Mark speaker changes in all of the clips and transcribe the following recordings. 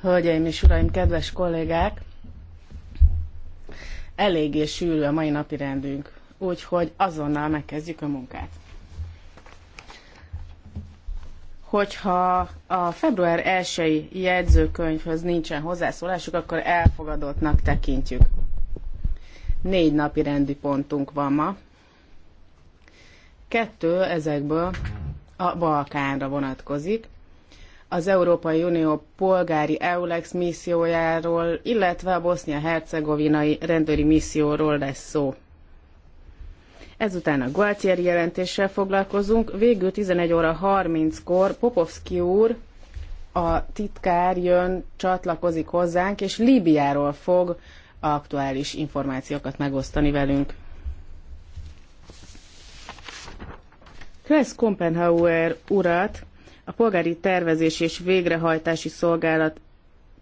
Speaker 1: Hölgyeim és uraim, kedves kollégák! Eléggé sűrű a mai napi rendünk, úgyhogy azonnal megkezdjük a munkát. Hogyha a február 1-i jegyzőkönyvhöz nincsen hozzászólásuk, akkor elfogadottnak tekintjük. Négy napi rendi pontunk van ma. Kettő ezekből a Balkánra vonatkozik, az Európai Unió polgári EULEX missziójáról, illetve a bosznia-hercegovinai rendőri misszióról lesz szó. Ezután a Gualtieri jelentéssel foglalkozunk, végül 11 óra 30-kor Popovski úr, a titkár jön, csatlakozik hozzánk, és Líbiáról fog aktuális információkat megosztani velünk. Kressz Kompenhauer urat a polgári tervezés és végrehajtási szolgálat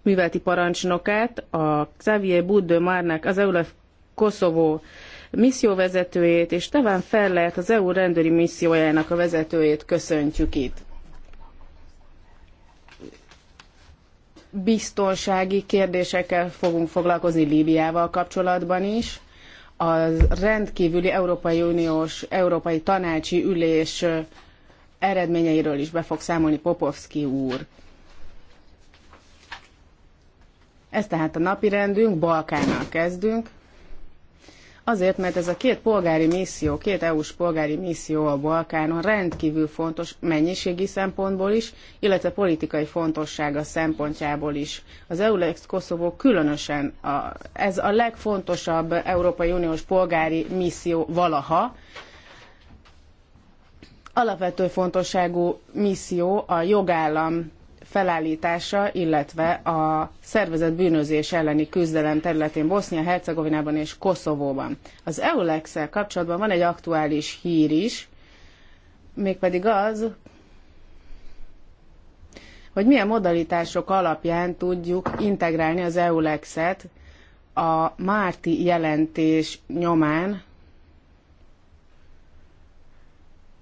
Speaker 1: műveleti parancsnokát, a Xavier Budde Márnak, az EULEF Koszovó misszióvezetőjét, és Teván Fellert, az EU rendőri missziójának a vezetőjét köszöntjük itt. Biztonsági kérdésekkel fogunk foglalkozni Líbiával kapcsolatban is. A rendkívüli Európai Uniós, Európai Tanácsi Ülés eredményeiről is be fog számolni Popovski úr. Ez tehát a napi rendünk, Balkánnal kezdünk. Azért, mert ez a két polgári misszió, két EU-s polgári misszió a Balkánon rendkívül fontos mennyiségi szempontból is, illetve politikai fontossága szempontjából is. Az EULEX Koszovó különösen a, ez a legfontosabb Európai Uniós polgári misszió valaha, alapvető fontosságú misszió a jogállam felállítása, illetve a szervezett bűnözés elleni küzdelem területén Bosznia-Hercegovinában és Koszovóban. Az eulex kapcsolatban van egy aktuális hír is, mégpedig az, hogy milyen modalitások alapján tudjuk integrálni az EULEX-et a Márti jelentés nyomán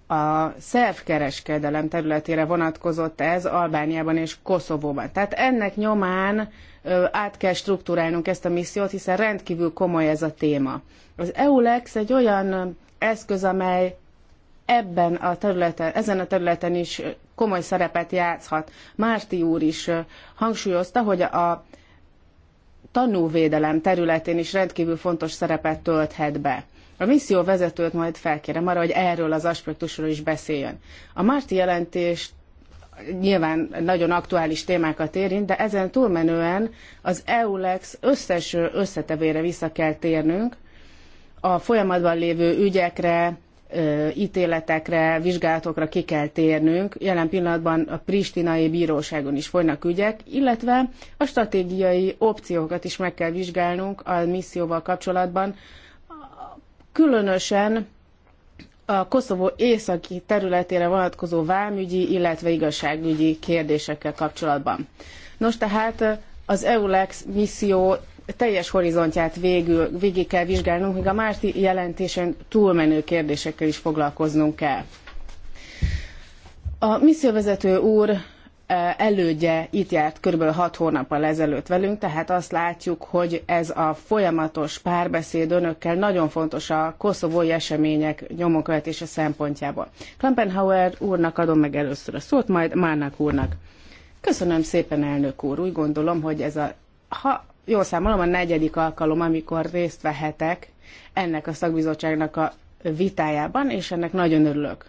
Speaker 1: a szervkereskedelem területére vonatkozott ez Albániában és Koszovóban. Tehát ennek nyomán át kell struktúrálnunk ezt a missziót, hiszen rendkívül komoly ez a téma. Az EULEX egy olyan eszköz, amely ebben a területen, ezen a területen is komoly szerepet játszhat. Márti úr is hangsúlyozta, hogy a tanúvédelem területén is rendkívül fontos szerepet tölthet be. A misszió vezetőt majd felkérem arra, hogy erről az aspektusról is beszéljen. A Márti jelentés nyilván nagyon aktuális témákat érint, de ezen túlmenően az EULEX összes összetevére vissza kell térnünk, a folyamatban lévő ügyekre, ítéletekre, vizsgálatokra ki kell térnünk. Jelen pillanatban a pristinai bíróságon is folynak ügyek, illetve a stratégiai opciókat is meg kell vizsgálnunk a misszióval kapcsolatban, különösen a Koszovó északi területére vonatkozó vámügyi, illetve igazságügyi kérdésekkel kapcsolatban. Nos, tehát az EULEX misszió teljes horizontját végül, végig kell vizsgálnunk, míg a Márti jelentésen túlmenő kérdésekkel is foglalkoznunk kell. A misszióvezető úr Eh, elődje itt járt kb. 6 hónappal ezelőtt velünk, tehát azt látjuk, hogy ez a folyamatos párbeszéd önökkel nagyon fontos a koszovói események nyomon követése szempontjából. Klampenhauer úrnak adom meg először a szót, majd Márnak úrnak. Köszönöm szépen, elnök úr. Úgy gondolom, hogy ez a, ha jól számolom, a negyedik alkalom, amikor részt vehetek ennek a szakbizottságnak a vitájában, és ennek nagyon örülök.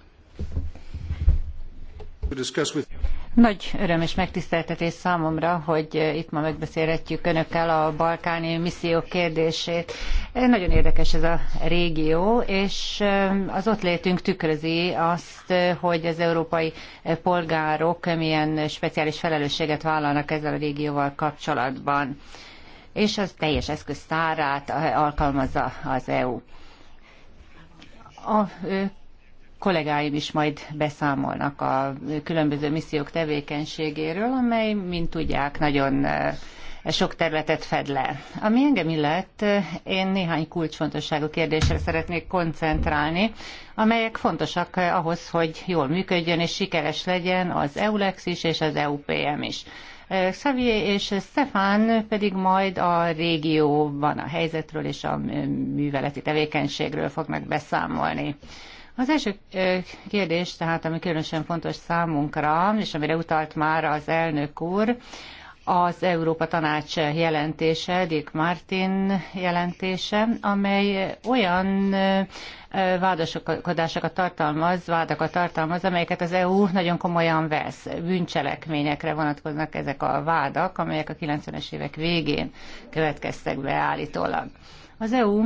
Speaker 2: Nagy öröm és megtiszteltetés számomra, hogy itt ma megbeszélhetjük Önökkel a balkáni misszió kérdését. Nagyon érdekes ez a régió, és az ott létünk tükrözi azt, hogy az európai polgárok milyen speciális felelősséget vállalnak ezzel a régióval kapcsolatban. És az teljes eszköztárát alkalmazza az EU. A kollégáim is majd beszámolnak a különböző missziók tevékenységéről, amely, mint tudják, nagyon eh, sok területet fed le. Ami engem illet, én néhány kulcsfontosságú kérdésre szeretnék koncentrálni, amelyek fontosak eh, ahhoz, hogy jól működjön és sikeres legyen az EULEX is és az EUPM is. Eh, Xavier és Stefan pedig majd a régióban a helyzetről és a műveleti tevékenységről fognak beszámolni. Az első kérdés, tehát ami különösen fontos számunkra, és amire utalt már az elnök úr, az Európa Tanács jelentése, Dick Martin jelentése, amely olyan vádaskodásokat tartalmaz, vádakat tartalmaz, amelyeket az EU nagyon komolyan vesz. Bűncselekményekre vonatkoznak ezek a vádak, amelyek a 90-es évek végén következtek be állítólag. Az EU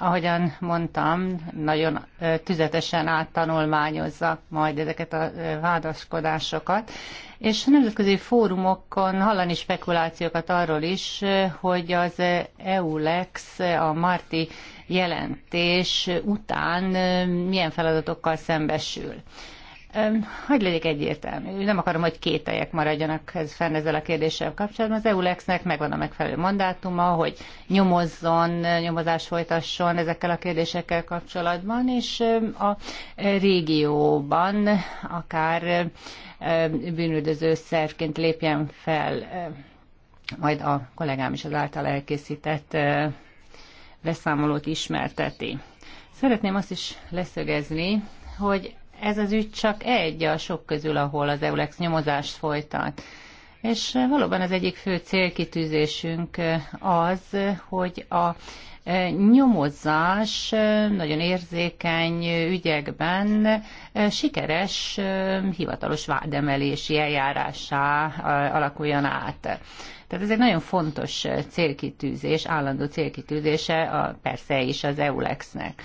Speaker 2: ahogyan mondtam, nagyon tüzetesen áttanulmányozza majd ezeket a vádaskodásokat, és nemzetközi fórumokon hallani spekulációkat arról is, hogy az EULEX, a Marti jelentés után milyen feladatokkal szembesül. Hogy legyek egyértelmű, nem akarom, hogy kételjek maradjanak ez fenn ezzel a kérdéssel kapcsolatban. Az EULEX-nek megvan a megfelelő mandátuma, hogy nyomozzon, nyomozás folytasson ezekkel a kérdésekkel kapcsolatban, és a régióban akár bűnüldöző szervként lépjen fel majd a kollégám is az által elkészített beszámolót ismerteti. Szeretném azt is leszögezni, hogy ez az ügy csak egy a sok közül, ahol az EULEX nyomozást folytat. És valóban az egyik fő célkitűzésünk az, hogy a nyomozás nagyon érzékeny ügyekben sikeres hivatalos vádemelési eljárásá alakuljon át. Tehát ez egy nagyon fontos célkitűzés, állandó célkitűzése a, persze is az EULEX-nek.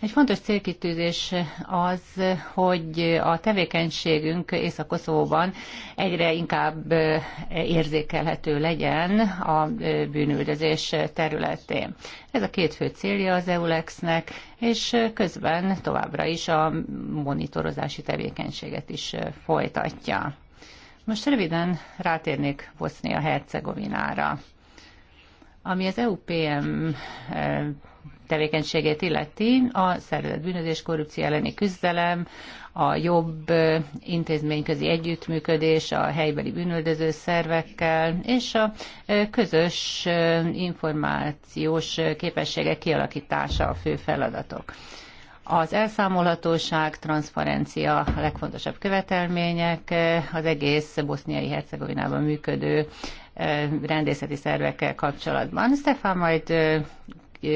Speaker 2: Egy fontos célkitűzés az, hogy a tevékenységünk Észak-Koszovóban egyre inkább érzékelhető legyen a bűnüldözés területén. Ez a két fő célja az EULEX-nek, és közben továbbra is a monitorozási tevékenységet is folytatja. Most röviden rátérnék Bosznia-Hercegovinára. Ami az EUPM tevékenységét illeti, a szervezet bűnözés, korrupció elleni küzdelem, a jobb intézményközi együttműködés a helybeli bűnöldöző szervekkel, és a közös információs képességek kialakítása a fő feladatok. Az elszámolhatóság, transzparencia a legfontosabb követelmények az egész boszniai hercegovinában működő rendészeti szervekkel kapcsolatban. Stefán majd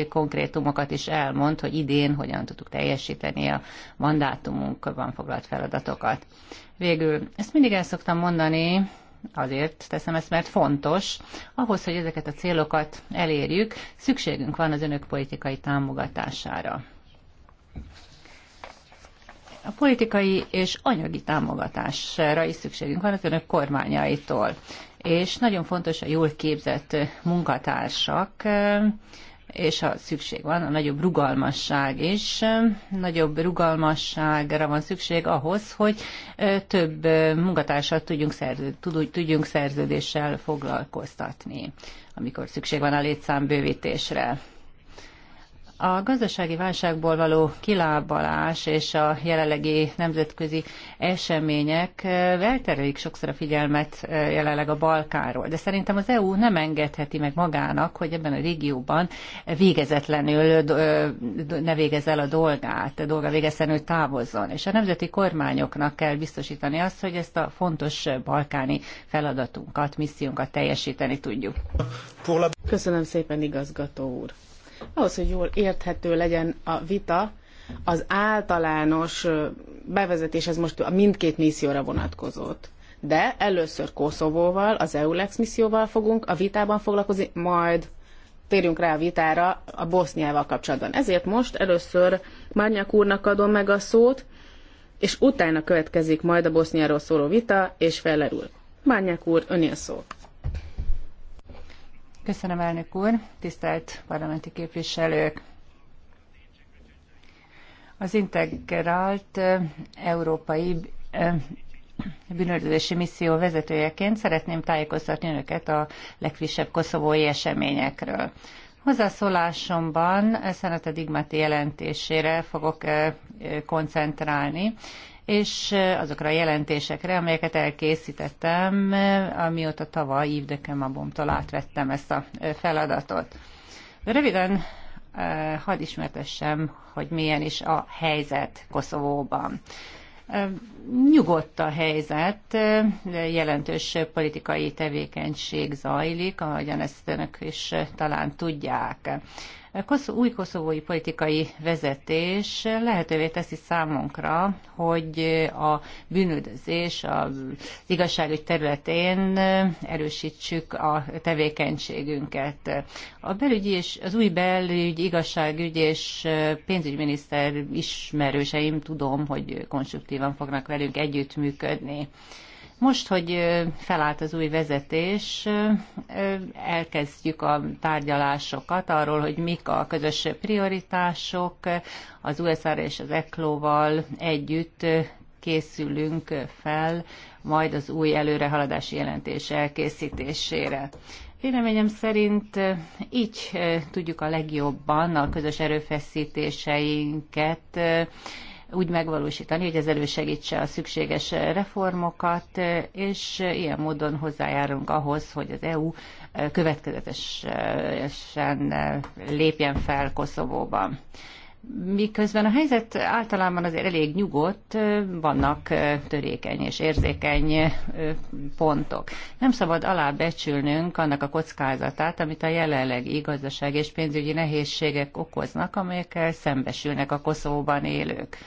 Speaker 2: konkrétumokat is elmond, hogy idén hogyan tudtuk teljesíteni a mandátumunkban foglalt feladatokat. Végül, ezt mindig el szoktam mondani, azért teszem ezt, mert fontos. Ahhoz, hogy ezeket a célokat elérjük, szükségünk van az önök politikai támogatására. A politikai és anyagi támogatásra is szükségünk van az önök kormányaitól. És nagyon fontos a jól képzett munkatársak, és ha szükség van, a nagyobb rugalmasság is. Nagyobb rugalmasságra van szükség ahhoz, hogy több munkatársat tudjunk, szerző, tudjunk szerződéssel foglalkoztatni, amikor szükség van a létszámbővítésre. A gazdasági válságból való kilábalás és a jelenlegi nemzetközi események eh, elterelik sokszor a figyelmet eh, jelenleg a Balkánról, de szerintem az EU nem engedheti meg magának, hogy ebben a régióban végezetlenül eh, ne végez el a dolgát, A dolga végezetlenül távozzon. És a nemzeti kormányoknak kell biztosítani azt, hogy ezt a fontos balkáni feladatunkat, missziunkat teljesíteni tudjuk.
Speaker 1: Köszönöm szépen, igazgató úr! Ahhoz, hogy jól érthető legyen a vita, az általános bevezetés, ez most a mindkét misszióra vonatkozott. De először Koszovóval, az EULEX misszióval fogunk a vitában foglalkozni, majd térjünk rá a vitára a Boszniával kapcsolatban. Ezért most először Márnyak úrnak adom meg a szót, és utána következik majd a Boszniáról szóló vita, és Feller úr. Márnyak úr, önél szó.
Speaker 2: Köszönöm, elnök úr, tisztelt parlamenti képviselők! Az integrált európai bűnöldözési misszió vezetőjeként szeretném tájékoztatni önöket a legfrissebb koszovói eseményekről. Hozzászólásomban Szenete Digmati jelentésére fogok koncentrálni, és azokra a jelentésekre, amelyeket elkészítettem, amióta tavaly Yves de Kemabomtól átvettem ezt a feladatot. Röviden hadd ismertessem, hogy milyen is a helyzet Koszovóban. Nyugodt a helyzet, jelentős politikai tevékenység zajlik, ahogyan ezt önök is talán tudják új koszovói politikai vezetés lehetővé teszi számunkra, hogy a bűnüldözés az igazságügy területén erősítsük a tevékenységünket. A belügyi és az új belügy, igazságügy és pénzügyminiszter ismerőseim tudom, hogy konstruktívan fognak velünk együttműködni. Most, hogy felállt az új vezetés, elkezdjük a tárgyalásokat arról, hogy mik a közös prioritások. Az USA és az ECLO-val együtt készülünk fel majd az új előrehaladási jelentés elkészítésére. Véleményem szerint így tudjuk a legjobban a közös erőfeszítéseinket úgy megvalósítani, hogy ez elősegítse a szükséges reformokat, és ilyen módon hozzájárunk ahhoz, hogy az EU e, következetesen e, lépjen fel Koszovóban. Miközben a helyzet általában azért elég nyugodt, e, vannak törékeny és érzékeny pontok. Nem szabad alábecsülnünk annak a kockázatát, amit a jelenlegi gazdaság és pénzügyi nehézségek okoznak, amelyekkel szembesülnek a Koszovóban élők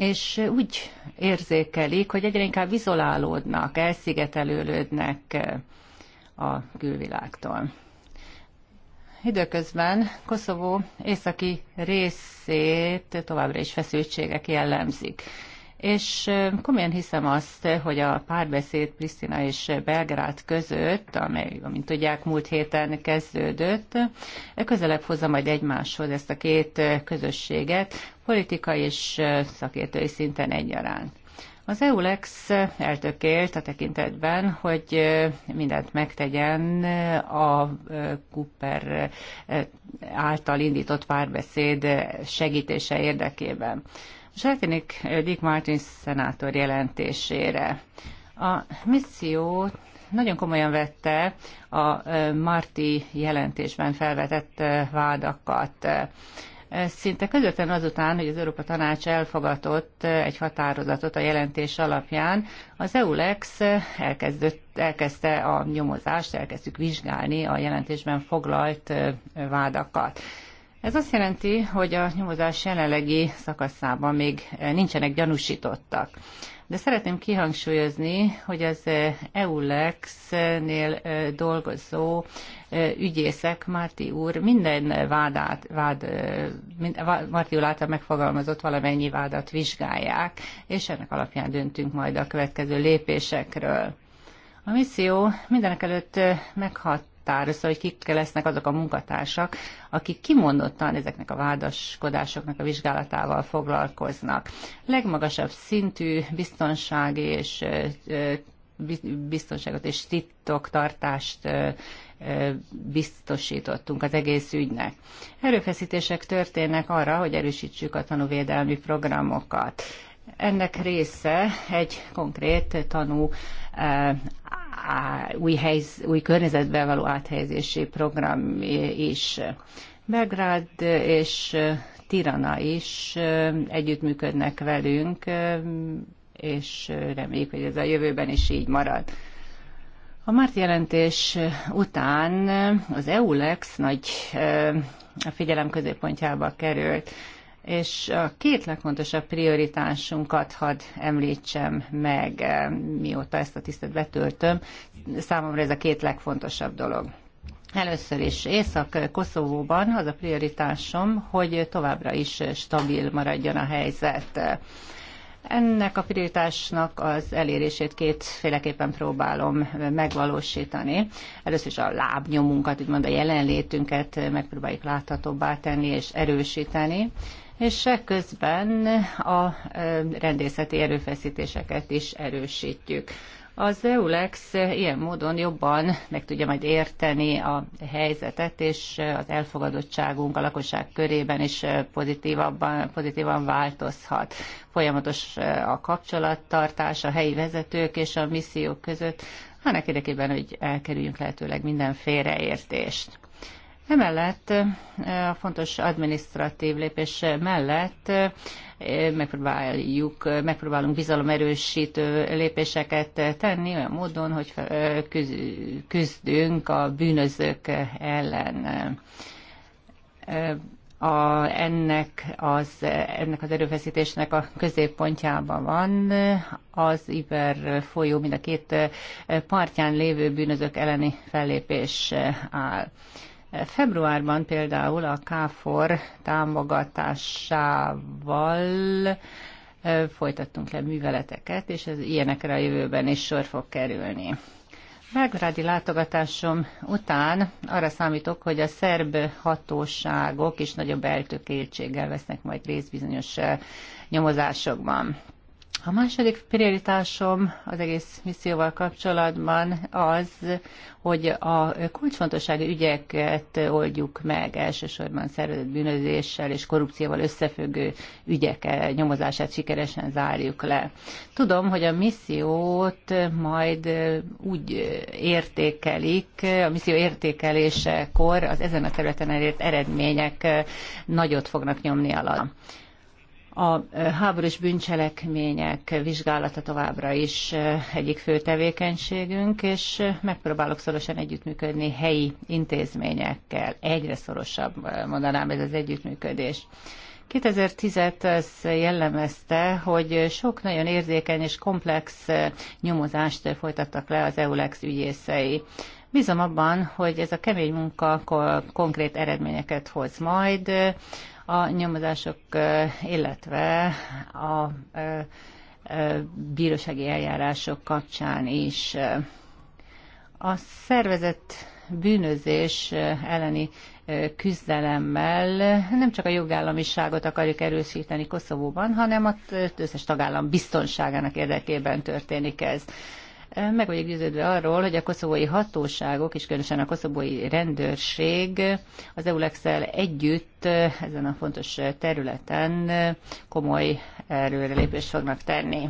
Speaker 2: és úgy érzékelik, hogy egyre inkább izolálódnak, elszigetelődnek a külvilágtól. Időközben Koszovó északi részét továbbra is feszültségek jellemzik és komolyan hiszem azt, hogy a párbeszéd Pristina és Belgrád között, amely, amint tudják, múlt héten kezdődött, közelebb hozza majd egymáshoz ezt a két közösséget, politikai és szakértői szinten egyaránt. Az EULEX eltökélt a tekintetben, hogy mindent megtegyen a Cooper által indított párbeszéd segítése érdekében. Zselkinik eh, Dick Martin szenátor jelentésére. A misszió nagyon komolyan vette a eh, Marti jelentésben felvetett eh, vádakat. Szinte közvetlenül azután, hogy az Európa Tanács elfogadott egy határozatot a jelentés alapján, az EULEX elkezdte a nyomozást, elkezdtük vizsgálni a jelentésben foglalt vádakat. Ez azt jelenti, hogy a nyomozás jelenlegi szakaszában még eh, nincsenek gyanúsítottak. De szeretném kihangsúlyozni, hogy az eh, EULEX-nél eh, dolgozó ügyészek Márti úr minden vádát, vád, mind, Márti úr által megfogalmazott valamennyi vádat vizsgálják, és ennek alapján döntünk majd a következő lépésekről. A misszió mindenek előtt meghat, össze, hogy kik lesznek azok a munkatársak, akik kimondottan ezeknek a vádaskodásoknak a vizsgálatával foglalkoznak. Legmagasabb szintű biztonsági és biztonságot és titoktartást biztosítottunk az egész ügynek. Erőfeszítések történnek arra, hogy erősítsük a tanúvédelmi programokat. Ennek része egy konkrét tanú új, helyz, új környezetbe való áthelyezési program is. Belgrád és Tirana is együttműködnek velünk, és reméljük, hogy ez a jövőben is így marad. A Márt jelentés után az EULEX nagy a figyelem középpontjába került és a két legfontosabb prioritásunkat hadd említsem meg, eh, mióta ezt a tisztet betöltöm. Számomra ez a két legfontosabb dolog. Először is Észak-Koszovóban az a prioritásom, hogy továbbra is stabil maradjon a helyzet. Ennek a prioritásnak az elérését kétféleképpen próbálom megvalósítani. Először is a lábnyomunkat, úgymond a jelenlétünket megpróbáljuk láthatóbbá tenni és erősíteni és közben a rendészeti erőfeszítéseket is erősítjük. Az EULEX ilyen módon jobban meg tudja majd érteni a helyzetet, és az elfogadottságunk a lakosság körében is pozitívabban, pozitívan változhat. Folyamatos a kapcsolattartás a helyi vezetők és a missziók között, annak érdekében, hogy elkerüljünk lehetőleg minden félreértést. Emellett a fontos administratív lépés mellett megpróbáljuk, megpróbálunk bizalomerősítő lépéseket tenni olyan módon, hogy küzdünk a bűnözők ellen a, ennek, az, ennek az erőfeszítésnek a középpontjában van az Iber folyó mind a két partján lévő bűnözők elleni fellépés áll. Februárban például a KFOR támogatásával folytattunk le műveleteket, és ez ilyenekre a jövőben is sor fog kerülni. Belgrádi látogatásom után arra számítok, hogy a szerb hatóságok is nagyobb eltökéltséggel vesznek majd részt bizonyos nyomozásokban. A második prioritásom az egész misszióval kapcsolatban az, hogy a kulcsfontosságú ügyeket oldjuk meg, elsősorban szervezett bűnözéssel és korrupcióval összefüggő ügyek nyomozását sikeresen zárjuk le. Tudom, hogy a missziót majd úgy értékelik, a misszió értékelésekor az ezen a területen elért eredmények nagyot fognak nyomni alatt. A háborús bűncselekmények vizsgálata továbbra is egyik fő tevékenységünk, és megpróbálok szorosan együttműködni helyi intézményekkel. Egyre szorosabb, mondanám, ez az együttműködés. 2010-et ez jellemezte, hogy sok nagyon érzékeny és komplex nyomozást folytattak le az EULEX ügyészei. Bízom abban, hogy ez a kemény munka konkrét eredményeket hoz majd, a nyomozások, illetve a bírósági eljárások kapcsán is. A szervezett bűnözés elleni küzdelemmel nem csak a jogállamiságot akarjuk erősíteni Koszovóban, hanem az összes tagállam biztonságának érdekében történik ez. Meg vagyok győződve arról, hogy a koszovói hatóságok, és különösen a koszovói rendőrség az eulex együtt eh, ezen a fontos területen eh, komoly erőrelépést fognak tenni.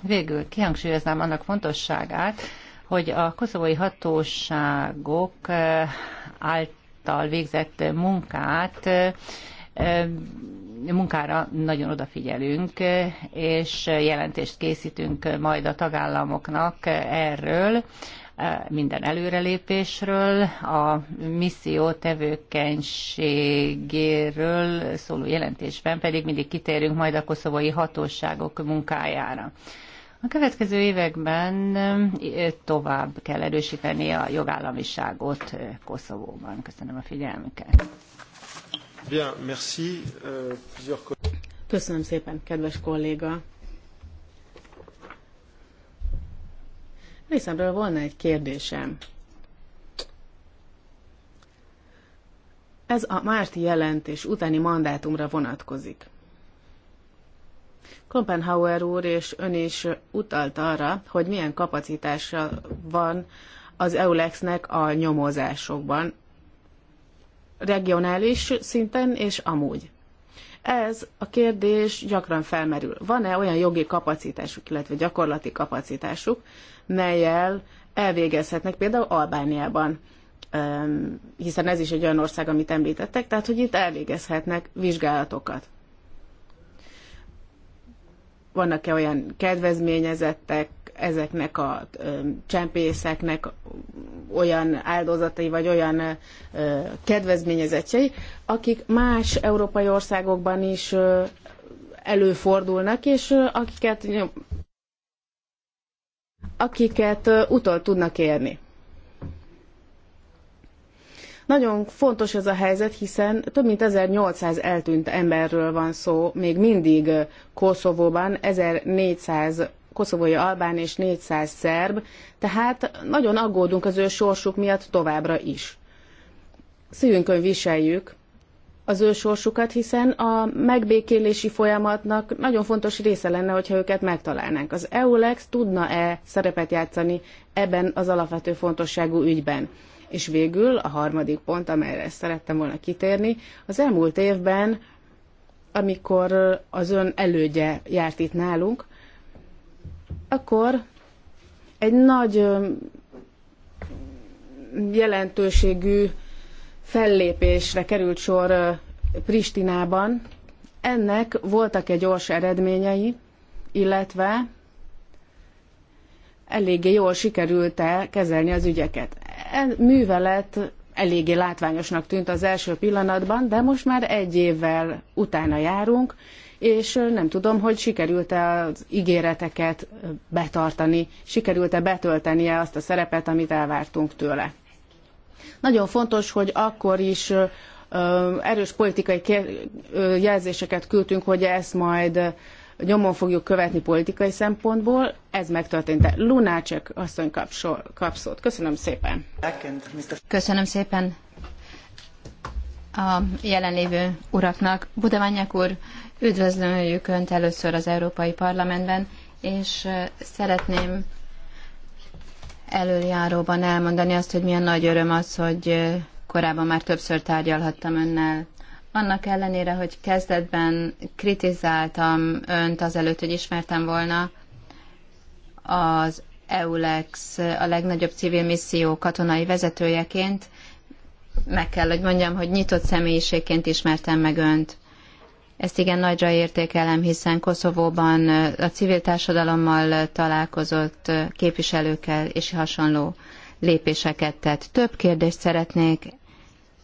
Speaker 2: Végül kihangsúlyoznám annak fontosságát, hogy a koszovói hatóságok eh, által végzett munkát munkára nagyon odafigyelünk, és jelentést készítünk majd a tagállamoknak erről, minden előrelépésről, a misszió tevőkenységéről szóló jelentésben pedig mindig kitérünk majd a koszovói hatóságok munkájára. A következő években tovább kell erősíteni a jogállamiságot Koszovóban. Köszönöm a figyelmüket.
Speaker 3: Euh,
Speaker 2: Köszönöm szépen, kedves kolléga.
Speaker 1: Részemről volna egy kérdésem. Ez a Márti jelentés utáni mandátumra vonatkozik. Kompenhauer úr és ön is utalt arra, hogy milyen kapacitása van az EULEX-nek a nyomozásokban, regionális szinten és amúgy. Ez a kérdés gyakran felmerül. Van-e olyan jogi kapacitásuk, illetve gyakorlati kapacitásuk, melyel elvégezhetnek például Albániában, hiszen ez is egy olyan ország, amit említettek, tehát hogy itt elvégezhetnek vizsgálatokat. Vannak-e olyan kedvezményezettek, ezeknek a csempészeknek olyan áldozatai vagy olyan kedvezményezettjei, akik más európai országokban is előfordulnak, és akiket, akiket utol tudnak érni. Nagyon fontos ez a helyzet, hiszen több mint 1800 eltűnt emberről van szó, még mindig Koszovóban 1400 koszovói albán és 400 szerb, tehát nagyon aggódunk az ő sorsuk miatt továbbra is. Szívünkön viseljük az ő sorsukat, hiszen a megbékélési folyamatnak nagyon fontos része lenne, hogyha őket megtalálnánk. Az EULEX tudna-e szerepet játszani ebben az alapvető fontosságú ügyben? És végül a harmadik pont, amelyre szerettem volna kitérni, az elmúlt évben, amikor az ön elődje járt itt nálunk, akkor egy nagy jelentőségű fellépésre került sor Pristinában. Ennek voltak egy gyors eredményei, illetve eléggé jól sikerült-e kezelni az ügyeket. E művelet eléggé látványosnak tűnt az első pillanatban, de most már egy évvel utána járunk, és nem tudom, hogy sikerült-e az ígéreteket betartani, sikerült-e betöltenie azt a szerepet, amit elvártunk tőle. Nagyon fontos, hogy akkor is erős politikai jelzéseket küldtünk, hogy ezt majd nyomon fogjuk követni politikai szempontból. Ez megtörtént. de Lunácsek asszony kap, kap szót. Köszönöm szépen.
Speaker 3: Köszönöm szépen a jelenlévő uraknak. Budaványák úr, Üdvözlőjük Önt először az Európai Parlamentben, és szeretném előjáróban elmondani azt, hogy milyen nagy öröm az, hogy korábban már többször tárgyalhattam Önnel. Annak ellenére, hogy kezdetben kritizáltam Önt azelőtt, hogy ismertem volna, az EULEX a legnagyobb civil misszió katonai vezetőjeként, meg kell, hogy mondjam, hogy nyitott személyiségként ismertem meg Önt ezt igen nagyra értékelem, hiszen Koszovóban a civil társadalommal találkozott képviselőkkel és hasonló lépéseket tett. Több kérdést szeretnék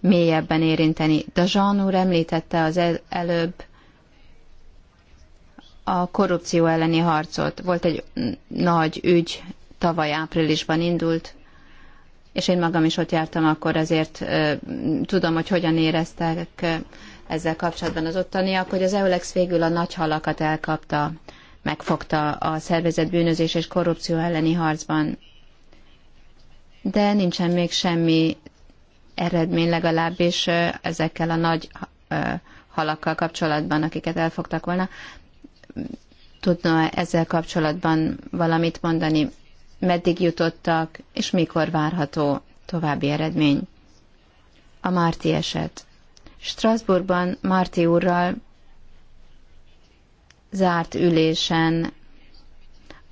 Speaker 3: mélyebben érinteni. De Jean úr említette az előbb a korrupció elleni harcot. Volt egy nagy ügy, tavaly áprilisban indult, és én magam is ott jártam akkor, ezért tudom, hogy hogyan éreztek ezzel kapcsolatban az ottaniak, hogy az EULEX végül a nagy halakat elkapta, megfogta a szervezet bűnözés és korrupció elleni harcban. De nincsen még semmi eredmény legalábbis ezekkel a nagy halakkal kapcsolatban, akiket elfogtak volna. Tudna ezzel kapcsolatban valamit mondani? Meddig jutottak, és mikor várható további eredmény? A Márti eset. Strasbourgban Márti úrral zárt ülésen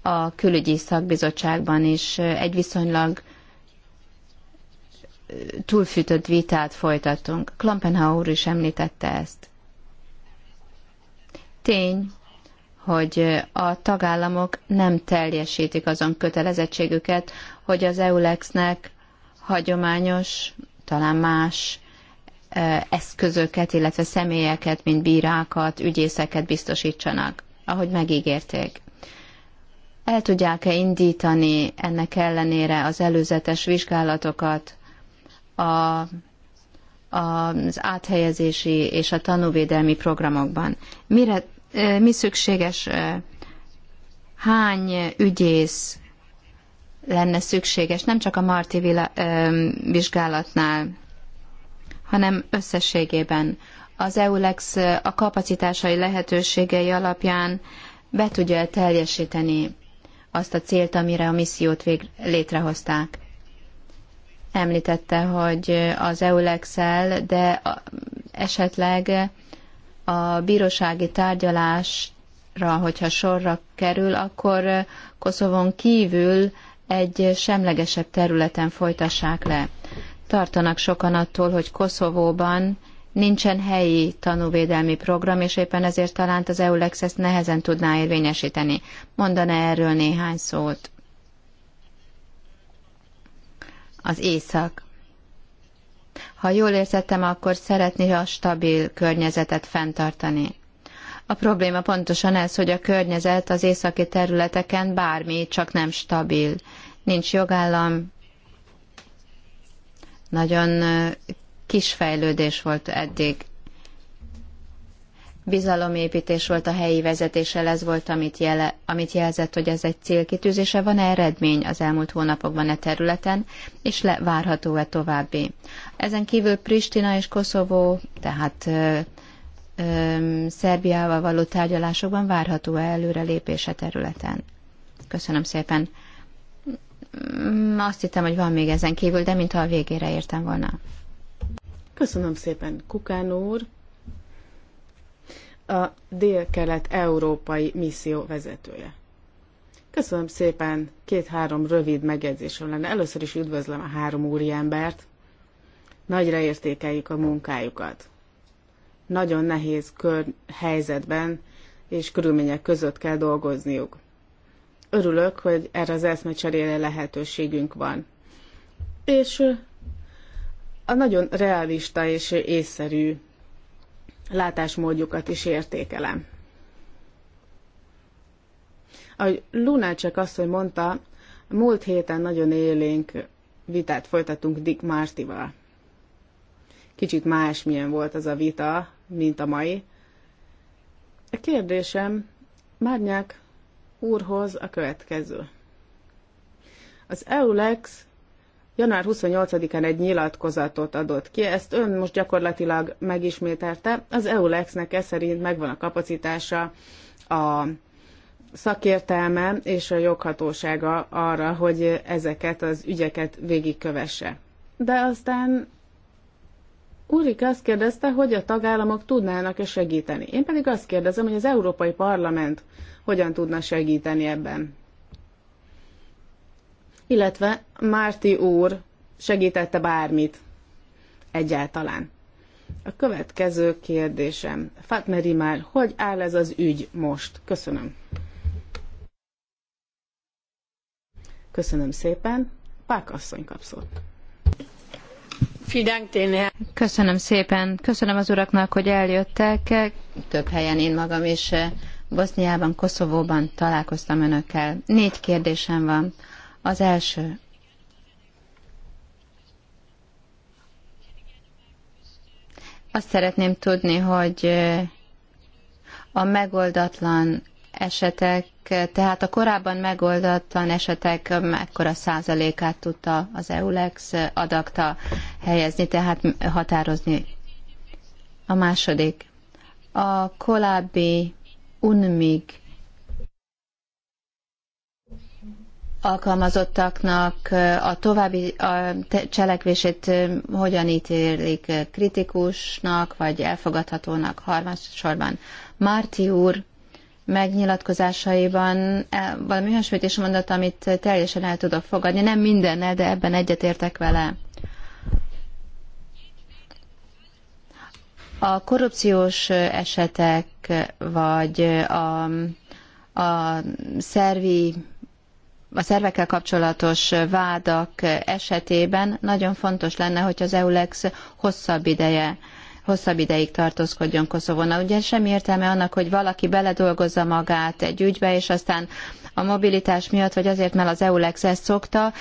Speaker 3: a külügyi szakbizottságban is egy viszonylag túlfűtött vitát folytattunk. Klampenhauer is említette ezt. Tény, hogy a tagállamok nem teljesítik azon kötelezettségüket, hogy az EULEX-nek hagyományos, talán más eszközöket, illetve személyeket, mint bírákat, ügyészeket biztosítsanak, ahogy megígérték. El tudják-e indítani ennek ellenére az előzetes vizsgálatokat a az áthelyezési és a tanúvédelmi programokban. Mire, mi szükséges, hány ügyész lenne szükséges, nem csak a Marti vizsgálatnál, hanem összességében az EULEX a kapacitásai lehetőségei alapján be tudja teljesíteni azt a célt, amire a missziót vég létrehozták. Említette, hogy az eulex de esetleg a bírósági tárgyalásra, hogyha sorra kerül, akkor Koszovon kívül egy semlegesebb területen folytassák le. Tartanak sokan attól, hogy Koszovóban nincsen helyi tanúvédelmi program, és éppen ezért talán az EULEX ezt nehezen tudná érvényesíteni. Mondaná erről néhány szót. Az észak. Ha jól értettem, akkor szeretné a stabil környezetet fenntartani. A probléma pontosan ez, hogy a környezet az északi területeken bármi, csak nem stabil. Nincs jogállam, nagyon kis fejlődés volt eddig. Bizalomépítés volt a helyi vezetéssel, ez volt, amit, jele, amit jelzett, hogy ez egy célkitűzése. Van-e eredmény az elmúlt hónapokban e területen, és le, várható-e további? Ezen kívül Pristina és Koszovó, tehát ö, ö, Szerbiával való tárgyalásokban várható-e előrelépése területen? Köszönöm szépen. Mm, azt hittem, hogy van még ezen kívül, de mintha a végére értem volna.
Speaker 1: Köszönöm szépen, Kukán úr. A dél-kelet-európai misszió vezetője. Köszönöm szépen, két-három rövid megjegyzésem lenne. Először is üdvözlöm a három úriembert. Nagyra értékeljük a munkájukat. Nagyon nehéz kör, helyzetben és körülmények között kell dolgozniuk. Örülök, hogy erre az eszmecserére lehetőségünk van. És a nagyon realista és észszerű látásmódjukat is értékelem. A Lunácsek azt, hogy mondta, múlt héten nagyon élénk vitát folytatunk Dick Martival. Kicsit másmilyen volt az a vita, mint a mai. A kérdésem, Márnyák úrhoz a következő. Az EULEX január 28-án egy nyilatkozatot adott ki, ezt ön most gyakorlatilag megismételte. Az EULEX-nek ez szerint megvan a kapacitása, a szakértelme és a joghatósága arra, hogy ezeket az ügyeket végigkövesse. De aztán Úrik azt kérdezte, hogy a tagállamok tudnának-e segíteni. Én pedig azt kérdezem, hogy az Európai Parlament hogyan tudna segíteni ebben. Illetve Márti úr segítette bármit egyáltalán. A következő kérdésem. Fatmeri már, hogy áll ez az ügy most? Köszönöm.
Speaker 3: Köszönöm szépen. Pák asszony kapszott. Köszönöm szépen. Köszönöm az uraknak, hogy eljöttek. Több helyen én magam is eh, Boszniában, Koszovóban találkoztam önökkel. Négy kérdésem van. Az első. Azt szeretném tudni, hogy a megoldatlan esetek, tehát a korábban megoldatlan esetek mekkora százalékát tudta az EULEX adakta helyezni, tehát határozni. A második. A korábbi még alkalmazottaknak a további a cselekvését hogyan ítélik kritikusnak, vagy elfogadhatónak harmadsorban. Márti úr megnyilatkozásaiban e, valami olyasmit is mondott, amit teljesen el tudok fogadni. Nem minden, de ebben egyetértek vele. A korrupciós esetek, vagy a, a szervi a szervekkel kapcsolatos vádak esetében nagyon fontos lenne, hogy az EULEX hosszabb ideje hosszabb ideig tartózkodjon Koszovona. Ugye semmi értelme annak, hogy valaki beledolgozza magát egy ügybe, és aztán a mobilitás miatt, vagy azért, mert az EULEX ezt szokta,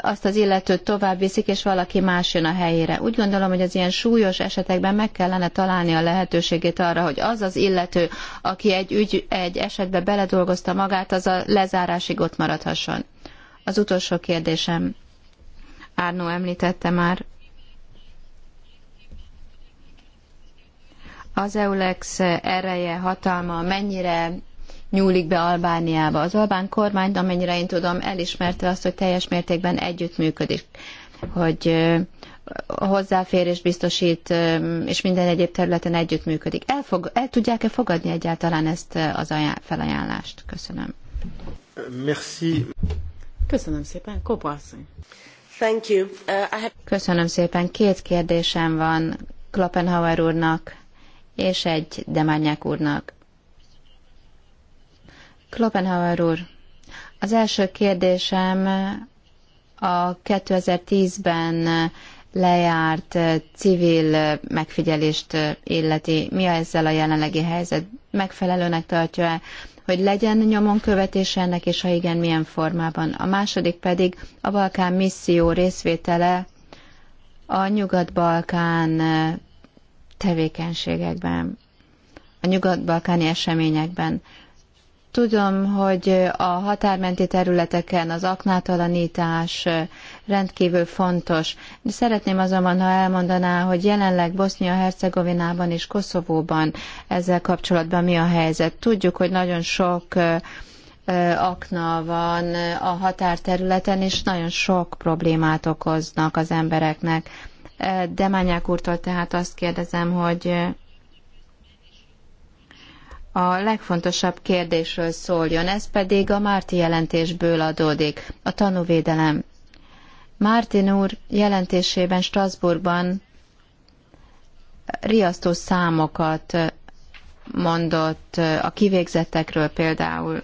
Speaker 3: azt az illetőt tovább viszik, és valaki más jön a helyére. Úgy gondolom, hogy az ilyen súlyos esetekben meg kellene találni a lehetőségét arra, hogy az az illető, aki egy, ügy, egy esetbe beledolgozta magát, az a lezárásig ott maradhasson. Az utolsó kérdésem. Árnó említette már, az EULEX ereje, hatalma mennyire nyúlik be Albániába. Az albán kormány, amennyire én tudom, elismerte azt, hogy teljes mértékben együttműködik, hogy hozzáférés biztosít, és minden egyéb területen együttműködik. Elfog, el tudják-e fogadni egyáltalán ezt az ajánl- felajánlást? Köszönöm.
Speaker 2: Merci.
Speaker 3: Köszönöm szépen.
Speaker 1: Kopasszony. Thank you. Uh, I
Speaker 3: have... Köszönöm szépen. Két kérdésem van Klopenhauer úrnak és egy Demányák úrnak. Klopenhauer úr, az első kérdésem a 2010-ben lejárt civil megfigyelést illeti. Mi a ezzel a jelenlegi helyzet? Megfelelőnek tartja-e, hogy legyen nyomon követése ennek, és ha igen, milyen formában? A második pedig a Balkán misszió részvétele a Nyugat-Balkán tevékenységekben, a nyugat-balkáni eseményekben. Tudom, hogy a határmenti területeken az aknátalanítás rendkívül fontos. De Szeretném azonban, ha elmondaná, hogy jelenleg Bosznia-Hercegovinában és Koszovóban ezzel kapcsolatban mi a helyzet. Tudjuk, hogy nagyon sok akna van a határterületen, és nagyon sok problémát okoznak az embereknek E, Demányák úrtól tehát azt kérdezem, hogy e, a legfontosabb kérdésről szóljon, ez pedig a Márti jelentésből adódik, a tanúvédelem. Mártin úr jelentésében Strasbourgban riasztó számokat mondott e, a kivégzettekről például.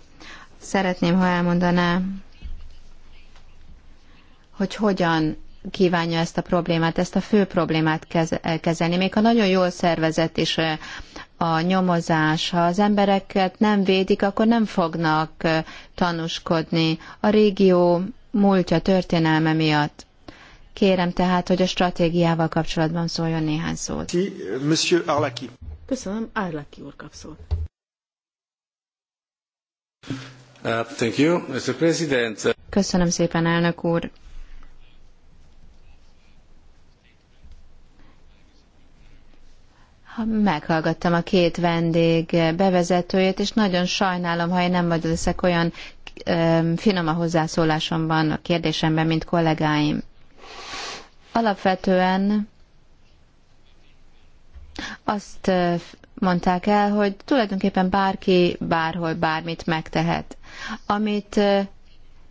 Speaker 3: Szeretném, ha elmondaná, hogy hogyan kívánja ezt a problémát, ezt a fő problémát eh, kezelni. Még ha nagyon jól szervezett is eh, a nyomozás, ha az embereket nem védik, akkor nem fognak eh, tanúskodni a régió múltja, történelme miatt. Kérem tehát, hogy a stratégiával kapcsolatban szóljon néhány szót. Monsieur Arlaki. Köszönöm, Arlaki úr kap szót.
Speaker 1: Uh, thank you, Mr. President.
Speaker 3: Köszönöm szépen, elnök úr. Meghallgattam a két vendég bevezetőjét, és nagyon sajnálom, ha én nem vagy leszek olyan finom a hozzászólásomban, a kérdésemben, mint kollégáim. Alapvetően azt mondták el, hogy tulajdonképpen bárki bárhol bármit megtehet. Amit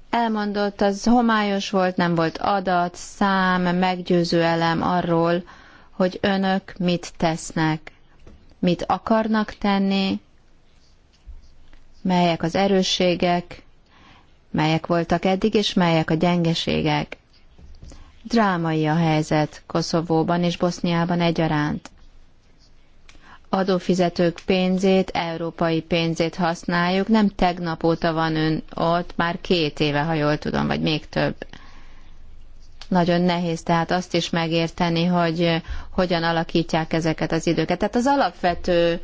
Speaker 3: elmondott, az homályos volt, nem volt adat, szám, meggyőző elem arról, hogy önök mit tesznek, mit akarnak tenni, melyek az erősségek, melyek voltak eddig, és melyek a gyengeségek. Drámai a helyzet Koszovóban és Boszniában egyaránt. Adófizetők pénzét, európai pénzét használjuk, nem tegnap óta van ön ott, már két éve, ha jól tudom, vagy még több. Nagyon nehéz tehát azt is megérteni, hogy eh, hogyan alakítják ezeket az időket. Tehát az alapvető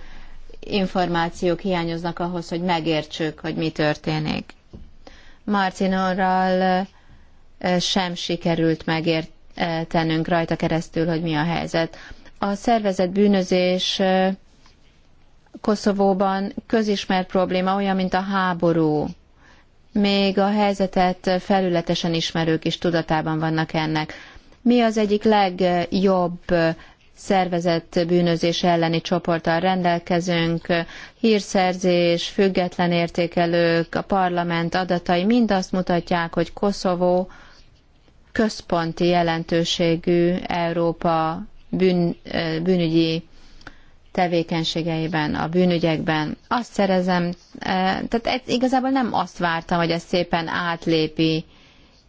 Speaker 3: információk hiányoznak ahhoz, hogy megértsük, hogy mi történik. Martinorral eh, eh, sem sikerült megértenünk rajta keresztül, hogy mi a helyzet. A szervezet bűnözés Koszovóban közismert probléma, olyan, mint a háború még a helyzetet felületesen ismerők is tudatában vannak ennek. Mi az egyik legjobb szervezett bűnözés elleni csoporttal rendelkezünk, hírszerzés, független értékelők, a parlament adatai mind azt mutatják, hogy Koszovó központi jelentőségű Európa bűn, bűnügyi tevékenységeiben, a bűnügyekben. Azt szerezem, eh, tehát igazából nem azt vártam, hogy ez szépen átlépi,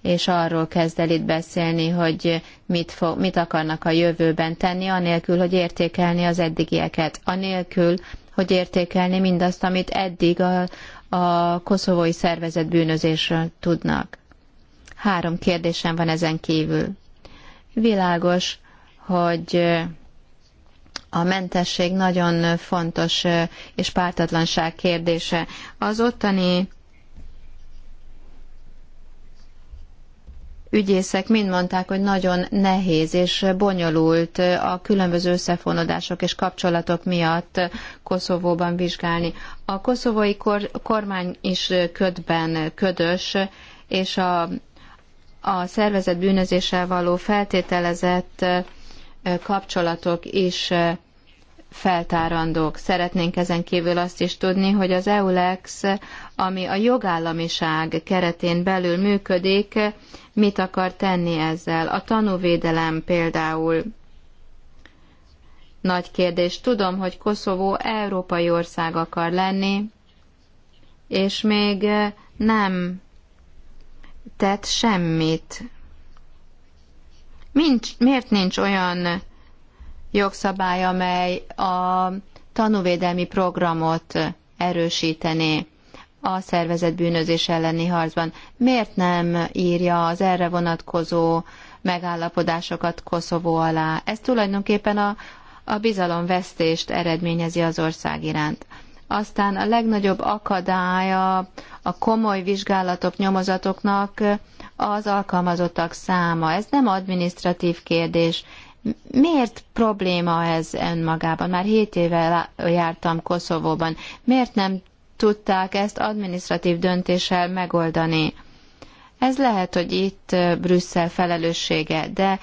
Speaker 3: és arról kezd el itt beszélni, hogy mit, fog, mit akarnak a jövőben tenni, anélkül, hogy értékelni az eddigieket, anélkül, hogy értékelni mindazt, amit eddig a, a koszovói szervezet bűnözésről tudnak. Három kérdésem van ezen kívül. Világos, hogy a mentesség nagyon fontos és pártatlanság kérdése. Az ottani ügyészek mind mondták, hogy nagyon nehéz és bonyolult a különböző összefonódások és kapcsolatok miatt Koszovóban vizsgálni. A koszovói kor- kormány is ködben ködös, és a, a szervezet bűnözéssel való feltételezett kapcsolatok is feltárandók. Szeretnénk ezen kívül azt is tudni, hogy az EULEX, ami a jogállamiság keretén belül működik, mit akar tenni ezzel. A tanúvédelem például nagy kérdés. Tudom, hogy Koszovó európai ország akar lenni, és még nem tett semmit. Nincs, miért nincs olyan jogszabály, amely a tanúvédelmi programot erősítené a szervezett bűnözés elleni harcban. Miért nem írja az erre vonatkozó megállapodásokat Koszovó alá? Ez tulajdonképpen a, a bizalomvesztést eredményezi az ország iránt. Aztán a legnagyobb akadálya a komoly vizsgálatok, nyomozatoknak az alkalmazottak száma. Ez nem adminisztratív kérdés, Miért probléma ez önmagában? Már 7 éve jártam Koszovóban. Miért nem tudták ezt administratív döntéssel megoldani? Ez lehet, hogy itt Brüsszel felelőssége, de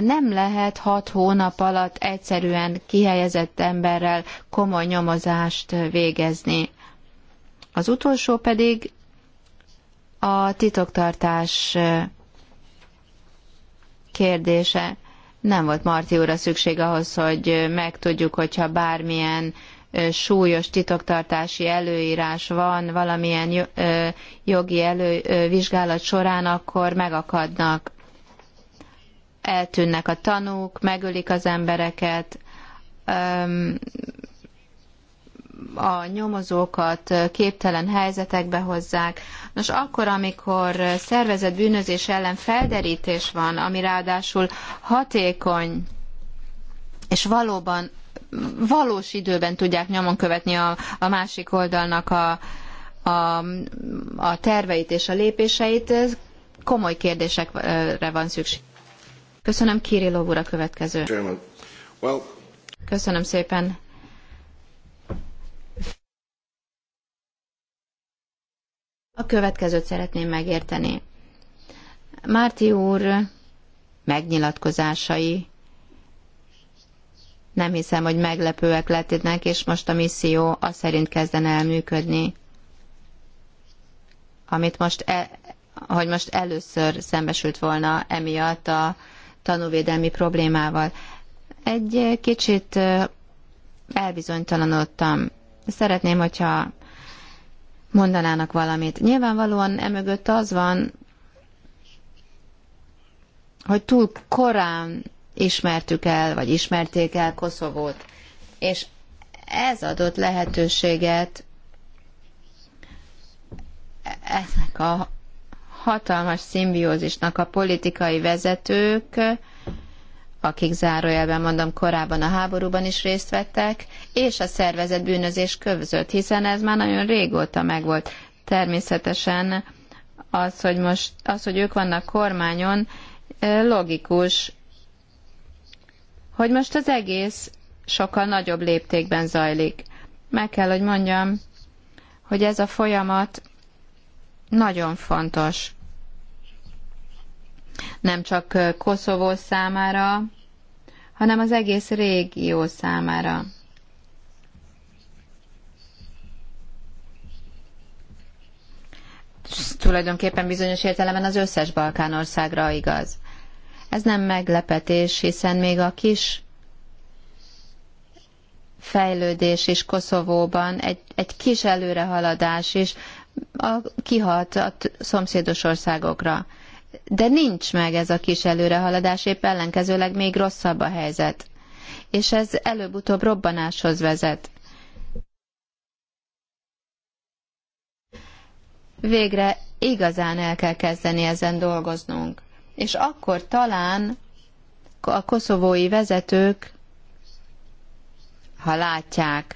Speaker 3: nem lehet hat hónap alatt egyszerűen kihelyezett emberrel komoly nyomozást végezni. Az utolsó pedig a titoktartás kérdése nem volt Marti úrra szükség ahhoz, hogy megtudjuk, hogyha bármilyen súlyos titoktartási előírás van valamilyen jogi elővizsgálat során, akkor megakadnak. Eltűnnek a tanúk, megölik az embereket, a nyomozókat képtelen helyzetekbe hozzák. Nos, akkor, amikor szervezett bűnözés ellen felderítés van, ami ráadásul hatékony, és valóban valós időben tudják nyomon követni a, a másik oldalnak a, a, a terveit és a lépéseit, komoly kérdésekre van szükség. Köszönöm Kirillov úr a következő. Köszönöm szépen, A következőt szeretném megérteni. Márti úr megnyilatkozásai nem hiszem, hogy meglepőek lettének, és most a misszió a szerint kezdene el működni, amit most, e, hogy most először szembesült volna emiatt a tanúvédelmi problémával. Egy kicsit elbizonytalanodtam. Szeretném, hogyha mondanának valamit. Nyilvánvalóan emögött az van, hogy túl korán ismertük el, vagy ismerték el Koszovót, és ez adott lehetőséget ezek a hatalmas szimbiózisnak a politikai vezetők, akik zárójelben mondom korábban a háborúban is részt vettek, és a szervezet bűnözés között, hiszen ez már nagyon régóta megvolt. Természetesen az, hogy most, az, hogy ők vannak kormányon, logikus, hogy most az egész sokkal nagyobb léptékben zajlik. Meg kell, hogy mondjam, hogy ez a folyamat nagyon fontos. Nem csak Koszovó számára, hanem az egész régió számára. Tulajdonképpen bizonyos értelemben az összes Balkánországra igaz. Ez nem meglepetés, hiszen még a kis fejlődés is Koszovóban, egy, egy kis előrehaladás is a, kihat a szomszédos országokra de nincs meg ez a kis előrehaladás, épp ellenkezőleg még rosszabb a helyzet. És ez előbb-utóbb robbanáshoz vezet. Végre igazán el kell kezdeni ezen dolgoznunk. És akkor talán a koszovói vezetők, ha látják,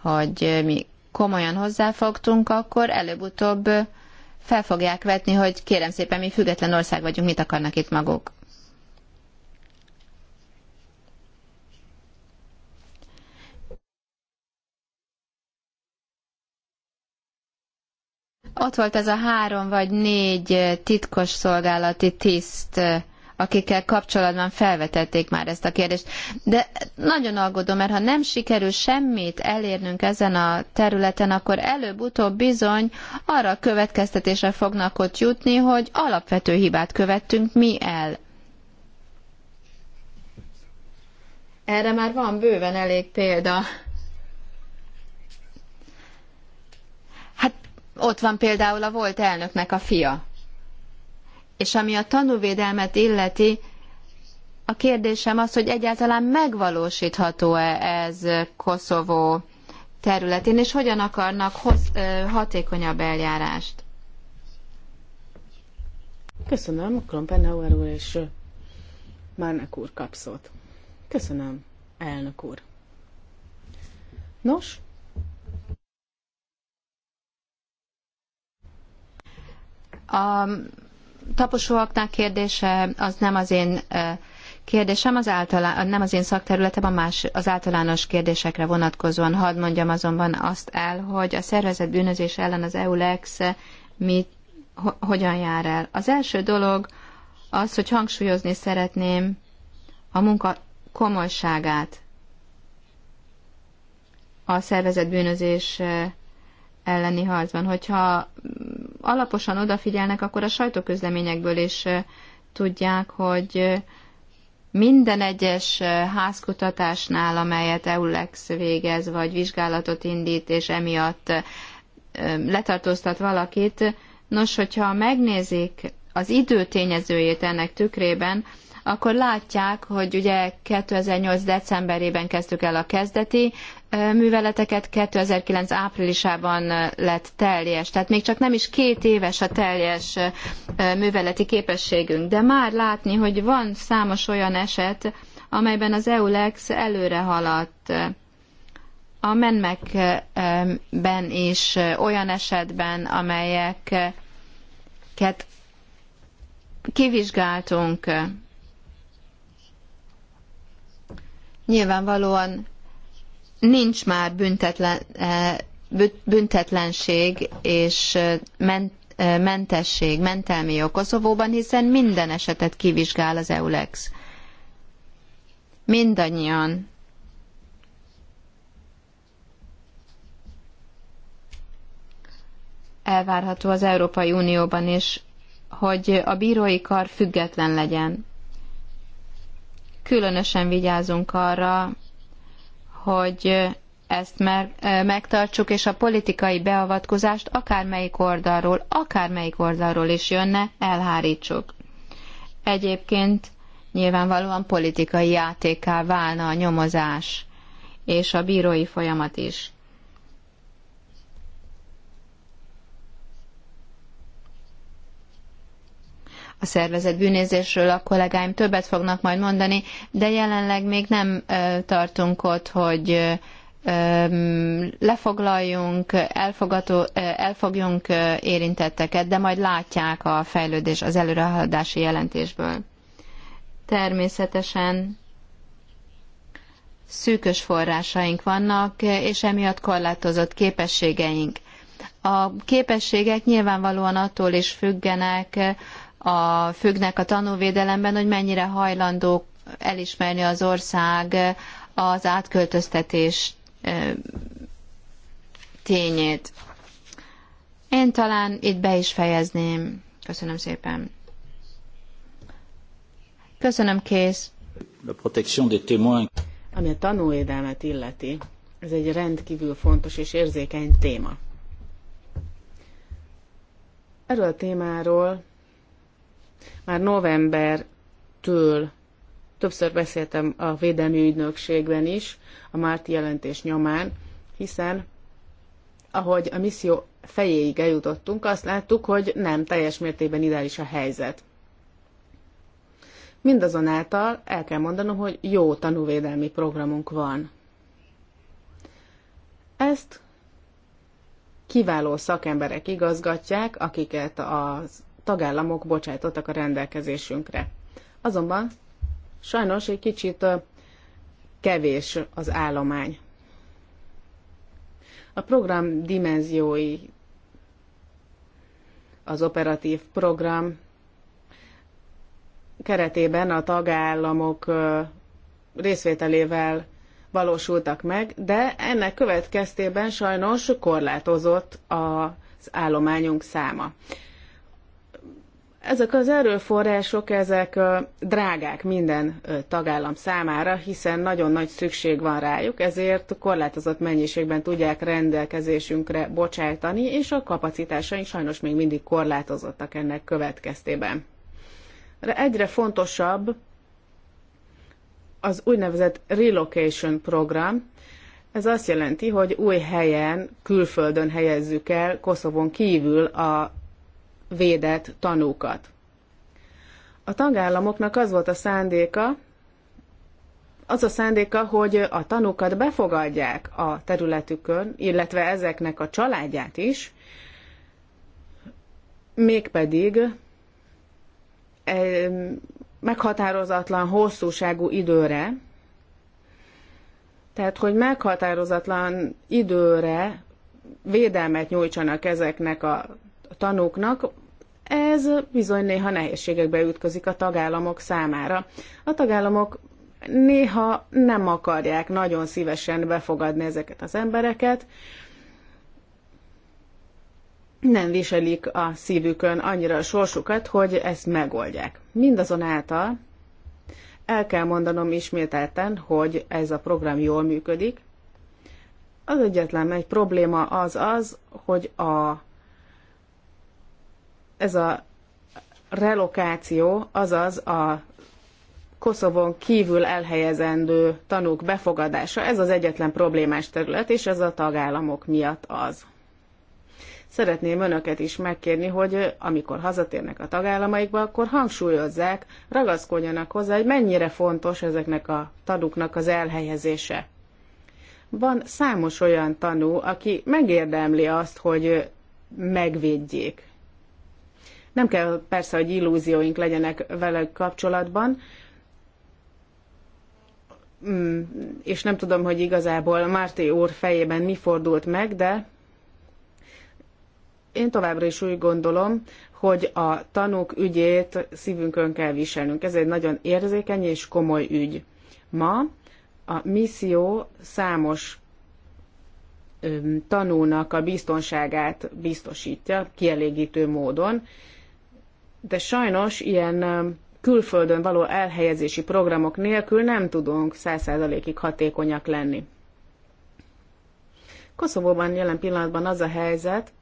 Speaker 3: hogy mi komolyan hozzáfogtunk, akkor előbb-utóbb fel fogják vetni, hogy kérem szépen, mi független ország vagyunk, mit akarnak itt maguk. Ott volt ez a három vagy négy titkos szolgálati tiszt, akikkel kapcsolatban felvetették már ezt a kérdést. De nagyon aggódom, mert ha nem sikerül semmit elérnünk ezen a területen, akkor előbb-utóbb bizony arra a következtetésre fognak ott jutni, hogy alapvető hibát követtünk mi el. Erre már van bőven elég példa. Hát ott van például a volt elnöknek a fia és ami a tanúvédelmet illeti, a kérdésem az, hogy egyáltalán megvalósítható-e ez Koszovó területén, és hogyan akarnak hossz, hatékonyabb eljárást?
Speaker 1: Köszönöm, Klompenauer úr és Márnak úr kapszót. Köszönöm, elnök úr.
Speaker 3: Nos? A taposóaknák kérdése az nem az én kérdésem, az általán, nem az én szakterületem, a más, az általános kérdésekre vonatkozóan. Hadd mondjam azonban azt el, hogy a szervezet bűnözés ellen az EULEX mit, ho, hogyan jár el. Az első dolog az, hogy hangsúlyozni szeretném a munka komolyságát a szervezet bűnözés elleni harcban. Hogyha alaposan odafigyelnek, akkor a sajtóközleményekből is tudják, hogy minden egyes házkutatásnál, amelyet EULEX végez, vagy vizsgálatot indít, és emiatt letartóztat valakit, nos, hogyha megnézik az idő tényezőjét ennek tükrében, akkor látják, hogy ugye 2008. decemberében kezdtük el a kezdeti műveleteket 2009 áprilisában lett teljes, tehát még csak nem is két éves a teljes műveleti képességünk, de már látni, hogy van számos olyan eset, amelyben az EULEX előre haladt a menmekben is olyan esetben, amelyeket kivizsgáltunk. Nyilvánvalóan nincs már büntetlen, eh, büntetlenség és eh, eh, mentesség, mentelmi jog Koszovóban, hiszen minden esetet kivizsgál az EULEX. Mindannyian. Elvárható az Európai Unióban is, hogy a bírói kar független legyen. Különösen vigyázunk arra, hogy ezt mer, megtartsuk, és a politikai beavatkozást akármelyik oldalról, akármelyik oldalról is jönne, elhárítsuk. Egyébként nyilvánvalóan politikai játékká válna a nyomozás, és a bírói folyamat is. a szervezet bűnézésről a kollégáim többet fognak majd mondani, de jelenleg még nem tartunk ott, hogy lefoglaljunk, elfogató, elfogjunk érintetteket, de majd látják a fejlődés az előrehaladási jelentésből. Természetesen szűkös forrásaink vannak, és emiatt korlátozott képességeink. A képességek nyilvánvalóan attól is függenek, a, függnek a tanúvédelemben, hogy mennyire hajlandók elismerni az ország az átköltöztetés tényét. Én talán itt be is fejezném. Köszönöm szépen. Köszönöm, kész. Ami a tanúvédelmet illeti, ez egy
Speaker 1: rendkívül fontos és érzékeny téma. Erről a témáról már novembertől többször beszéltem a Védelmi Ügynökségben is, a Márti jelentés nyomán, hiszen ahogy a misszió fejéig eljutottunk, azt láttuk, hogy nem teljes mértékben ideális a helyzet. Mindazonáltal el kell mondanom, hogy jó tanúvédelmi programunk van. Ezt kiváló szakemberek igazgatják, akiket az tagállamok bocsátottak a rendelkezésünkre. Azonban sajnos egy kicsit kevés az állomány. A program dimenziói, az operatív program keretében a tagállamok részvételével valósultak meg, de ennek következtében sajnos korlátozott az állományunk száma. Ezek az erőforrások, ezek drágák minden tagállam számára, hiszen nagyon nagy szükség van rájuk, ezért korlátozott mennyiségben tudják rendelkezésünkre bocsájtani, és a kapacitásaink sajnos még mindig korlátozottak ennek következtében. De egyre fontosabb az úgynevezett relocation program, ez azt jelenti, hogy új helyen, külföldön helyezzük el Koszovon kívül a védett tanúkat. A tagállamoknak az volt a szándéka, az a szándéka, hogy a tanúkat befogadják a területükön, illetve ezeknek a családját is, mégpedig meghatározatlan hosszúságú időre, tehát, hogy meghatározatlan időre védelmet nyújtsanak ezeknek a tanúknak, ez bizony néha nehézségekbe ütközik a tagállamok számára. A tagállamok néha nem akarják nagyon szívesen befogadni ezeket az embereket, nem viselik a szívükön annyira a sorsukat, hogy ezt megoldják. Mindazonáltal el kell mondanom ismételten, hogy ez a program jól működik. Az egyetlen egy probléma az az, hogy a ez a relokáció, azaz a Koszovon kívül elhelyezendő tanúk befogadása, ez az egyetlen problémás terület, és ez a tagállamok miatt az. Szeretném önöket is megkérni, hogy amikor hazatérnek a tagállamaikba, akkor hangsúlyozzák, ragaszkodjanak hozzá, hogy mennyire fontos ezeknek a tanúknak az elhelyezése. Van számos olyan tanú, aki megérdemli azt, hogy megvédjék nem kell persze, hogy illúzióink legyenek vele kapcsolatban, mm, és nem tudom, hogy igazából Márti úr fejében mi fordult meg, de én továbbra is úgy gondolom, hogy a tanúk ügyét szívünkön kell viselnünk. Ez egy nagyon érzékeny és komoly ügy. Ma a misszió számos tanúnak a biztonságát biztosítja kielégítő módon, de sajnos ilyen um, külföldön való elhelyezési programok nélkül nem tudunk százszázalékig hatékonyak lenni. Koszovóban jelen pillanatban az a helyzet,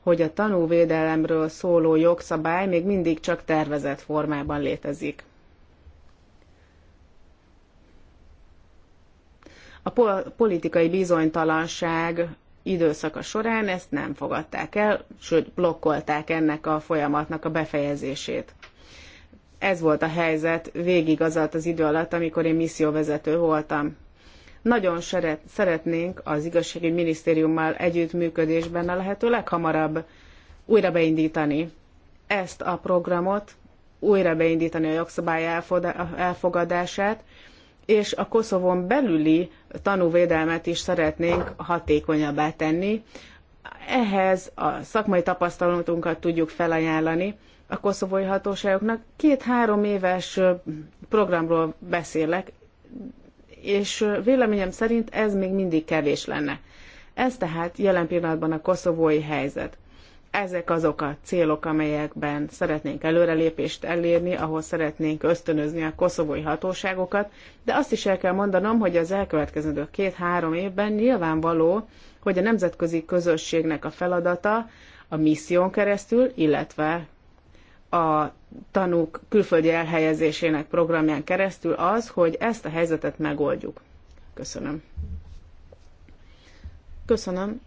Speaker 1: hogy a tanúvédelemről szóló jogszabály még mindig csak tervezett formában létezik. A politikai bizonytalanság időszaka során ezt nem fogadták el, sőt blokkolták ennek a folyamatnak a befejezését. Ez volt a helyzet végig az az idő alatt, amikor én misszióvezető voltam. Nagyon szeret, szeretnénk az igazságügyi minisztériummal együttműködésben a lehető leghamarabb újra beindítani ezt a programot, újra beindítani a jogszabály elfogadását, és a Koszovon belüli tanúvédelmet is szeretnénk hatékonyabbá tenni. Ehhez a szakmai tapasztalatunkat tudjuk felajánlani a koszovói hatóságoknak. Két-három éves programról beszélek, és véleményem szerint ez még mindig kevés lenne. Ez tehát jelen pillanatban a koszovói helyzet ezek azok a célok, amelyekben szeretnénk előrelépést elérni, ahol szeretnénk ösztönözni a koszovói hatóságokat, de azt is el kell mondanom, hogy az elkövetkezendő két-három évben nyilvánvaló, hogy a nemzetközi közösségnek a feladata a misszión keresztül, illetve a tanúk külföldi elhelyezésének programján keresztül az, hogy ezt a helyzetet megoldjuk. Köszönöm. Köszönöm.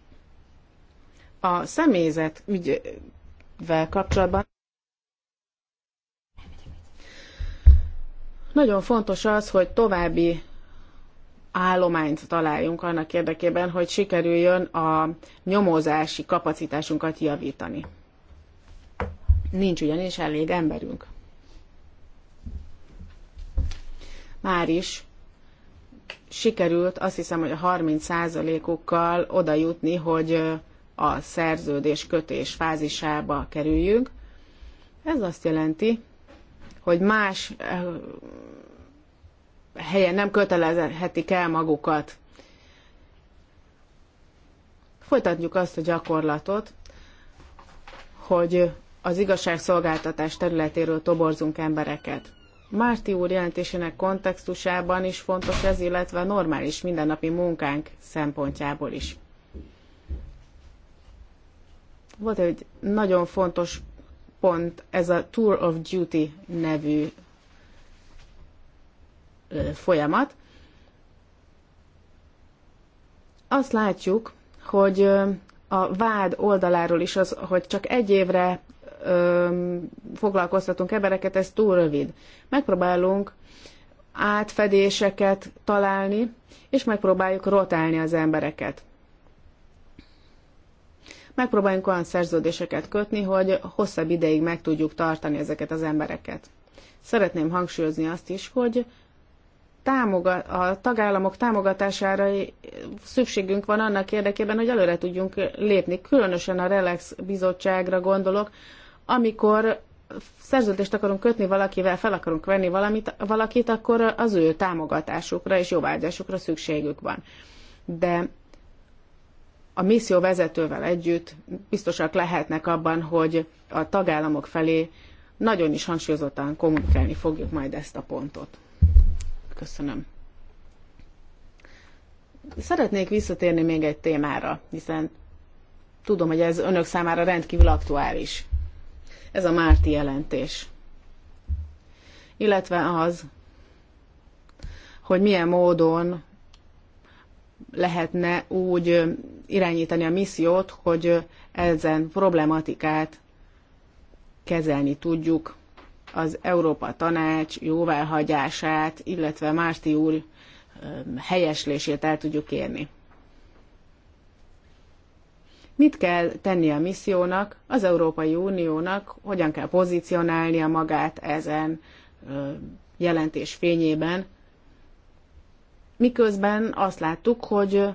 Speaker 1: A személyzet ügyvel kapcsolatban nagyon fontos az, hogy további állományt találjunk annak érdekében, hogy sikerüljön a nyomozási kapacitásunkat javítani. Nincs ugyanis elég emberünk. Már is sikerült azt hiszem, hogy a 30%-ukkal oda jutni, hogy a szerződés kötés fázisába kerüljünk. Ez azt jelenti, hogy más eh, helyen nem kötelezhetik el magukat. Folytatjuk azt a gyakorlatot, hogy az igazságszolgáltatás területéről toborzunk embereket. Márti úr jelentésének kontextusában is fontos ez, illetve normális mindennapi munkánk szempontjából is. Volt egy nagyon fontos pont, ez a Tour of Duty nevű folyamat. Azt látjuk, hogy a vád oldaláról is az, hogy csak egy évre foglalkoztatunk embereket, ez túl rövid. Megpróbálunk átfedéseket találni, és megpróbáljuk rotálni az embereket megpróbáljunk olyan szerződéseket kötni, hogy hosszabb ideig meg tudjuk tartani ezeket az embereket. Szeretném hangsúlyozni azt is, hogy a tagállamok támogatására szükségünk van annak érdekében, hogy előre tudjunk lépni. Különösen a Relax bizottságra gondolok, amikor szerződést akarunk kötni valakivel, fel akarunk venni valamit, valakit, akkor az ő támogatásukra és jóvágyásukra szükségük van. De a misszió vezetővel együtt biztosak lehetnek abban, hogy a tagállamok felé nagyon is hangsúlyozottan kommunikálni fogjuk majd ezt a pontot. Köszönöm. Szeretnék visszatérni még egy témára, hiszen tudom, hogy ez önök számára rendkívül aktuális. Ez a Márti jelentés. Illetve az, hogy milyen módon lehetne úgy irányítani a missziót, hogy ezen problematikát kezelni tudjuk az Európa Tanács jóváhagyását, illetve Márti úr helyeslését el tudjuk érni. Mit kell tenni a missziónak, az Európai Uniónak, hogyan kell pozícionálnia magát ezen jelentés fényében, Miközben azt láttuk, hogy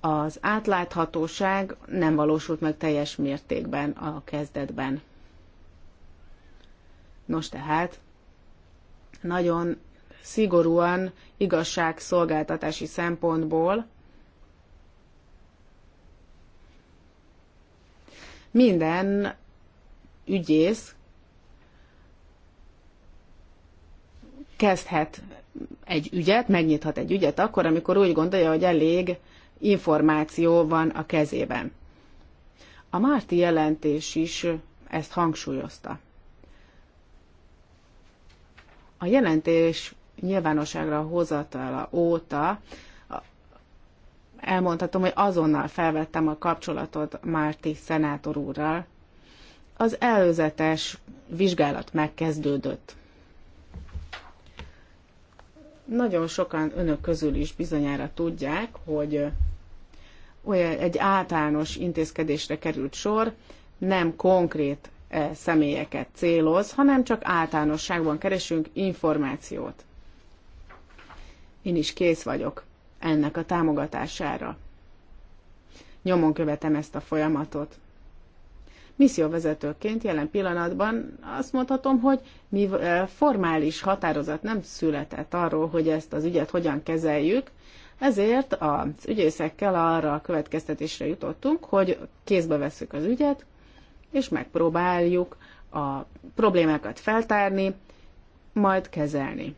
Speaker 1: az átláthatóság nem valósult meg teljes mértékben a kezdetben. Nos tehát, nagyon szigorúan igazságszolgáltatási szempontból minden ügyész kezdhet egy ügyet, megnyithat egy ügyet akkor, amikor úgy gondolja, hogy elég információ van a kezében. A Márti jelentés is ezt hangsúlyozta. A jelentés nyilvánosságra hozatala óta elmondhatom, hogy azonnal felvettem a kapcsolatot Márti szenátor úrral. Az előzetes vizsgálat megkezdődött. Nagyon sokan önök közül is bizonyára tudják, hogy olyan egy általános intézkedésre került sor, nem konkrét e, személyeket céloz, hanem csak általánosságban keresünk információt. Én is kész vagyok ennek a támogatására. Nyomon követem ezt a folyamatot. Misszióvezetőként jelen pillanatban azt mondhatom, hogy mi formális határozat nem született arról, hogy ezt az ügyet hogyan kezeljük, ezért az ügyészekkel arra a következtetésre jutottunk, hogy kézbe veszük az ügyet, és megpróbáljuk a problémákat feltárni, majd kezelni.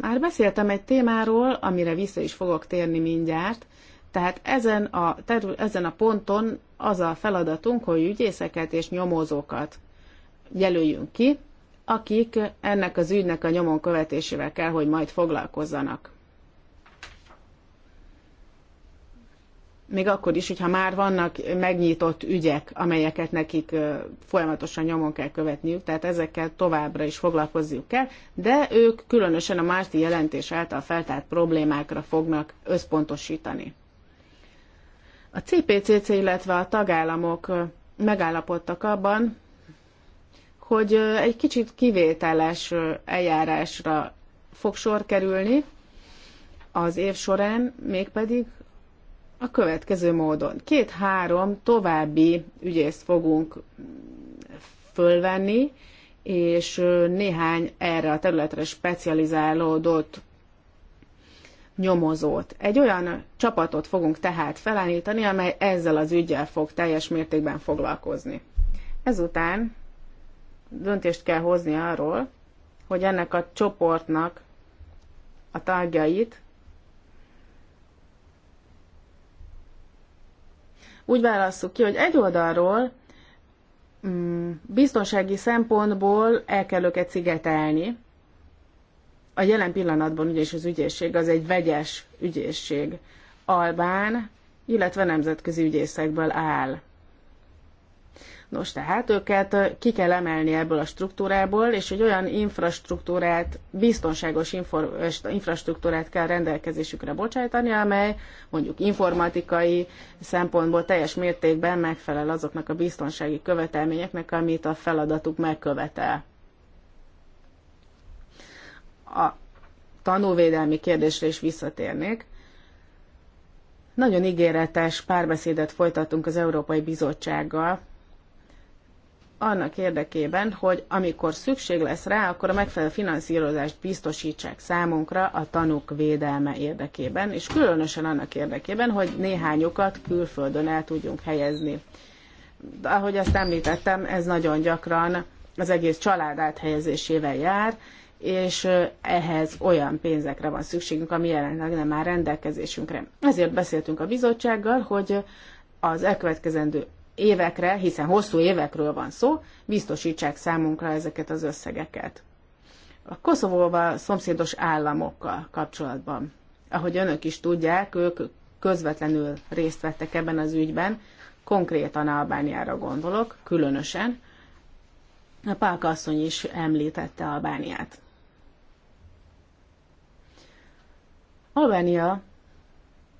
Speaker 1: Már beszéltem egy témáról, amire vissza is fogok térni mindjárt, tehát ezen a, terül, ezen a ponton az a feladatunk, hogy ügyészeket és nyomozókat jelöljünk ki, akik ennek az ügynek a nyomon követésével kell, hogy majd foglalkozzanak. Még akkor is, hogyha már vannak megnyitott ügyek, amelyeket nekik folyamatosan nyomon kell követniük, tehát ezekkel továbbra is foglalkozniuk kell, de ők különösen a Márti jelentés által feltárt problémákra fognak összpontosítani. A CPCC, illetve a tagállamok megállapodtak abban, hogy egy kicsit kivételes eljárásra fog sor kerülni az év során, mégpedig a következő módon. Két-három további ügyészt fogunk fölvenni, és néhány erre a területre specializálódott nyomozót. Egy olyan csapatot fogunk tehát felállítani, amely ezzel az ügyel fog teljes mértékben foglalkozni. Ezután döntést kell hozni arról, hogy ennek a csoportnak a tagjait úgy válasszuk ki, hogy egy oldalról mm, biztonsági szempontból el kell őket szigetelni, a jelen pillanatban ugyanis az ügyészség az egy vegyes ügyészség. Albán, illetve nemzetközi ügyészekből áll. Nos, tehát őket ki kell emelni ebből a struktúrából, és egy olyan infrastruktúrát, biztonságos infrastruktúrát kell rendelkezésükre bocsájtani, amely mondjuk informatikai szempontból teljes mértékben megfelel azoknak a biztonsági követelményeknek, amit a feladatuk megkövetel a tanúvédelmi kérdésre is visszatérnék. Nagyon ígéretes párbeszédet folytatunk az Európai Bizottsággal, annak érdekében, hogy amikor szükség lesz rá, akkor a megfelelő finanszírozást biztosítsák számunkra a tanúk védelme érdekében, és különösen annak érdekében, hogy néhányukat külföldön el tudjunk helyezni. De, ahogy azt említettem, ez nagyon gyakran az egész család áthelyezésével jár, és ehhez olyan pénzekre van szükségünk, ami jelenleg nem áll rendelkezésünkre. Ezért beszéltünk a bizottsággal, hogy az elkövetkezendő évekre, hiszen hosszú évekről van szó, biztosítsák számunkra ezeket az összegeket. A Koszovóval szomszédos államokkal kapcsolatban. Ahogy önök is tudják, ők közvetlenül részt vettek ebben az ügyben, konkrétan Albániára gondolok, különösen. A Pálka asszony is említette Albániát. Albánia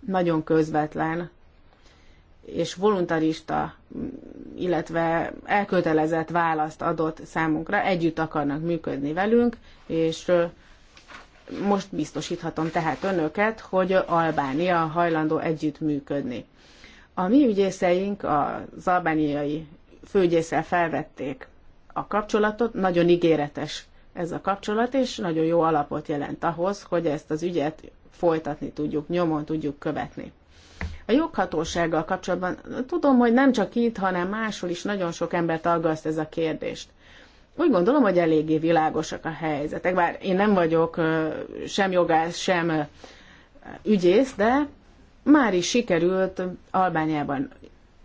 Speaker 1: nagyon közvetlen és voluntarista, illetve elkötelezett választ adott számunkra, együtt akarnak működni velünk, és most biztosíthatom tehát önöket, hogy Albánia hajlandó működni. A mi ügyészeink az albániai főügyészel felvették a kapcsolatot, nagyon ígéretes ez a kapcsolat, és nagyon jó alapot jelent ahhoz, hogy ezt az ügyet folytatni tudjuk, nyomon tudjuk követni. A joghatósággal kapcsolatban tudom, hogy nem csak itt, hanem máshol is nagyon sok embert aggaszt ez a kérdést. Úgy gondolom, hogy eléggé világosak a helyzetek, bár én nem vagyok sem jogász, sem ügyész, de már is sikerült Albániában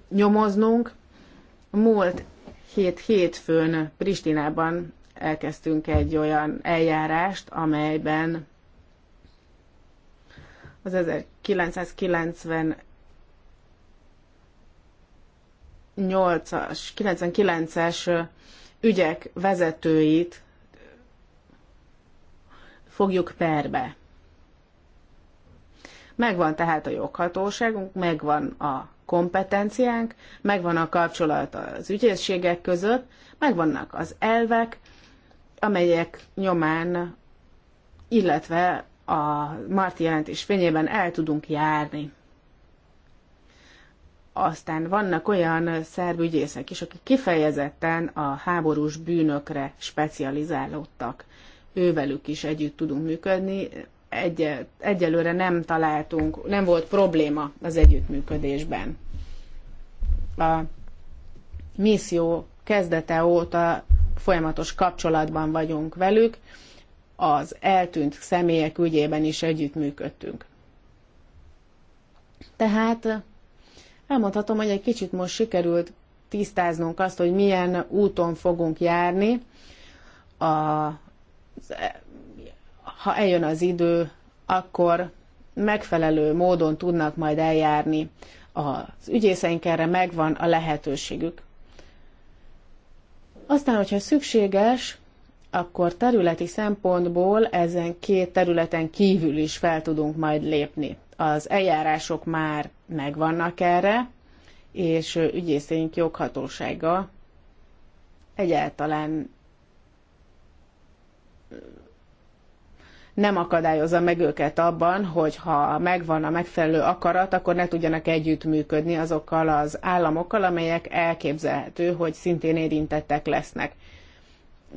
Speaker 1: nyomoznunk. Múlt hét hétfőn Pristinában elkezdtünk egy olyan eljárást, amelyben az 1990 8-as, 99-es ügyek vezetőit fogjuk perbe. Megvan tehát a joghatóságunk, megvan a kompetenciánk, megvan a kapcsolat az ügyészségek között, megvannak az elvek, amelyek nyomán, illetve a Marti jelentés fényében el tudunk járni. Aztán vannak olyan szerb ügyészek is, akik kifejezetten a háborús bűnökre specializálódtak. Ővelük is együtt tudunk működni. Egy, egyelőre nem találtunk, nem volt probléma az együttműködésben. A misszió kezdete óta folyamatos kapcsolatban vagyunk velük, az eltűnt személyek ügyében is együttműködtünk. Tehát elmondhatom, hogy egy kicsit most sikerült tisztáznunk azt, hogy milyen úton fogunk járni, a, ha eljön az idő, akkor megfelelő módon tudnak majd eljárni. Az ügyészeink erre megvan a lehetőségük. Aztán, hogyha szükséges, akkor területi szempontból ezen két területen kívül is fel tudunk majd lépni. Az eljárások már megvannak erre, és ügyészénk joghatósága egyáltalán nem akadályozza meg őket abban, hogy ha megvan a megfelelő akarat, akkor ne tudjanak együttműködni azokkal az államokkal, amelyek elképzelhető, hogy szintén érintettek lesznek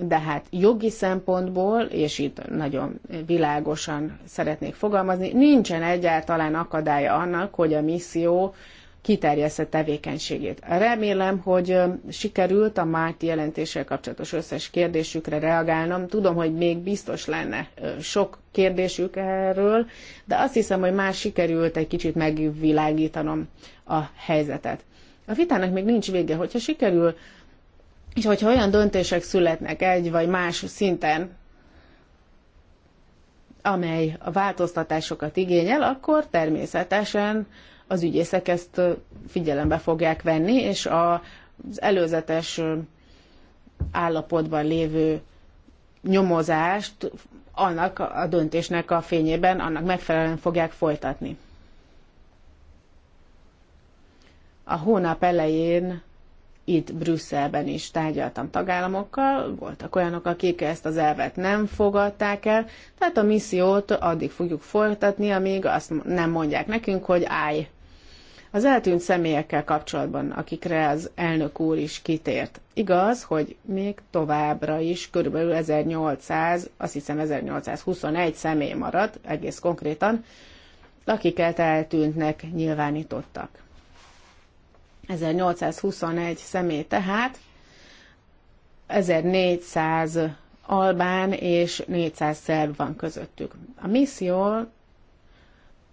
Speaker 1: de hát jogi szempontból, és itt nagyon világosan szeretnék fogalmazni, nincsen egyáltalán akadálya annak, hogy a misszió kiterjeszte tevékenységét. Remélem, hogy sikerült a Márti jelentéssel kapcsolatos összes kérdésükre reagálnom. Tudom, hogy még biztos lenne sok kérdésük erről, de azt hiszem, hogy már sikerült egy kicsit megvilágítanom a helyzetet. A vitának még nincs vége, hogyha sikerül és hogyha olyan döntések születnek egy vagy más szinten, amely a változtatásokat igényel, akkor természetesen az ügyészek ezt figyelembe fogják venni, és az előzetes állapotban lévő nyomozást annak a döntésnek a fényében, annak megfelelően fogják folytatni. A hónap elején itt Brüsszelben is tárgyaltam tagállamokkal, voltak olyanok, akik ezt az elvet nem fogadták el, tehát a missziót addig fogjuk folytatni, amíg azt nem mondják nekünk, hogy állj. Az eltűnt személyekkel kapcsolatban, akikre az elnök úr is kitért. Igaz, hogy még továbbra is körülbelül 1800, azt hiszem 1821 személy maradt, egész konkrétan, akiket eltűntnek nyilvánítottak. 1821 személy tehát, 1400 albán és 400 szerb van közöttük. A misszió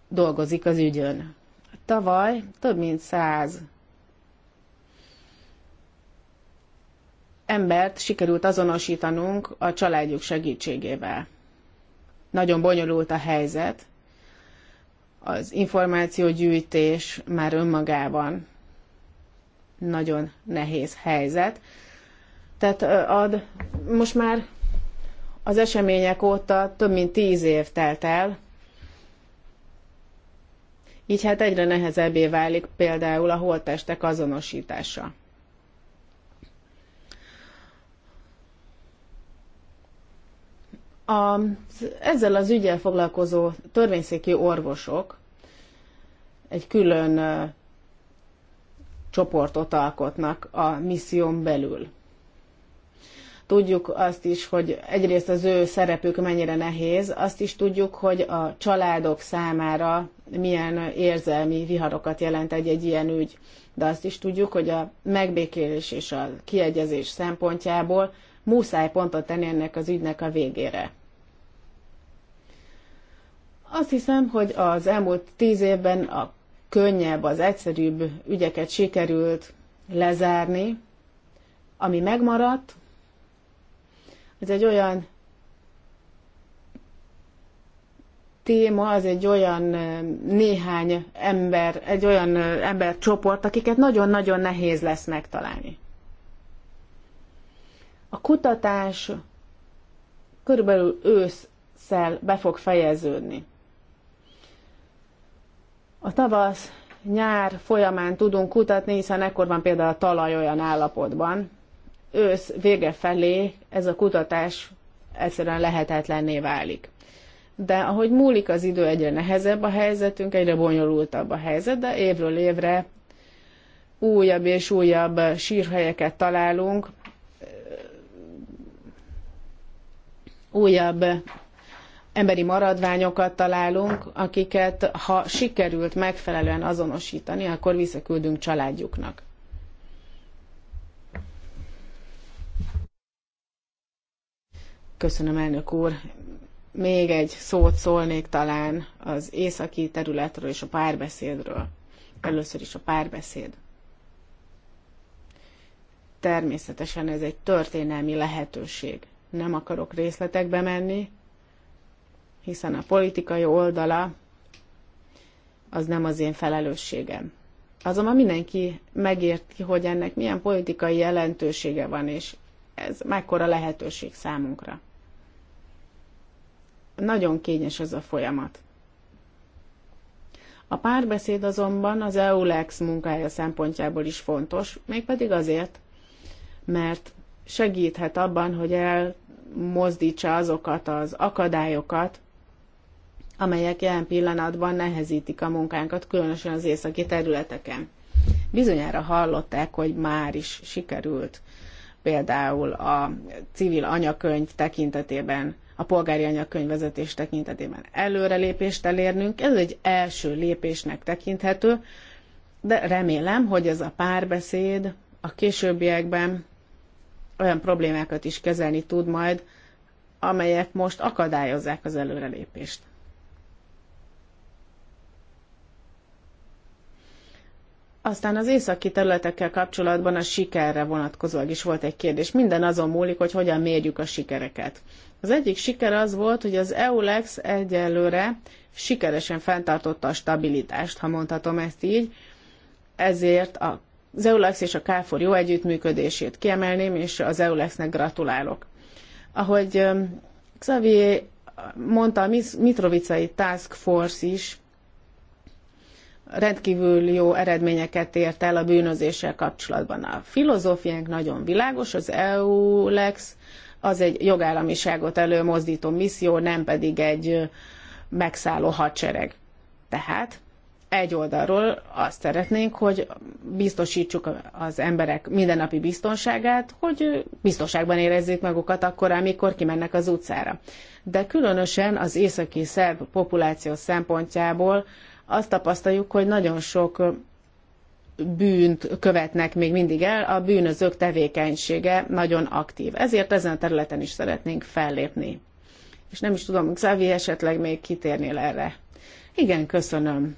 Speaker 1: dolgozik az ügyön. Tavaly több mint 100 embert sikerült azonosítanunk a családjuk segítségével. Nagyon bonyolult a helyzet, az információgyűjtés már önmagában nagyon nehéz helyzet. Tehát ad, most már az események óta több mint tíz év telt el, így hát egyre nehezebbé válik például a holttestek azonosítása. A, ezzel az ügyel foglalkozó törvényszéki orvosok egy külön csoportot alkotnak a misszión belül. Tudjuk azt is, hogy egyrészt az ő szerepük mennyire nehéz, azt is tudjuk, hogy a családok számára milyen érzelmi viharokat jelent egy-egy ilyen ügy, de azt is tudjuk, hogy a megbékélés és a kiegyezés szempontjából muszáj pontot tenni ennek az ügynek a végére. Azt hiszem, hogy az elmúlt tíz évben a könnyebb, az egyszerűbb ügyeket sikerült lezárni. Ami megmaradt, ez egy olyan téma, az egy olyan néhány ember, egy olyan embercsoport, akiket nagyon-nagyon nehéz lesz megtalálni. A kutatás körülbelül ősszel be fog fejeződni. A tavasz, nyár folyamán tudunk kutatni, hiszen ekkor van például a talaj olyan állapotban. Ősz vége felé ez a kutatás egyszerűen lehetetlenné válik. De ahogy múlik az idő, egyre nehezebb a helyzetünk, egyre bonyolultabb a helyzet, de évről évre újabb és újabb sírhelyeket találunk, újabb emberi maradványokat találunk, akiket ha sikerült megfelelően azonosítani, akkor visszaküldünk családjuknak. Köszönöm, elnök úr. Még egy szót szólnék talán az északi területről és a párbeszédről. Először is a párbeszéd. Természetesen ez egy történelmi lehetőség. Nem akarok részletekbe menni, hiszen a politikai oldala az nem az én felelősségem. Azonban mindenki megérti, hogy ennek milyen politikai jelentősége van, és ez mekkora lehetőség számunkra. Nagyon kényes ez a folyamat. A párbeszéd azonban az EULEX munkája szempontjából is fontos, mégpedig azért, mert segíthet abban, hogy elmozdítsa azokat az akadályokat, amelyek jelen pillanatban nehezítik a munkánkat, különösen az északi területeken. Bizonyára hallották, hogy már is sikerült például a civil anyakönyv tekintetében, a polgári anyakönyv vezetés tekintetében előrelépést elérnünk. Ez egy első lépésnek tekinthető, de remélem, hogy ez a párbeszéd a későbbiekben olyan problémákat is kezelni tud majd, amelyek most akadályozzák az előrelépést. Aztán az északi területekkel kapcsolatban a sikerre vonatkozóan is volt egy kérdés. Minden azon múlik, hogy hogyan mérjük a sikereket. Az egyik siker az volt, hogy az EULEX egyelőre sikeresen fenntartotta a stabilitást, ha mondhatom ezt így, ezért a az EULEX és a KFOR jó együttműködését kiemelném, és az EULEX-nek gratulálok. Ahogy um, Xavier mondta, a Mitrovicai Task Force is rendkívül jó eredményeket ért el a bűnözéssel kapcsolatban. A filozófiánk nagyon világos, az EU lex az egy jogállamiságot előmozdító misszió, nem pedig egy megszálló hadsereg. Tehát egy oldalról azt szeretnénk, hogy biztosítsuk az emberek mindennapi biztonságát, hogy biztonságban érezzék magukat akkor, amikor kimennek az utcára. De különösen az északi szerb populáció szempontjából azt tapasztaljuk, hogy nagyon sok bűnt követnek még mindig el, a bűnözők tevékenysége nagyon aktív. Ezért ezen a területen is szeretnénk fellépni. És nem is tudom, Xavi esetleg még kitérnél erre. Igen, köszönöm.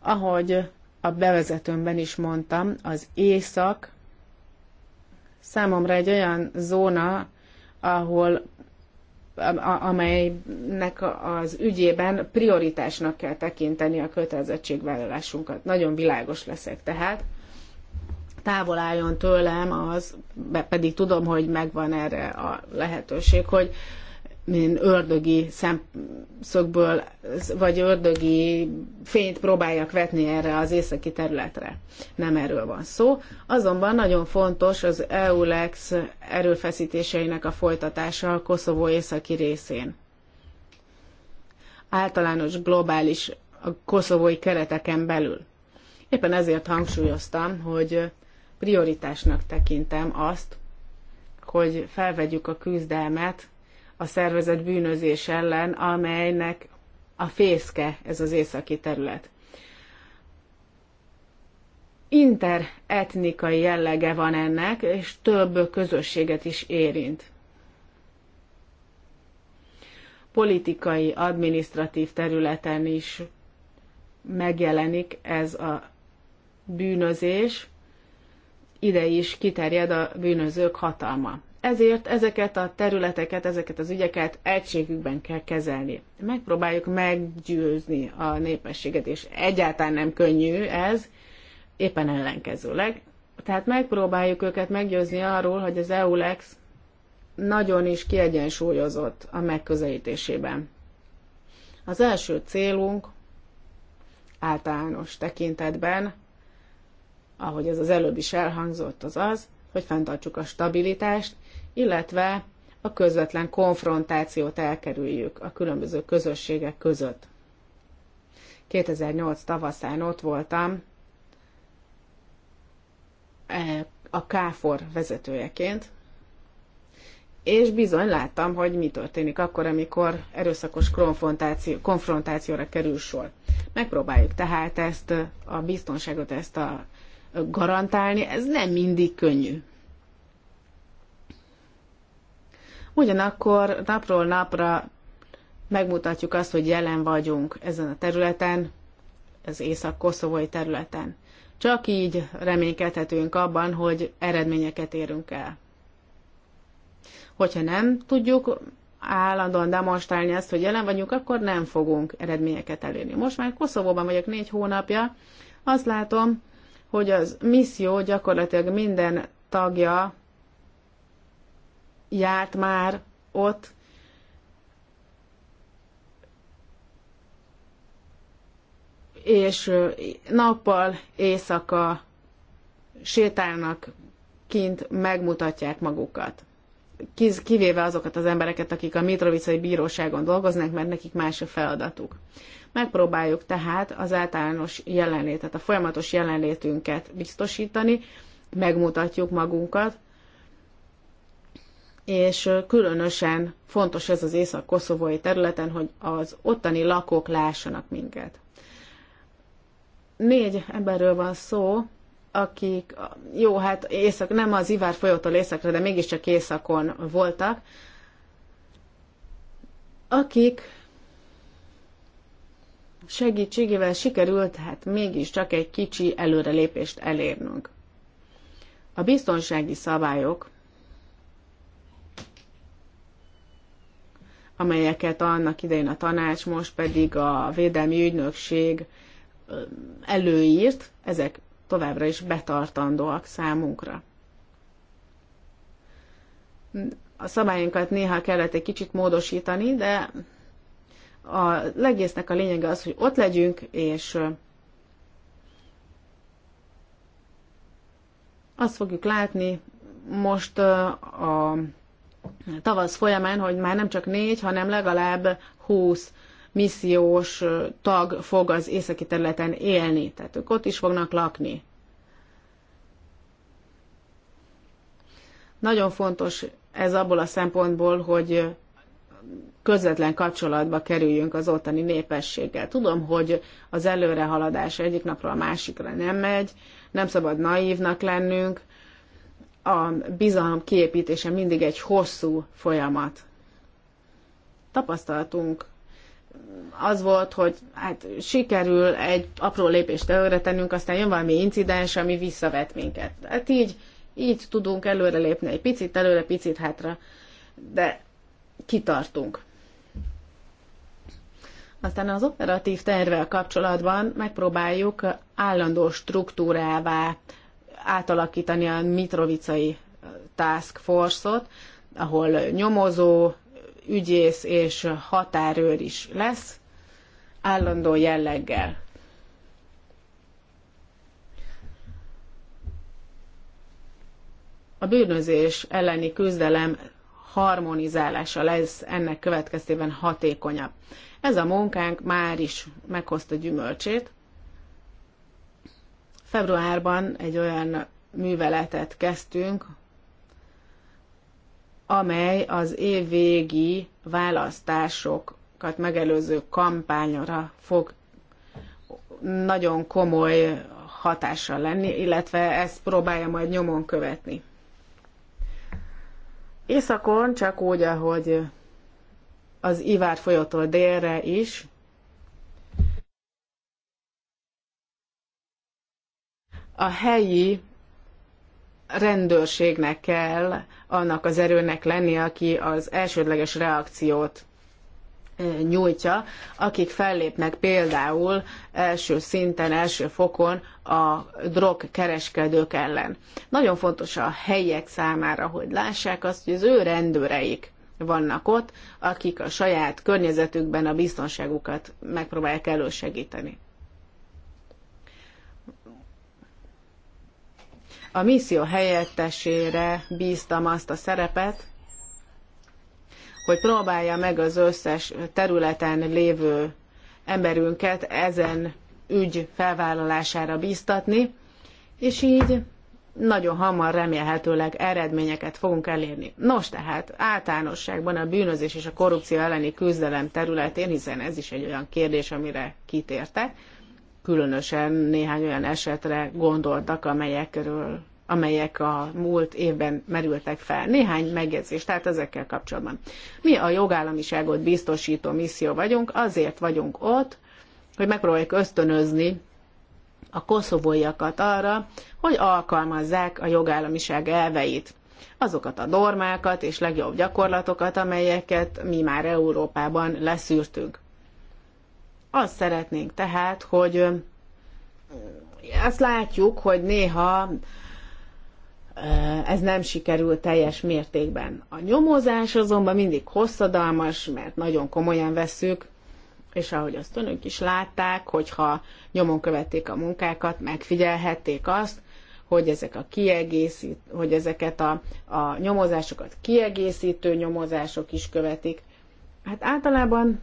Speaker 1: Ahogy a bevezetőmben is mondtam, az éjszak számomra egy olyan zóna, ahol amelynek az ügyében prioritásnak kell tekinteni a kötelezettségvállalásunkat. Nagyon világos leszek tehát. Távol álljon tőlem az, pedig tudom, hogy megvan erre a lehetőség, hogy mint ördögi szemszögből, vagy ördögi fényt próbáljak vetni erre az északi területre. Nem erről van szó. Azonban nagyon fontos az EULEX erőfeszítéseinek a folytatása a Koszovó északi részén. Általános globális a koszovói kereteken belül. Éppen ezért hangsúlyoztam, hogy prioritásnak tekintem azt, hogy felvegyük a küzdelmet a szervezet bűnözés ellen, amelynek a fészke ez az északi terület. Interetnikai jellege van ennek, és több közösséget is érint. Politikai, administratív területen is megjelenik ez a bűnözés, ide is kiterjed a bűnözők hatalma. Ezért ezeket a területeket, ezeket az ügyeket egységükben kell kezelni. Megpróbáljuk meggyőzni a népességet, és egyáltalán nem könnyű ez, éppen ellenkezőleg. Tehát megpróbáljuk őket meggyőzni arról, hogy az EULEX nagyon is kiegyensúlyozott a megközelítésében. Az első célunk általános tekintetben, ahogy ez az előbb is elhangzott, az az, hogy fenntartsuk a stabilitást, illetve a közvetlen konfrontációt elkerüljük a különböző közösségek között. 2008 tavaszán ott voltam e, a KFOR vezetőjeként, és bizony láttam, hogy mi történik akkor, amikor erőszakos konfrontáció, konfrontációra kerül sor. Megpróbáljuk tehát ezt a biztonságot, ezt a garantálni, ez nem mindig könnyű. Ugyanakkor napról napra megmutatjuk azt, hogy jelen vagyunk ezen a területen, az észak-koszovói területen. Csak így reménykedhetünk abban, hogy eredményeket érünk el. Hogyha nem tudjuk állandóan demonstrálni azt, hogy jelen vagyunk, akkor nem fogunk eredményeket elérni. Most már Koszovóban vagyok négy hónapja, azt látom, hogy az misszió gyakorlatilag minden tagja járt már ott, és nappal, éjszaka sétálnak kint, megmutatják magukat. Kivéve azokat az embereket, akik a Mitrovicai Bíróságon dolgoznak, mert nekik más a feladatuk. Megpróbáljuk tehát az általános jelenlétet, a folyamatos jelenlétünket biztosítani, megmutatjuk magunkat, és különösen fontos ez az észak-koszovói területen, hogy az ottani lakók lássanak minket. Négy emberről van szó, akik, jó, hát észak, nem az Ivár folyótól északra, de mégiscsak északon voltak, akik segítségével sikerült hát mégiscsak egy kicsi előrelépést elérnünk. A biztonsági szabályok amelyeket annak idején a tanács, most pedig a védelmi ügynökség előírt, ezek továbbra is betartandóak számunkra. A szabályunkat néha kellett egy kicsit módosítani, de a legésznek a lényege az, hogy ott legyünk, és azt fogjuk látni most a tavasz folyamán, hogy már nem csak négy, hanem legalább húsz missziós tag fog az északi területen élni, tehát ők ott is fognak lakni. Nagyon fontos ez abból a szempontból, hogy közvetlen kapcsolatba kerüljünk az ottani népességgel. Tudom, hogy az előrehaladás egyik napról a másikra nem megy, nem szabad naívnak lennünk, a bizalom kiépítése mindig egy hosszú folyamat. Tapasztaltunk. az volt, hogy hát sikerül egy apró lépést előre tennünk, aztán jön valami incidens, ami visszavet minket. Hát így, így tudunk előre lépni, egy picit előre, picit hátra, de kitartunk. Aztán az operatív tervvel kapcsolatban megpróbáljuk állandó struktúrává átalakítani a Mitrovicai eh, Task Force-ot, ahol nyomozó, ügyész és határőr is lesz, állandó jelleggel. A bűnözés elleni küzdelem harmonizálása lesz ennek következtében hatékonyabb. Ez a munkánk már is meghozta gyümölcsét, Februárban egy olyan műveletet kezdtünk, amely az évvégi választásokat megelőző kampányra fog nagyon komoly hatással lenni, illetve ezt próbálja majd nyomon követni. Északon, csak úgy, ahogy az Ivár folyótól délre is, a helyi rendőrségnek kell annak az erőnek lenni, aki az elsődleges reakciót nyújtja, akik fellépnek például első szinten, első fokon a drogkereskedők ellen. Nagyon fontos a helyek számára, hogy lássák azt, hogy az ő rendőreik vannak ott, akik a saját környezetükben a biztonságukat megpróbálják elősegíteni. a misszió helyettesére bíztam azt a szerepet, hogy próbálja meg az összes területen lévő emberünket ezen ügy felvállalására bíztatni, és így nagyon hamar remélhetőleg eredményeket fogunk elérni. Nos tehát, általánosságban a bűnözés és a korrupció elleni küzdelem területén, hiszen ez is egy olyan kérdés, amire kitértek, különösen néhány olyan esetre gondoltak, amelyek körül amelyek a múlt évben merültek fel. Néhány megjegyzés, tehát ezekkel kapcsolatban. Mi a jogállamiságot biztosító misszió vagyunk, azért vagyunk ott, hogy megpróbáljuk ösztönözni a koszovóiakat arra, hogy alkalmazzák a jogállamiság elveit. Azokat a normákat és legjobb gyakorlatokat, amelyeket mi már Európában leszűrtünk. Azt szeretnénk tehát, hogy azt látjuk, hogy néha ez nem sikerül teljes mértékben. A nyomozás azonban mindig hosszadalmas, mert nagyon komolyan vesszük, és ahogy azt önök is látták, hogyha nyomon követték a munkákat, megfigyelhették azt, hogy ezek a kiegészít, hogy ezeket a, a nyomozásokat kiegészítő nyomozások is követik. Hát általában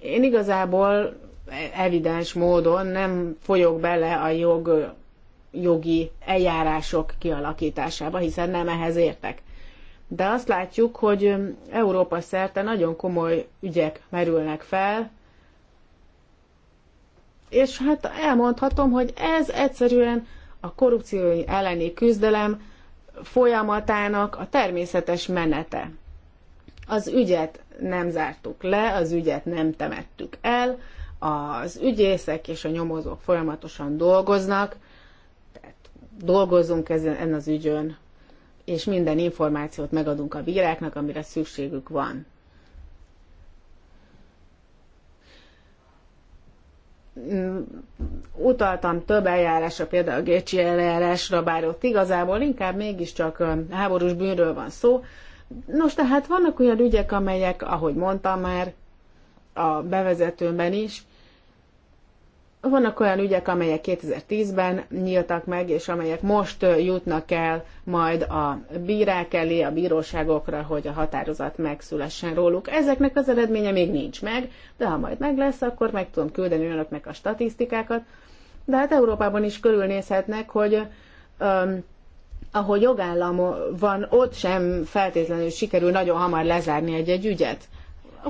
Speaker 1: én igazából evidens módon nem folyok bele a jog, jogi eljárások kialakításába, hiszen nem ehhez értek. De azt látjuk, hogy Európa szerte nagyon komoly ügyek merülnek fel, és hát elmondhatom, hogy ez egyszerűen a korrupció elleni küzdelem folyamatának a természetes menete. Az ügyet nem zártuk le, az ügyet nem temettük el, az ügyészek és a nyomozók folyamatosan dolgoznak, tehát dolgozunk ezen, ezen az ügyön, és minden információt megadunk a bíráknak, amire szükségük van. Mm, utaltam több eljárásra, például a Gécsi eljárásra, bár ott igazából inkább mégiscsak háborús bűnről van szó, Nos, tehát vannak olyan ügyek, amelyek, ahogy mondtam már a bevezetőmben is, vannak olyan ügyek, amelyek 2010-ben nyíltak meg, és amelyek most jutnak el majd a bírák elé, a bíróságokra, hogy a határozat megszülessen róluk. Ezeknek az eredménye még nincs meg, de ha majd meg lesz, akkor meg tudom küldeni önöknek a statisztikákat. De hát Európában is körülnézhetnek, hogy um, ahol jogállam van, ott sem feltétlenül sikerül nagyon hamar lezárni egy-egy ügyet.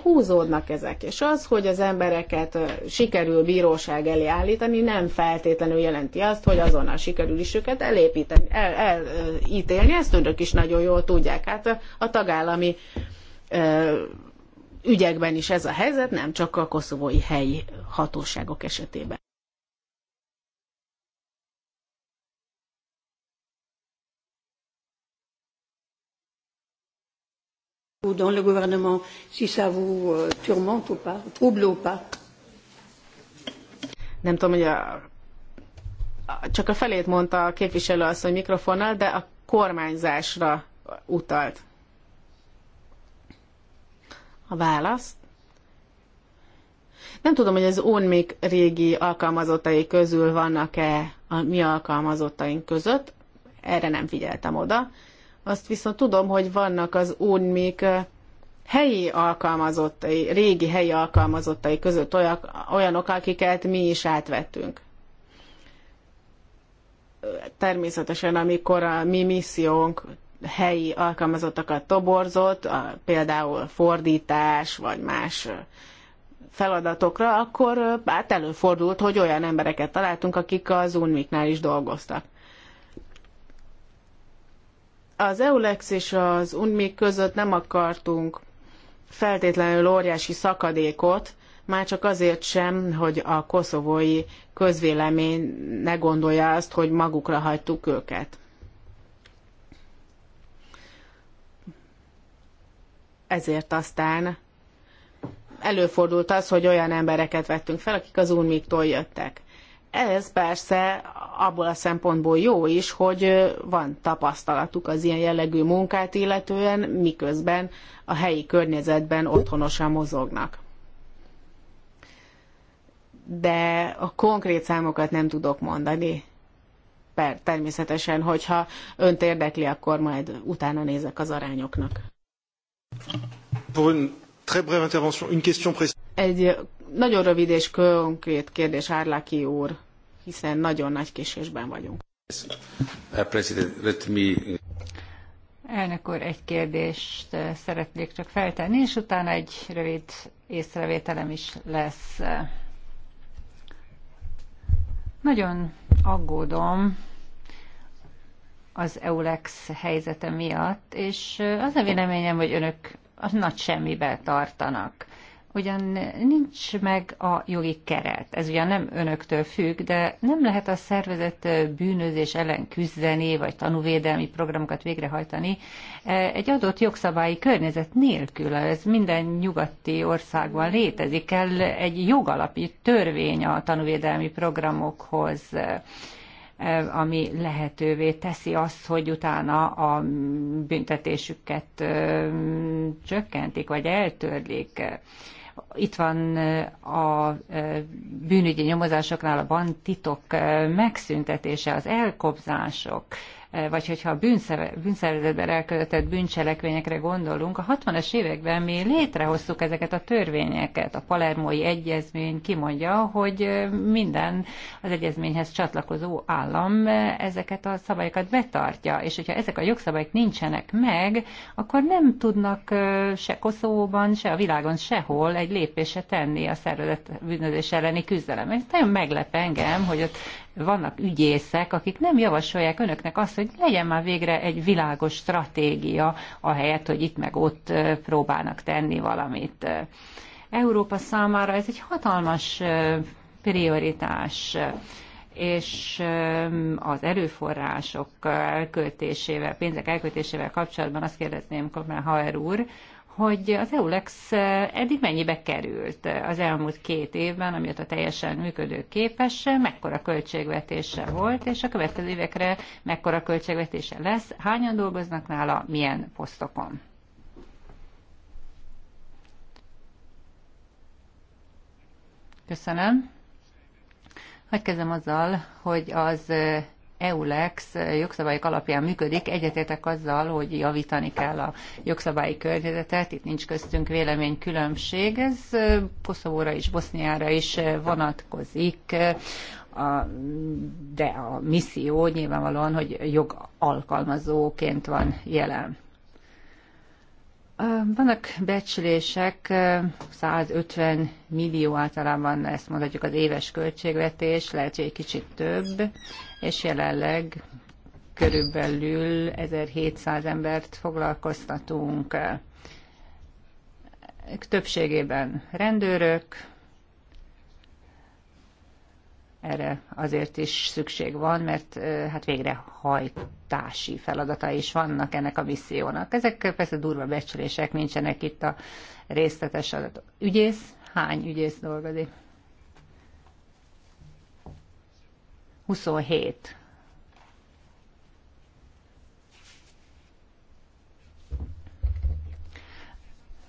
Speaker 1: Húzódnak ezek, és az, hogy az embereket sikerül bíróság elé állítani, nem feltétlenül jelenti azt, hogy azonnal sikerül is őket elépíteni, el, elítélni, ezt önök is nagyon jól tudják. Hát a tagállami ö, ügyekben is ez a helyzet, nem csak a koszovói helyi hatóságok esetében.
Speaker 3: ou dans le gouvernement, si ça vous euh, tourmente ou pas, trouble ou pas.
Speaker 1: Nem tudom, hogy a, csak a felét mondta a képviselő asszony mikrofonnal, de a kormányzásra utalt. A választ. Nem tudom, hogy az még régi alkalmazottai közül vannak-e a mi alkalmazottaink között, erre nem figyeltem oda, azt viszont tudom, hogy vannak az UNMIK eh, helyi alkalmazottai, régi helyi alkalmazottai között olyanok, akiket mi is átvettünk. Természetesen, amikor a mi missziónk helyi alkalmazottakat toborzott, például fordítás vagy más eh, feladatokra, akkor eh, hát előfordult, hogy olyan embereket találtunk, akik az unmik is dolgoztak. Az EULEX és az UNMIK között nem akartunk feltétlenül óriási szakadékot, már csak azért sem, hogy a koszovói közvélemény ne gondolja azt, hogy magukra hagytuk őket. Ezért aztán előfordult az, hogy olyan embereket vettünk fel, akik az unmik jöttek. Ez persze abból a szempontból jó is, hogy van tapasztalatuk az ilyen jellegű munkát illetően, miközben a helyi környezetben otthonosan mozognak. De a konkrét számokat nem tudok mondani. Per, természetesen, hogyha önt érdekli, akkor majd utána nézek az arányoknak. Egy nagyon rövid és konkrét kérdés, Árláki úr, hiszen nagyon nagy késésben vagyunk.
Speaker 2: Elnök úr, egy kérdést eh, szeretnék csak feltenni, és utána egy rövid észrevételem is lesz. Nagyon aggódom az EULEX helyzete miatt, és eh, az a véleményem, hogy önök a nagy semmibe tartanak ugyan nincs meg a jogi keret. Ez ugyan nem önöktől függ, de nem lehet a szervezet bűnözés ellen küzdeni, vagy tanúvédelmi programokat végrehajtani e, egy adott jogszabályi környezet nélkül. Ez minden nyugati országban létezik. Kell egy jogalapi törvény a tanúvédelmi programokhoz e, e, ami lehetővé teszi azt, hogy utána a büntetésüket csökkentik, vagy eltörlik. Itt van eh, a eh, bűnügyi nyomozásoknál a bantitok eh, megszüntetése, az elkobzások, vagy hogyha a bűnszervezetben elkövetett bűncselekvényekre gondolunk, a 60-as években mi létrehoztuk ezeket a törvényeket. A Palermói Egyezmény kimondja, hogy minden az egyezményhez csatlakozó állam ezeket a szabályokat betartja, és hogyha ezek a jogszabályok nincsenek meg, akkor nem tudnak se Koszovóban, se a világon sehol egy lépése tenni a szervezet bűnözés elleni küzdelem. Ez nagyon meglep engem, hogy ott vannak ügyészek, akik nem javasolják önöknek azt, hogy legyen már végre egy világos stratégia, ahelyett, hogy itt meg ott próbálnak tenni valamit. Európa számára ez egy hatalmas prioritás és az erőforrások elköltésével, pénzek elköltésével kapcsolatban azt kérdezném Koppenhauer úr, hogy az EULEX eh, eddig mennyibe került az elmúlt két évben, amióta teljesen működőképes, mekkora költségvetése volt, és a következő évekre mekkora költségvetése lesz, hányan dolgoznak nála, milyen posztokon. Köszönöm. Hagy kezdem azzal, hogy az eh, EULEX jogszabályok alapján működik, egyetértek azzal, hogy javítani kell a jogszabályi környezetet, itt nincs köztünk véleménykülönbség, ez Koszovóra és Boszniára is vonatkozik, a, de a misszió nyilvánvalóan, hogy jogalkalmazóként van jelen. Vannak becslések, 150 millió általában ezt mondhatjuk az éves költségvetés, lehet, hogy egy kicsit több, és jelenleg körülbelül 1700 embert foglalkoztatunk. Többségében rendőrök, erre azért is szükség van, mert hát végre hajt kutatási feladata is vannak ennek a missziónak. Ezek persze durva becslések, nincsenek itt a részletes adatok. Ügyész? Hány ügyész dolgozik? 27.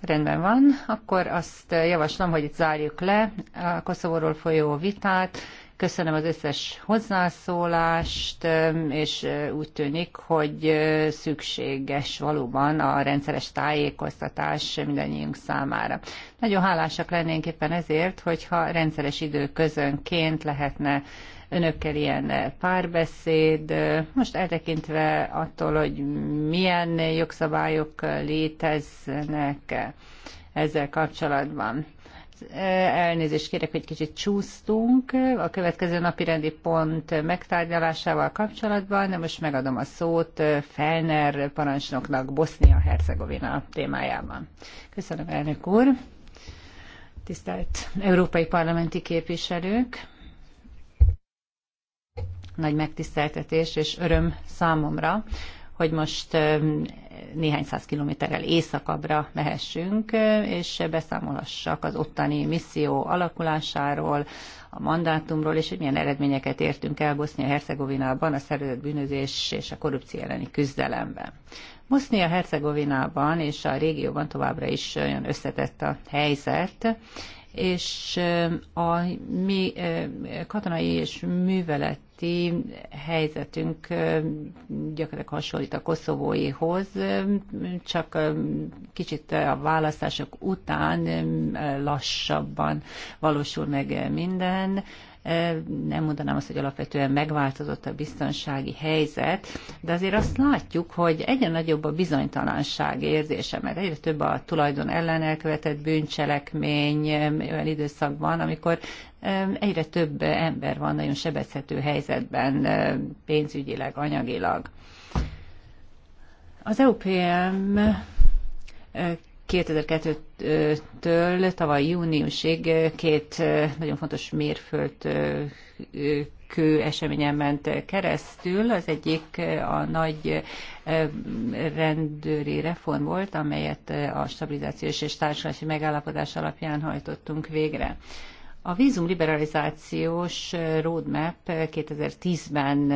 Speaker 2: Rendben van, akkor azt javaslom, hogy itt zárjuk le a Koszovóról folyó vitát. Köszönöm az összes hozzászólást, és úgy tűnik, hogy szükséges valóban a rendszeres tájékoztatás mindannyiunk számára. Nagyon hálásak lennénk éppen ezért, hogyha rendszeres időközönként lehetne önökkel ilyen párbeszéd, most eltekintve attól, hogy milyen jogszabályok léteznek ezzel kapcsolatban. Elnézést kérek, hogy kicsit csúsztunk a következő napi rendi pont megtárgyalásával kapcsolatban, de most megadom a szót Felner parancsnoknak Bosznia-Hercegovina témájában. Köszönöm, elnök úr! Tisztelt európai parlamenti képviselők! Nagy megtiszteltetés és öröm számomra, hogy most néhány száz kilométerrel északabbra mehessünk, és beszámolhassak az ottani misszió alakulásáról, a mandátumról, és hogy milyen eredményeket értünk el Bosznia-Hercegovinában a szervezett bűnözés és a korrupció elleni küzdelemben. Bosznia-Hercegovinában és a régióban továbbra is olyan összetett a helyzet, és a mi katonai és művelet közötti helyzetünk gyakorlatilag hasonlít a koszovóihoz, csak kicsit a választások után lassabban valósul meg minden. Nem mondanám azt, hogy alapvetően megváltozott a biztonsági helyzet, de azért azt látjuk, hogy egyre nagyobb a bizonytalanság érzése, mert egyre több a tulajdon ellen elkövetett bűncselekmény olyan időszakban, amikor egyre több ember van nagyon sebezhető helyzetben, pénzügyileg, anyagilag. Az EUPM 2002-től tavaly júniusig két nagyon fontos kő eseményen ment keresztül. Az egyik a nagy rendőri reform volt, amelyet a stabilizációs és társadalmi megállapodás alapján hajtottunk végre. A vízum liberalizációs roadmap 2010-ben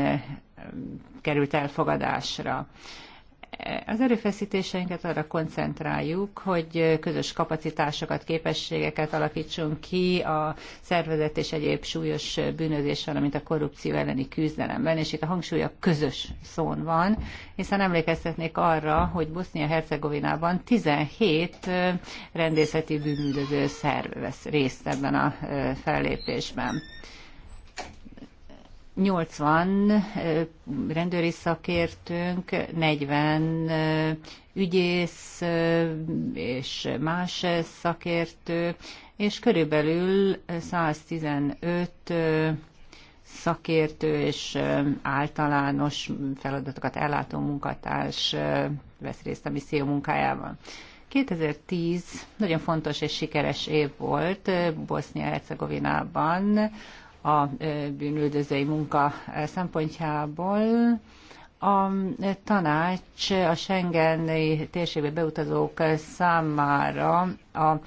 Speaker 2: került elfogadásra az erőfeszítéseinket arra koncentráljuk, hogy közös kapacitásokat, képességeket alakítsunk ki a szervezet és egyéb súlyos bűnözés, valamint a korrupció elleni küzdelemben, és itt a hangsúly a közös szón van, hiszen emlékeztetnék arra, hogy Bosznia-Hercegovinában 17 rendészeti bűnüldöző szerv vesz részt ebben a fellépésben. 80 rendőri szakértőnk, 40 ügyész és más szakértő, és körülbelül 115 szakértő és általános feladatokat ellátó munkatárs vesz részt a misszió munkájában. 2010 nagyon fontos és sikeres év volt Bosznia-Hercegovinában, a bűnüldözői munka szempontjából. A tanács a Schengeni térségbe beutazók számára a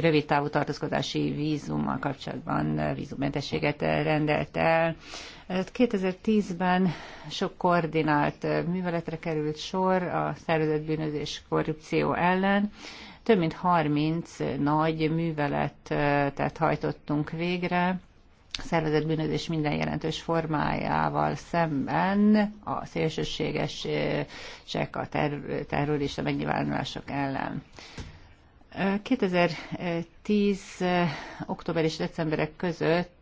Speaker 2: rövidtávú tartózkodási vízummal kapcsolatban vízummentességet rendelt el. 2010-ben sok koordinált műveletre került sor a szervezett bűnözés korrupció ellen. Több mint 30 nagy műveletet hajtottunk végre szervezett bűnözés minden jelentős formájával szemben a szélsőségesek, a ter- terrorista megnyilvánulások ellen. 2010. október és decemberek között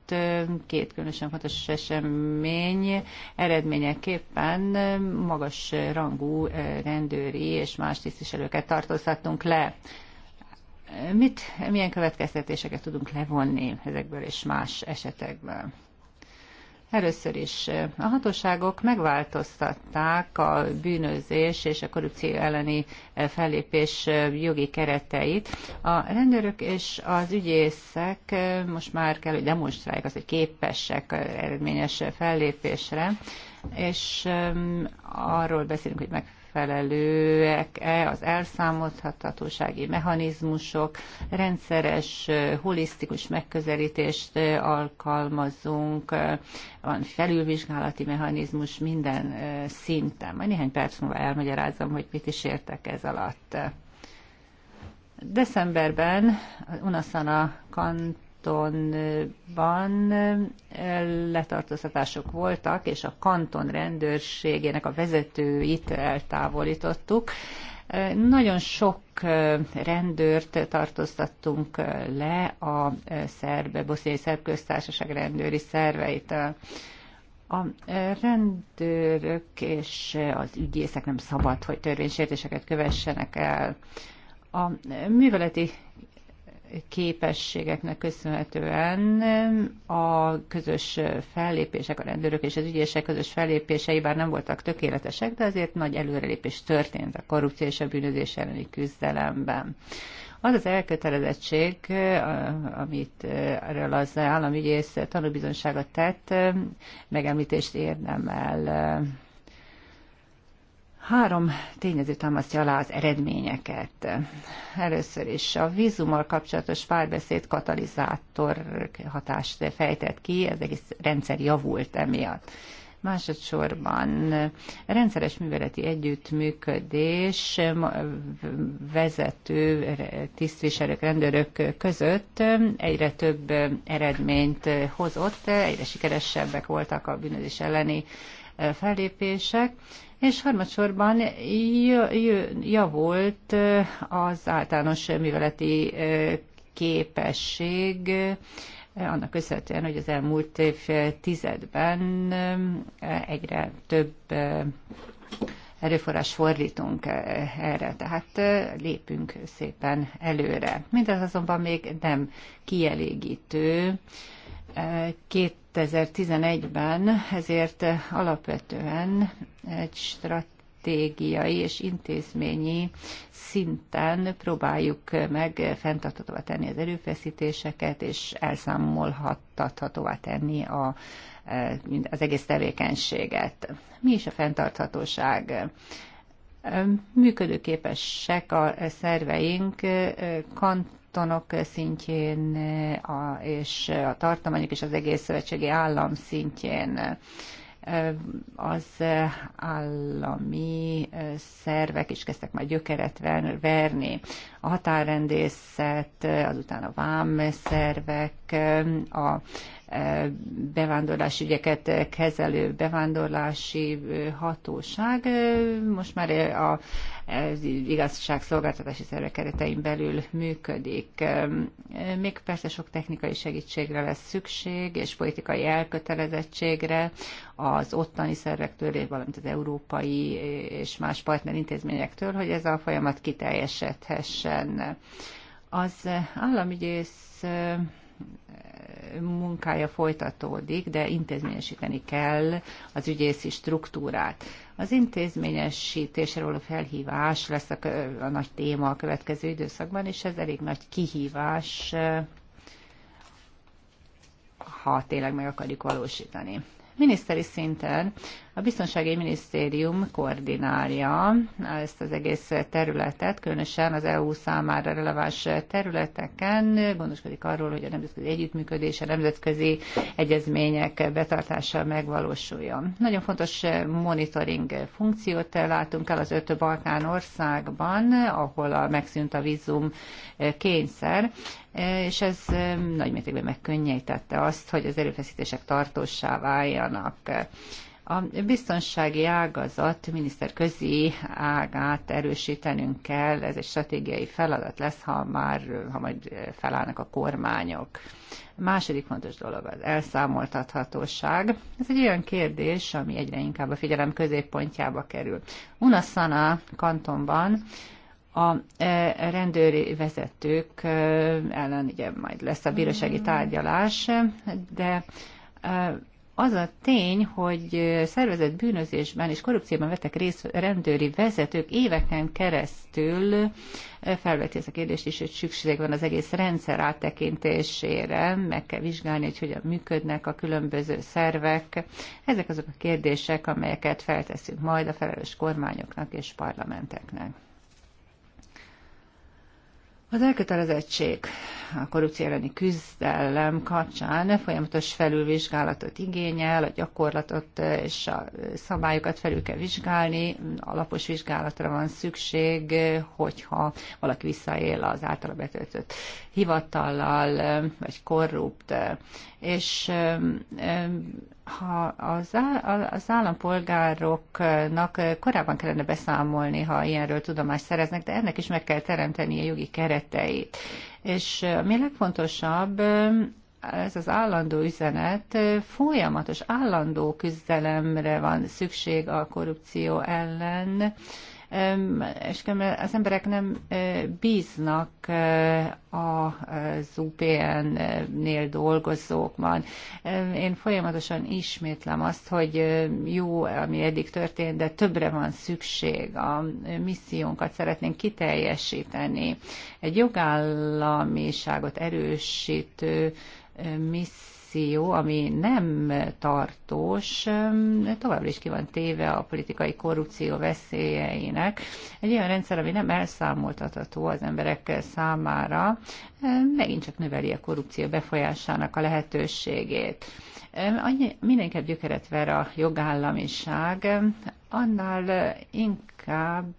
Speaker 2: két különösen fontos esemény eredményeképpen magas rangú rendőri és más tisztviselőket tartóztattunk le mit, milyen következtetéseket tudunk levonni ezekből és más esetekből? Először is a hatóságok megváltoztatták a bűnözés és a korrupció elleni fellépés jogi kereteit. A rendőrök és az ügyészek most már kell, hogy demonstrálják azt, hogy képesek eredményes fellépésre, és um, arról beszélünk, hogy meg megfelelőek-e az elszámolthatatósági mechanizmusok, rendszeres, holisztikus megközelítést alkalmazunk, van felülvizsgálati mechanizmus minden szinten. Majd néhány perc múlva elmagyarázom, hogy mit is értek ez alatt. Decemberben UNASANA kantonban eh, letartóztatások voltak, és a kanton rendőrségének a vezetőit eltávolítottuk. Eh, nagyon sok eh, rendőrt tartóztattunk le a szerb, boszniai szerb köztársaság rendőri szerveit. A rendőrök és az ügyészek nem szabad, hogy törvénysértéseket kövessenek el. A műveleti képességeknek köszönhetően a közös fellépések, a rendőrök és az ügyések közös fellépései bár nem voltak tökéletesek, de azért nagy előrelépés történt a korrupció és a bűnözés elleni küzdelemben. Az az elkötelezettség, amit erről az államügyész tanúbizonságot tett, megemlítést érdemel Három tényező támasztja alá az eredményeket. Először is a vízummal kapcsolatos párbeszéd katalizátor hatást fejtett ki, az egész rendszer javult emiatt. Másodszorban rendszeres műveleti együttműködés vezető tisztviselők, rendőrök között egyre több eredményt hozott, egyre sikeresebbek voltak a bűnözés elleni fellépések, és harmadsorban javult az általános műveleti képesség, annak köszönhetően, hogy az elmúlt évtizedben egyre több erőforrás fordítunk erre, tehát lépünk szépen előre. Mindez azonban még nem kielégítő 2011-ben, ezért alapvetően egy stratégiai és intézményi szinten próbáljuk meg fenntarthatóvá tenni az erőfeszítéseket, és elszámolhatathatóvá tenni a, az egész tevékenységet. Mi is a fenntarthatóság? működőképesek a szerveink, kant tanok szintjén a, és a tartományok és az egész szövetségi állam szintjén az állami szervek is kezdtek majd gyökeret verni. A határrendészet, azután a vám szervek, a bevándorlási ügyeket kezelő bevándorlási hatóság most már a igazságszolgáltatási szerve keretein belül működik. Még persze sok technikai segítségre lesz szükség, és politikai elkötelezettségre az ottani szervektől, valamint az európai és más partnerintézményektől, hogy ez a folyamat kiteljesedhessen. Az államügyész munkája folytatódik, de intézményesíteni kell az ügyészi struktúrát. Az intézményesítésről a felhívás lesz a, a nagy téma a következő időszakban, és ez elég nagy kihívás, ha tényleg meg akarjuk valósítani. Miniszteri szinten a Biztonsági Minisztérium koordinálja ezt az egész területet, különösen az EU számára releváns területeken, gondoskodik arról, hogy a nemzetközi együttműködés, a nemzetközi egyezmények betartása megvalósuljon. Nagyon fontos monitoring funkciót látunk el az öt Balkán országban, ahol a, megszűnt a vízum kényszer, és ez nagymértékben megkönnyítette azt, hogy az erőfeszítések tartósá váljanak. A biztonsági ágazat miniszterközi ágát erősítenünk kell, ez egy stratégiai feladat lesz, ha már, ha majd felállnak a kormányok. A második fontos dolog az elszámoltathatóság. Ez egy olyan kérdés, ami egyre inkább a figyelem középpontjába kerül. Unaszana kantonban a e, rendőri vezetők e, ellen ugye majd lesz a bírósági mm. tárgyalás, de e, az a tény, hogy szervezett bűnözésben és korrupcióban vettek részt rendőri vezetők éveken keresztül felveti ezt a kérdést is, hogy szükség van az egész rendszer áttekintésére, meg kell vizsgálni, hogy hogyan működnek a különböző szervek. Ezek azok a kérdések, amelyeket felteszünk majd a felelős kormányoknak és parlamenteknek. Az elkötelezettség a korrupció elleni küzdelem kapcsán folyamatos felülvizsgálatot igényel, a gyakorlatot és a szabályokat felül kell vizsgálni, alapos vizsgálatra van szükség, hogyha valaki visszaél az általa betöltött hivatallal, vagy korrupt, és ha az, az állampolgároknak korábban kellene beszámolni, ha ilyenről tudomást szereznek, de ennek is meg kell teremteni a jogi kereteit. És mi legfontosabb, ez az állandó üzenet, folyamatos, állandó küzdelemre van szükség a korrupció ellen, és az emberek nem e, bíznak e, az UPN-nél dolgozókban. Én folyamatosan ismétlem azt, hogy e, jó, ami eddig történt, de többre van szükség. A missziónkat szeretnénk kiteljesíteni. Egy jogállamiságot erősítő misszió, reakció, ami nem tartós, továbbra is ki van téve a politikai korrupció veszélyeinek. Egy olyan rendszer, ami nem elszámoltatható az emberek számára, megint csak növeli a korrupció befolyásának a lehetőségét. mindenképp gyökeret ver a jogállamiság, annál inkább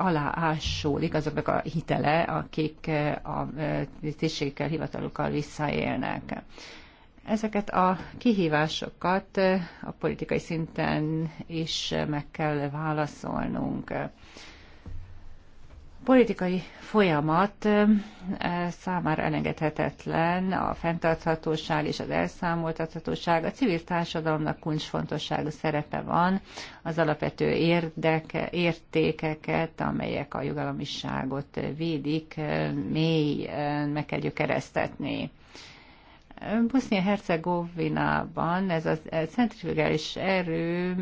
Speaker 2: aláássólik azoknak a hitele, akik eh, a eh, tisztségükkel, hivatalukkal visszaélnek. Ezeket a kihívásokat eh, a politikai szinten is meg kell válaszolnunk politikai folyamat számára elengedhetetlen a fenntarthatóság és az elszámoltathatóság. A civil társadalomnak kulcsfontosságú szerepe van az alapvető érdek, értékeket, amelyek a jogállamiságot védik, mély meg kell gyökeresztetni. Bosznia-Hercegovinában ez a centrifugális erő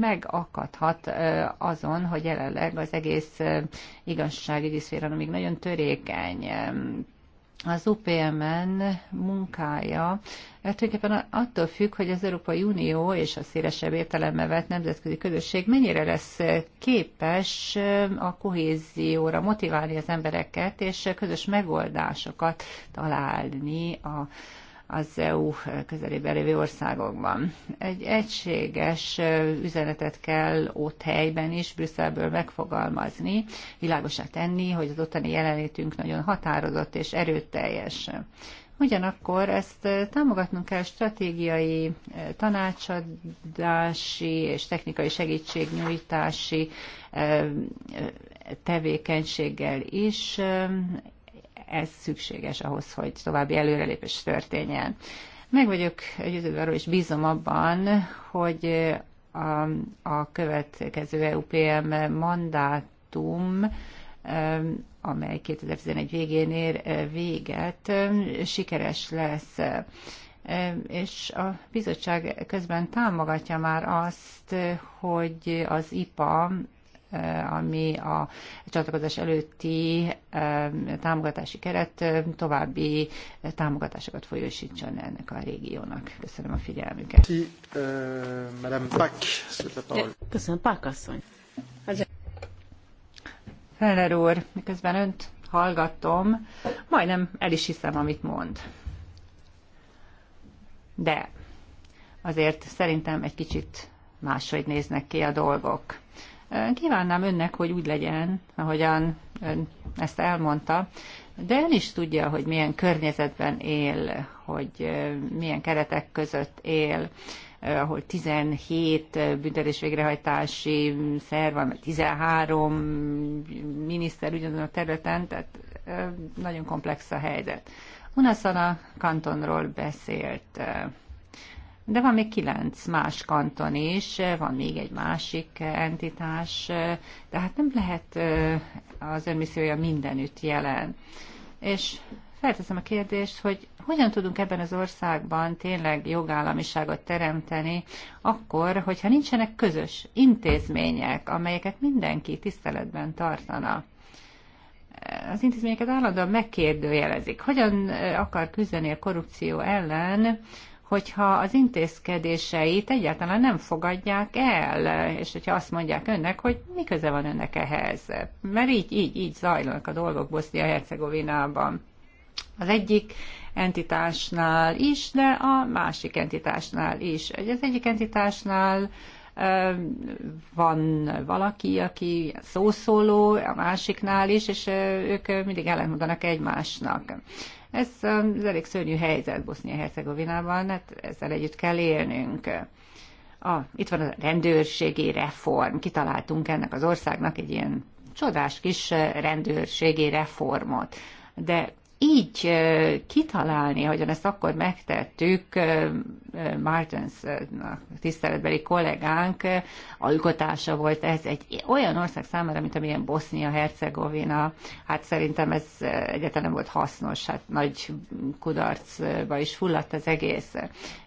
Speaker 2: megakadhat azon, hogy jelenleg az egész igazságügyi szféra még nagyon törékeny az UPMN munkája hát tulajdonképpen attól függ, hogy az Európai Unió és a szélesebb értelemben vett nemzetközi közösség mennyire lesz képes a kohézióra motiválni az embereket, és közös megoldásokat találni a az EU közelében lévő országokban. Egy egységes üzenetet kell ott helyben is Brüsszelből megfogalmazni, világosá tenni, hogy az ottani jelenlétünk nagyon határozott és erőteljes. Ugyanakkor ezt támogatnunk kell stratégiai tanácsadási és technikai segítségnyújtási tevékenységgel is, ez szükséges ahhoz, hogy további előrelépés történjen. Meg vagyok győződve arról, és bízom abban, hogy a, a következő EUPM mandátum amely 2011 végén ér véget, sikeres lesz. És a bizottság közben támogatja már azt, hogy az IPA Eh, ami a csatlakozás előtti eh, támogatási keret eh, további támogatásokat folyósítson ennek a régiónak. Köszönöm a figyelmüket. Köszönöm, Pák asszony. Feller úr, miközben önt hallgatom, majdnem el is hiszem, amit mond. De azért szerintem egy kicsit máshogy néznek ki a dolgok. Kívánnám önnek, hogy úgy legyen, ahogyan ön ezt elmondta, de ön is tudja, hogy milyen környezetben él, hogy milyen keretek között él, ahol 17 büntetés végrehajtási szerv van, 13 miniszter ugyanazon a területen, tehát nagyon komplex a helyzet. Unaszana kantonról beszélt, de van még kilenc más kanton is, van még egy másik entitás, tehát nem lehet az önmissziója mindenütt jelen. És felteszem a kérdést, hogy hogyan tudunk ebben az országban tényleg jogállamiságot teremteni, akkor, hogyha nincsenek közös intézmények, amelyeket mindenki tiszteletben tartana az intézményeket állandóan megkérdőjelezik. Hogyan akar küzdeni a korrupció ellen, hogyha az intézkedéseit egyáltalán nem fogadják el, és hogyha azt mondják önnek, hogy mi köze van önnek ehhez. Mert így, így, így zajlanak a dolgok Bosznia-Hercegovinában. Az egyik entitásnál is, de a másik entitásnál is. Az egyik entitásnál van valaki, aki szószóló, a másiknál is, és ők mindig ellentmondanak egymásnak. Ez az um, elég szörnyű helyzet Bosznia-Hercegovinában, hát ezzel együtt kell élnünk. A, itt van a rendőrségi reform. Kitaláltunk ennek az országnak egy ilyen csodás kis uh, rendőrségi reformot. De így uh, kitalálni, hogyan ezt akkor megtettük, uh, Martens tiszteletbeli kollégánk eh, alkotása volt ez egy olyan ország számára, mint amilyen Bosznia-Hercegovina. Hát szerintem ez eh, egyetlen volt hasznos, hát nagy kudarcba is fulladt az egész.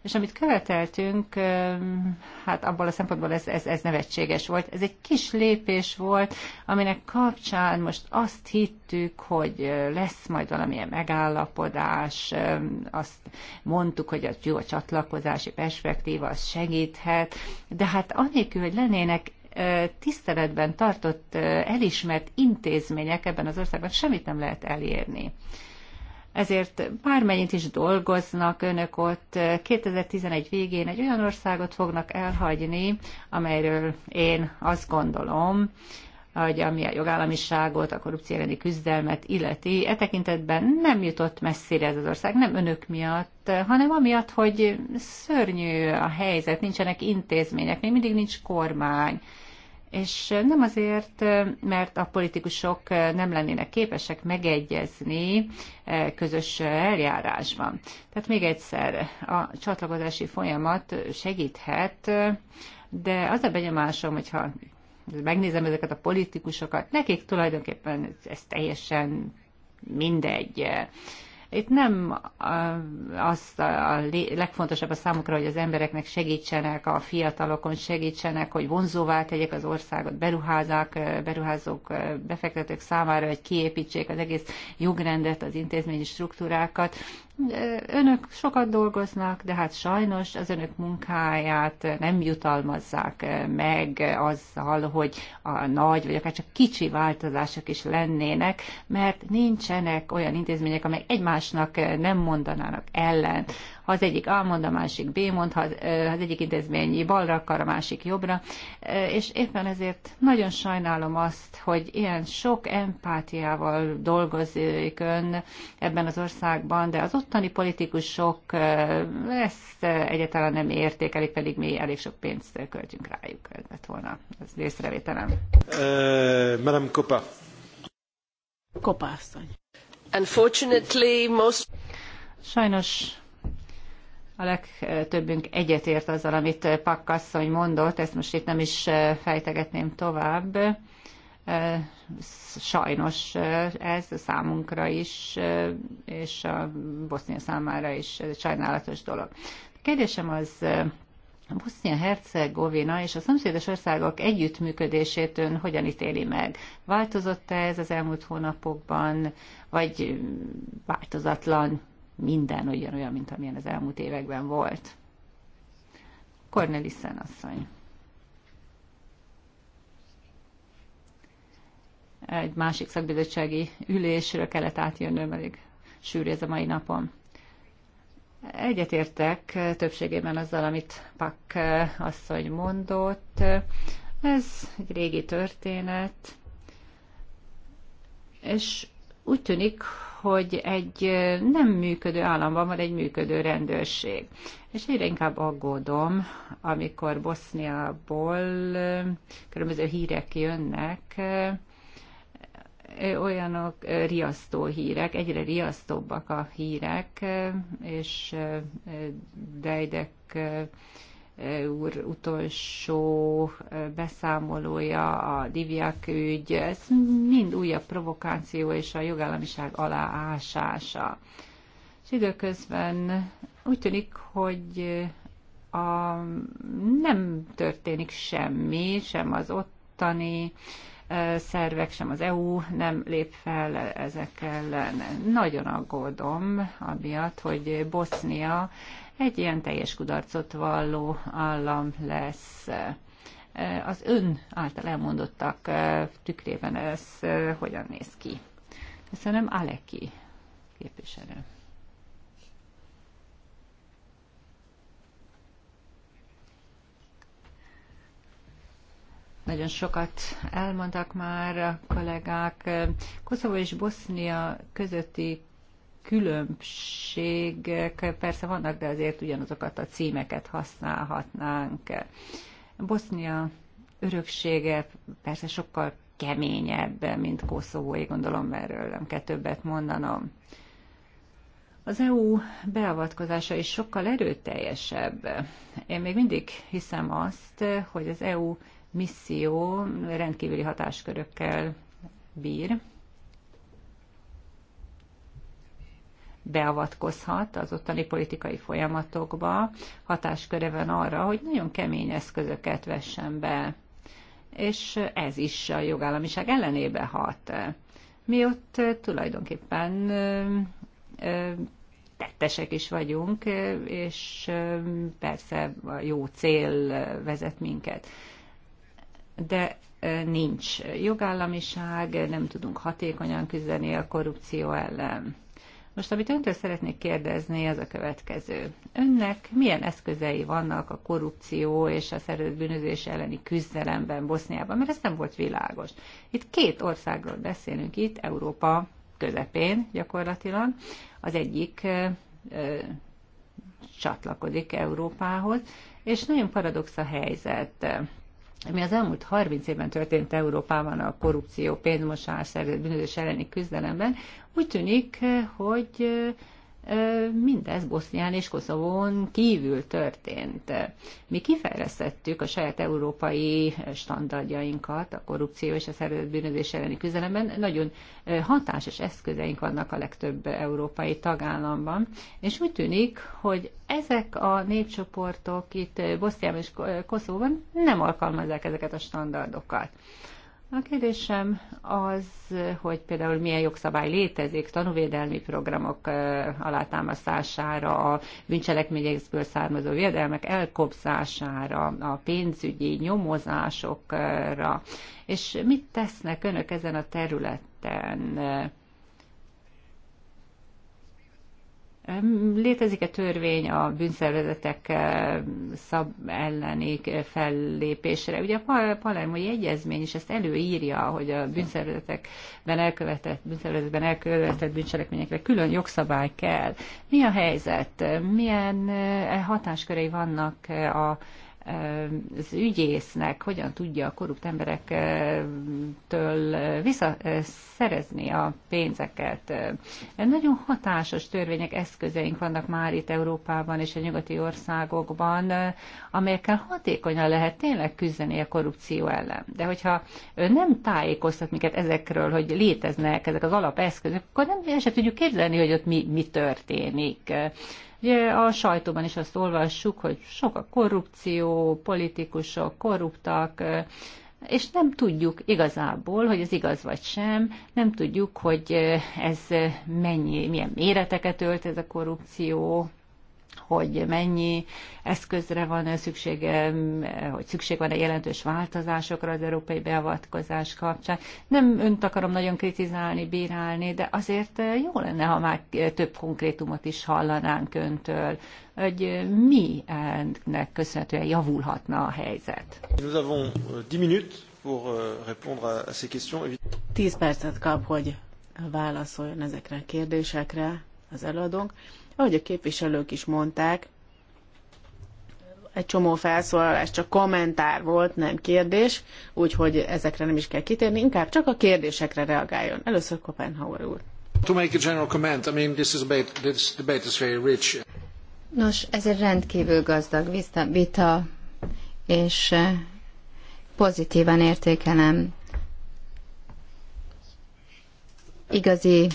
Speaker 2: És amit követeltünk, eh, hát abból a szempontból ez, ez, ez nevetséges volt. Ez egy kis lépés volt, aminek kapcsán most azt hittük, hogy lesz majd valamilyen megállapodás, azt mondtuk, hogy jó a csatlakozás, vállalkozási perspektíva az segíthet, de hát annélkül, hogy lennének tiszteletben tartott, elismert intézmények ebben az országban semmit nem lehet elérni. Ezért bármennyit is dolgoznak önök ott, 2011 végén egy olyan országot fognak elhagyni, amelyről én azt gondolom, hogy ami a jogállamiságot, a korrupció elleni küzdelmet illeti, e tekintetben nem jutott messzire ez az ország, nem önök miatt, hanem amiatt, hogy szörnyű a helyzet, nincsenek intézmények, még mindig nincs kormány. És nem azért, mert a politikusok nem lennének képesek megegyezni e, közös eljárásban. Tehát még egyszer, a csatlakozási folyamat segíthet de az a benyomásom, hogyha megnézem ezeket a politikusokat, nekik tulajdonképpen ez teljesen mindegy. Itt nem az a legfontosabb a számukra, hogy az embereknek segítsenek, a fiatalokon segítsenek, hogy vonzóvá tegyek az országot, beruházák, beruházók, befektetők számára, hogy kiépítsék az egész jogrendet, az intézményi struktúrákat önök sokat dolgoznak, de hát sajnos az önök munkáját nem jutalmazzák meg azzal, hogy a nagy vagy akár csak kicsi változások is lennének, mert nincsenek olyan intézmények, amelyek egymásnak nem mondanának ellen ha az egyik A mond, a másik B mond, ha az egyik intézményi balra akar, a másik jobbra, és éppen ezért nagyon sajnálom azt, hogy ilyen sok empátiával dolgozik ön ebben az országban, de az ottani politikusok ezt egyáltalán nem értékelik, pedig mi elég sok pénzt költünk rájuk. Ez lett volna az észrevételem.
Speaker 3: Uh, Madame Kopa.
Speaker 2: Kopa asszony. Unfortunately, most... Sajnos a legtöbbünk egyetért azzal, amit Pakkasszony mondott, ezt most itt nem is fejtegetném tovább. Sajnos ez a számunkra is, és a Bosznia számára is ez egy sajnálatos dolog. A kérdésem az, Bosznia-Hercegovina és a szomszédos országok együttműködését ön hogyan ítéli meg? Változott-e ez az elmúlt hónapokban, vagy változatlan minden ugyanolyan, mint amilyen az elmúlt években volt. Cornelissen asszony. Egy másik szakbizottsági ülésről kellett átjönnöm, elég sűrű ez a mai napon. Egyetértek többségében azzal, amit Pak eh, asszony mondott. Ez egy régi történet, és úgy tűnik, hogy egy nem működő államban van egy működő rendőrség. És egyre inkább aggódom, amikor Boszniából különböző hírek jönnek, olyanok riasztó hírek, egyre riasztóbbak a hírek, és Dejdek úr utolsó beszámolója, a diviak ügy, ez mind újabb provokáció és a jogállamiság aláásása. És időközben úgy tűnik, hogy a, nem történik semmi, sem az ottani szervek, sem az EU nem lép fel ezek ellen. Nagyon aggódom, amiatt, hogy Bosznia egy ilyen teljes kudarcot valló állam lesz. Az ön által elmondottak tükrében ez hogyan néz ki? Köszönöm, Aleki képviselő. Nagyon sokat elmondtak már a kollégák. Koszovó és Bosznia közötti különbségek persze vannak, de azért ugyanazokat a címeket használhatnánk. Bosznia öröksége persze sokkal keményebb, mint én gondolom erről nem kell többet mondanom. Az EU beavatkozása is sokkal erőteljesebb. Én még mindig hiszem azt, hogy az EU misszió rendkívüli hatáskörökkel bír, beavatkozhat az ottani politikai folyamatokba, hatásköre van arra, hogy nagyon kemény eszközöket vessen be, és ez is a jogállamiság ellenébe hat. Mi ott tulajdonképpen tettesek is vagyunk, és persze a jó cél vezet minket. De nincs jogállamiság, nem tudunk hatékonyan küzdeni a korrupció ellen. Most, amit öntől szeretnék kérdezni, az a következő. Önnek milyen eszközei vannak a korrupció és a szervezett bűnözés elleni küzdelemben Boszniában? Mert ez nem volt világos. Itt két országról beszélünk itt, Európa közepén gyakorlatilag. Az egyik ö, ö, csatlakozik Európához, és nagyon paradox a helyzet ami az elmúlt 30 évben történt Európában a korrupció, pénzmosás, szervezett bűnözés elleni küzdelemben, úgy tűnik, hogy mindez Bosznián és Koszovón kívül történt. Mi kifejlesztettük a saját európai standardjainkat a korrupció és a szervezett bűnözés elleni küzdelemben. Nagyon hatásos eszközeink vannak a legtöbb európai tagállamban, és úgy tűnik, hogy ezek a népcsoportok itt Bosznián és Koszovón nem alkalmazzák ezeket a standardokat. A kérdésem az, hogy például milyen jogszabály létezik tanúvédelmi programok alátámasztására, a bűncselekményekből származó védelmek elkobzására, a pénzügyi nyomozásokra, és mit tesznek önök ezen a területen? Létezik-e törvény a bűnszervezetek eh, szab elleni eh, fellépésre? Ugye a Palermói Egyezmény is ezt előírja, hogy a bűnszervezetekben elkövetett, bűnszervezetben elkövetett bűncselekményekre külön jogszabály kell. Mi a helyzet? Milyen eh, hatáskörei vannak a az ügyésznek hogyan tudja a korrupt emberektől visszaszerezni a pénzeket. Nagyon hatásos törvények, eszközeink vannak már itt Európában és a nyugati országokban, amelyekkel hatékonyan lehet tényleg küzdeni a korrupció ellen. De hogyha nem tájékoztat minket ezekről, hogy léteznek ezek az alapeszközök, akkor nem el sem tudjuk képzelni, hogy ott mi, mi történik Ugye a sajtóban is azt olvassuk, hogy sok a korrupció, politikusok korruptak, és nem tudjuk igazából, hogy ez igaz vagy sem, nem tudjuk, hogy ez mennyi, milyen méreteket ölt ez a korrupció, hogy mennyi eszközre van szüksége, hogy szükség van-e jelentős változásokra az európai beavatkozás kapcsán. Nem önt akarom nagyon kritizálni, bírálni, de azért jó lenne, ha már több konkrétumot is hallanánk öntől, hogy mi ennek köszönhetően javulhatna a helyzet.
Speaker 1: Nous avons 10 euh, minutes pour euh, répondre à ces questions.
Speaker 2: percet kap, hogy válaszoljon ezekre a kérdésekre
Speaker 1: az előadónk. Ahogy a képviselők is mondták, egy csomó felszólalás csak kommentár volt, nem kérdés, úgyhogy ezekre nem is kell kitérni, inkább csak a kérdésekre reagáljon. Először Kopenhauer úr.
Speaker 2: To make a general comment,
Speaker 1: I mean, this, is debate, this debate is very rich.
Speaker 3: Nos, ez egy rendkívül gazdag vita, vita és eh, pozitívan értékelem. Igazi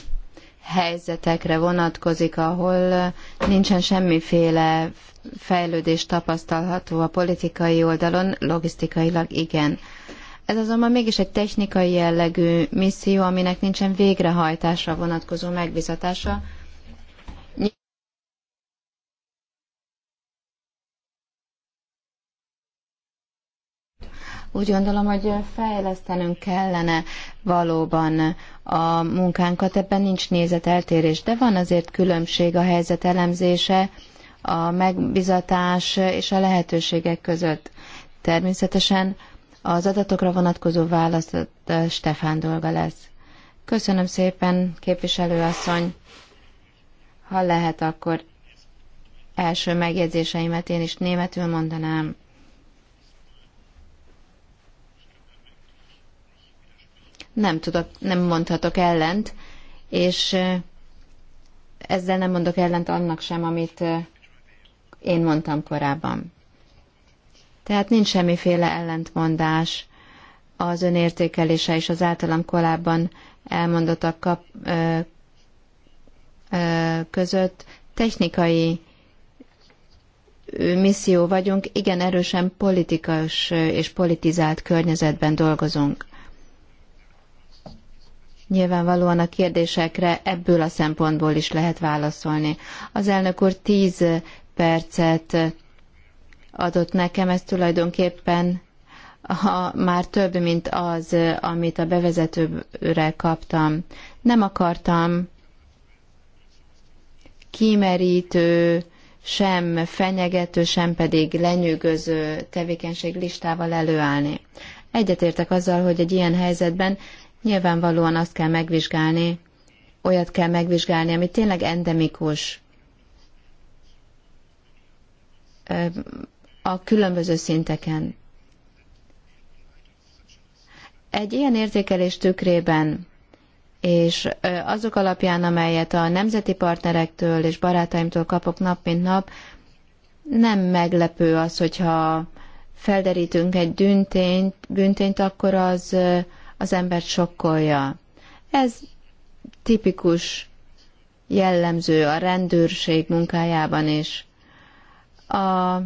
Speaker 3: helyzetekre vonatkozik, ahol nincsen semmiféle fejlődés tapasztalható a politikai oldalon, logisztikailag igen. Ez azonban mégis egy technikai jellegű misszió, aminek nincsen végrehajtásra vonatkozó megbizatása, Úgy gondolom, hogy fejlesztenünk kellene valóban a munkánkat, ebben nincs nézeteltérés, de van azért különbség a helyzet elemzése, a megbizatás és a lehetőségek között. Természetesen az adatokra vonatkozó választ Stefán dolga lesz. Köszönöm szépen, képviselőasszony. Ha lehet, akkor első megjegyzéseimet én is németül mondanám. nem tudok, nem mondhatok ellent, és ezzel nem mondok ellent annak sem, amit én mondtam korábban. Tehát nincs semmiféle ellentmondás az önértékelése és az általam korábban elmondottak kap, ö, ö, között. Technikai misszió vagyunk, igen erősen politikus és politizált környezetben dolgozunk nyilvánvalóan a kérdésekre ebből a szempontból is lehet válaszolni. Az elnök úr tíz percet adott nekem, ez tulajdonképpen ha már több, mint az, amit a bevezetőre kaptam. Nem akartam kimerítő, sem fenyegető, sem pedig lenyűgöző tevékenység listával előállni. Egyetértek azzal, hogy egy ilyen helyzetben nyilvánvalóan azt kell megvizsgálni, olyat kell megvizsgálni, ami tényleg endemikus a különböző szinteken. Egy ilyen értékelés tükrében és azok alapján, amelyet a nemzeti partnerektől és barátaimtól kapok nap mint nap, nem meglepő az, hogyha felderítünk egy büntényt, akkor az az embert sokkolja. Ez tipikus jellemző a rendőrség munkájában is. A,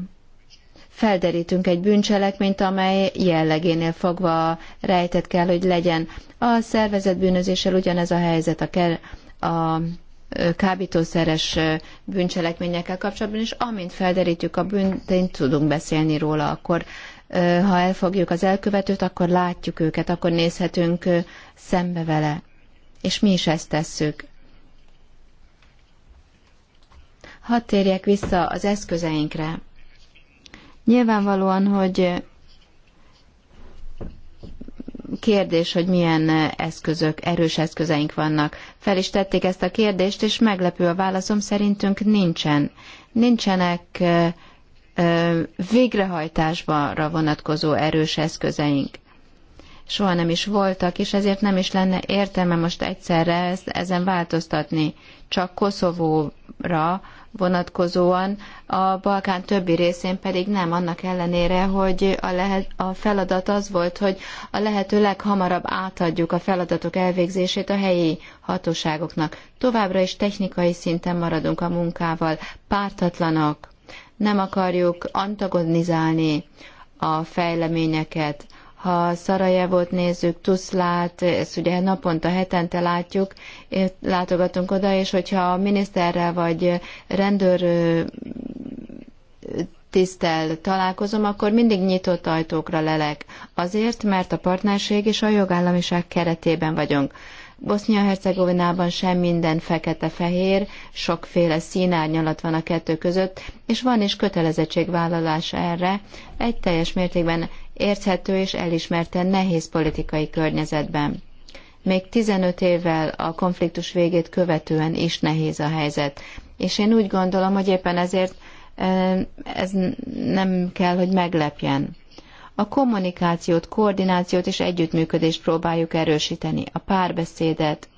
Speaker 3: felderítünk egy bűncselekményt, amely jellegénél fogva rejtett kell, hogy legyen. A szervezet bűnözéssel ugyanez a helyzet a, ker, a kábítószeres bűncselekményekkel kapcsolatban, és amint felderítjük a bűnt, tudunk beszélni róla, akkor ha elfogjuk az elkövetőt, akkor látjuk őket, akkor nézhetünk szembe vele. És mi is ezt tesszük. Hadd térjek vissza az eszközeinkre. Nyilvánvalóan, hogy kérdés, hogy milyen eszközök, erős eszközeink vannak. Fel is tették ezt a kérdést, és meglepő a válaszom, szerintünk nincsen. Nincsenek végrehajtásra vonatkozó erős eszközeink soha nem is voltak, és ezért nem is lenne értelme most egyszerre ezt, ezen változtatni. Csak Koszovóra vonatkozóan, a Balkán többi részén pedig nem, annak ellenére, hogy a, lehet, a feladat az volt, hogy a lehető leghamarabb átadjuk a feladatok elvégzését a helyi hatóságoknak. Továbbra is technikai szinten maradunk a munkával, pártatlanok, nem akarjuk antagonizálni a fejleményeket. Ha Szarajevot nézzük, Tuszlát, ezt ugye naponta, hetente látjuk, látogatunk oda, és hogyha a miniszterrel vagy rendőr tisztel találkozom, akkor mindig nyitott ajtókra lelek. Azért, mert a partnerség és a jogállamiság keretében vagyunk. Bosznia-Hercegovinában sem minden fekete-fehér, sokféle színárnyalat van a kettő között, és van is kötelezettségvállalás erre, egy teljes mértékben érthető és elismerte nehéz politikai környezetben. Még 15 évvel a konfliktus végét követően is nehéz a helyzet. És én úgy gondolom, hogy éppen ezért eh, ez nem kell, hogy meglepjen a kommunikációt, koordinációt és együttműködést próbáljuk erősíteni, a párbeszédet,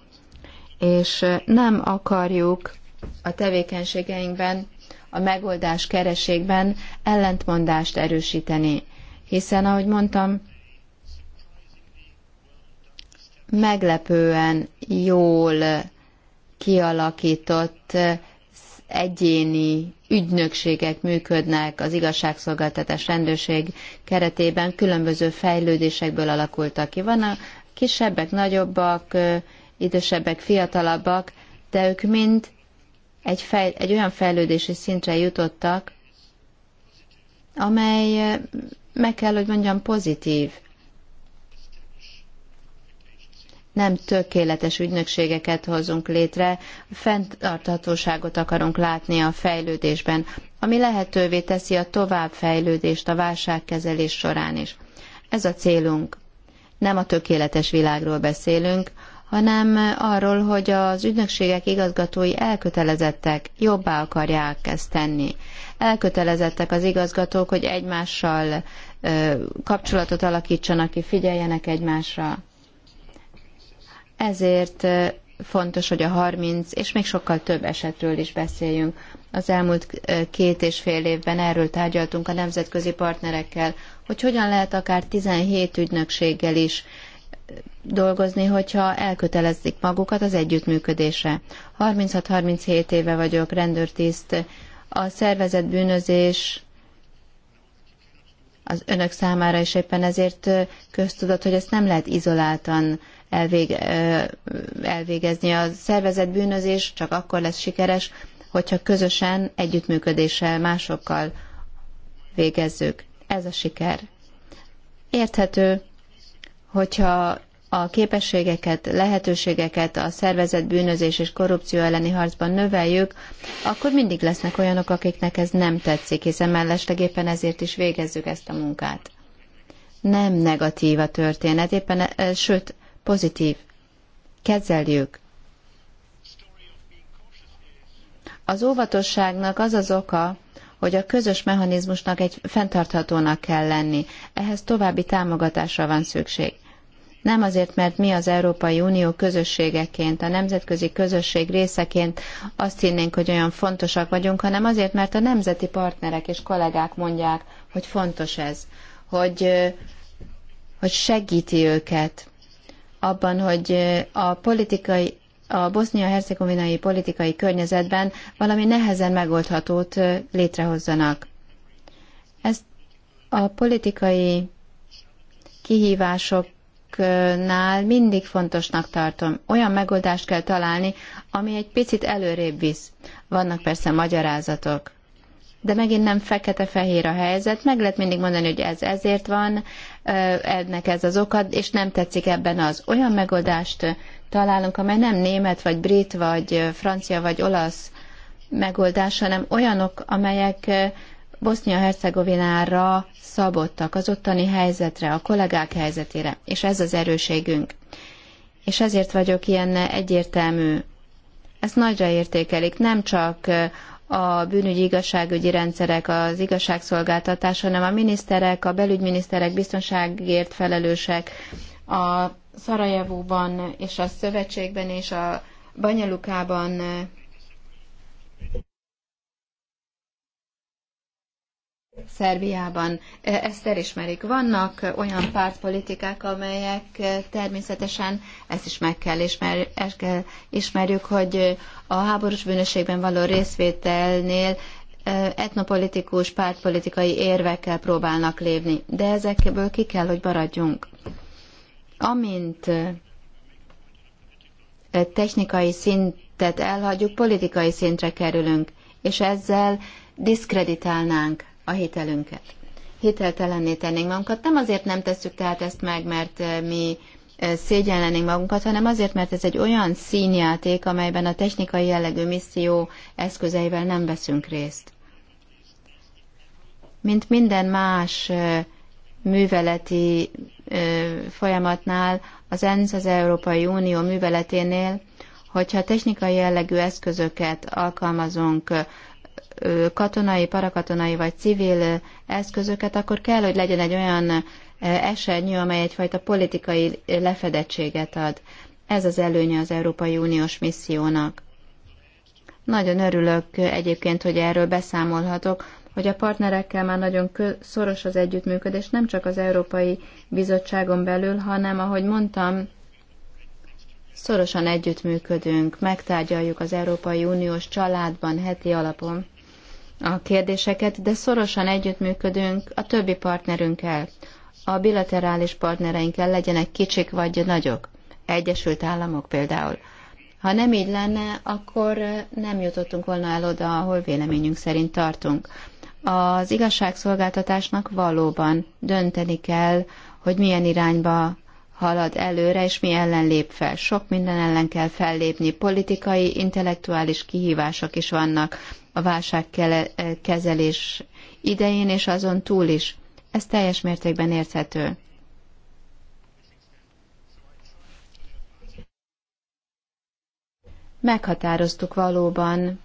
Speaker 3: és nem akarjuk a tevékenységeinkben, a megoldás kereségben ellentmondást erősíteni, hiszen, ahogy mondtam, meglepően jól kialakított egyéni ügynökségek működnek az igazságszolgáltatás rendőrség keretében, különböző fejlődésekből alakultak ki. Van a kisebbek, nagyobbak, idősebbek, fiatalabbak, de ők mind egy, fej, egy olyan fejlődési szintre jutottak, amely meg kell, hogy mondjam, pozitív. nem tökéletes ügynökségeket hozunk létre, fenntarthatóságot akarunk látni a fejlődésben, ami lehetővé teszi a továbbfejlődést a válságkezelés során is. Ez a célunk. Nem a tökéletes világról beszélünk, hanem arról, hogy az ügynökségek igazgatói elkötelezettek, jobbá akarják ezt tenni. Elkötelezettek az igazgatók, hogy egymással ö, kapcsolatot alakítsanak ki, figyeljenek egymásra. Ezért fontos, hogy a 30 és még sokkal több esetről is beszéljünk. Az elmúlt két és fél évben erről tárgyaltunk a nemzetközi partnerekkel, hogy hogyan lehet akár 17 ügynökséggel is dolgozni, hogyha elkötelezik magukat az együttműködésre. 36-37 éve vagyok rendőrtiszt, a szervezett bűnözés az önök számára is éppen ezért köztudat, hogy ezt nem lehet izoláltan elvégezni. A szervezett bűnözés csak akkor lesz sikeres, hogyha közösen, együttműködéssel, másokkal végezzük. Ez a siker. Érthető, hogyha a képességeket, lehetőségeket a szervezett bűnözés és korrupció elleni harcban növeljük, akkor mindig lesznek olyanok, akiknek ez nem tetszik, hiszen mellesleg éppen ezért is végezzük ezt a munkát. Nem negatív a történet, éppen, sőt, pozitív. Kezeljük. Az óvatosságnak az az oka, hogy a közös mechanizmusnak egy fenntarthatónak kell lenni. Ehhez további támogatásra van szükség. Nem azért, mert mi az Európai Unió közösségeként, a nemzetközi közösség részeként azt hinnénk, hogy olyan fontosak vagyunk, hanem azért, mert a nemzeti partnerek és kollégák mondják, hogy fontos ez, hogy, hogy segíti őket abban, hogy a politikai a bosznia-hercegovinai politikai környezetben valami nehezen megoldhatót létrehozzanak. Ezt a politikai kihívásoknál mindig fontosnak tartom. Olyan megoldást kell találni, ami egy picit előrébb visz. Vannak persze magyarázatok de megint nem fekete-fehér a helyzet. Meg lehet mindig mondani, hogy ez ezért van, ennek ez az okad, és nem tetszik ebben az. Olyan megoldást találunk, amely nem német, vagy brit, vagy francia, vagy olasz megoldás, hanem olyanok, amelyek Bosznia-Hercegovinára szabottak, az ottani helyzetre, a kollégák helyzetére, és ez az erőségünk. És ezért vagyok ilyen egyértelmű. Ezt nagyra értékelik, nem csak a bűnügyi igazságügyi rendszerek, az igazságszolgáltatás, hanem a miniszterek, a belügyminiszterek, biztonságért felelősek, a Szarajevóban és a szövetségben és a Banyalukában Szerbiában. Ezt elismerik. Vannak olyan pártpolitikák, amelyek e, természetesen, ezt is meg kell, ismer, kell e, ismerjük, hogy a háborús bűnösségben való részvételnél e, etnopolitikus, pártpolitikai érvekkel próbálnak lévni, De ezekből ki kell, hogy maradjunk. Amint technikai szintet elhagyjuk, politikai szintre kerülünk, és ezzel diszkreditálnánk a hitelünket. Hiteltelenné tennénk magunkat. Nem azért nem tesszük tehát ezt meg, mert eh, mi eh, szégyenlenénk magunkat, hanem azért, mert ez egy olyan színjáték, amelyben a technikai jellegű misszió eszközeivel nem veszünk részt. Mint minden más eh, műveleti folyamatnál, az ENSZ, az Európai Unió műveleténél, hogyha technikai jellegű eszközöket alkalmazunk katonai, parakatonai vagy civil eszközöket, akkor kell, hogy legyen egy olyan esernyő, amely egyfajta politikai lefedettséget ad. Ez az előnye az Európai Uniós missziónak. Nagyon örülök egyébként, hogy erről beszámolhatok, hogy a partnerekkel már nagyon szoros az együttműködés, nem csak az Európai Bizottságon belül, hanem, ahogy mondtam, szorosan együttműködünk, megtárgyaljuk az Európai Uniós családban heti alapon a kérdéseket, de szorosan együttműködünk a többi partnerünkkel, a bilaterális partnereinkkel, legyenek kicsik vagy nagyok, Egyesült Államok például. Ha nem így lenne, akkor nem jutottunk volna el oda, ahol véleményünk szerint tartunk. Az igazságszolgáltatásnak valóban dönteni kell, hogy milyen irányba halad előre, és mi ellen lép fel. Sok minden ellen kell fellépni. Politikai, intellektuális kihívások is vannak, a válságkezelés e, idején és azon túl is. Ez teljes mértékben érthető. Meghatároztuk valóban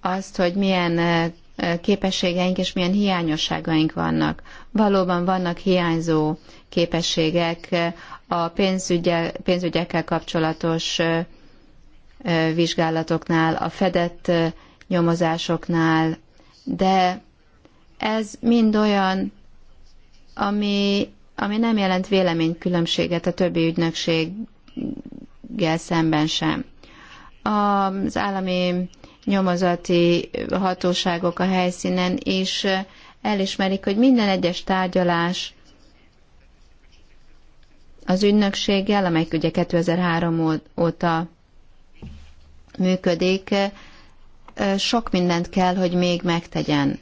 Speaker 3: azt, hogy milyen e, e, képességeink és milyen hiányosságaink vannak. Valóban vannak hiányzó képességek a pénzügyekkel kapcsolatos vizsgálatoknál, a fedett nyomozásoknál, de ez mind olyan, ami, ami nem jelent véleménykülönbséget a többi ügynökséggel szemben sem. Az állami nyomozati hatóságok a helyszínen is elismerik, hogy minden egyes tárgyalás az ügynökséggel, amelyik ugye 2003 óta működik, sok mindent kell, hogy még megtegyen.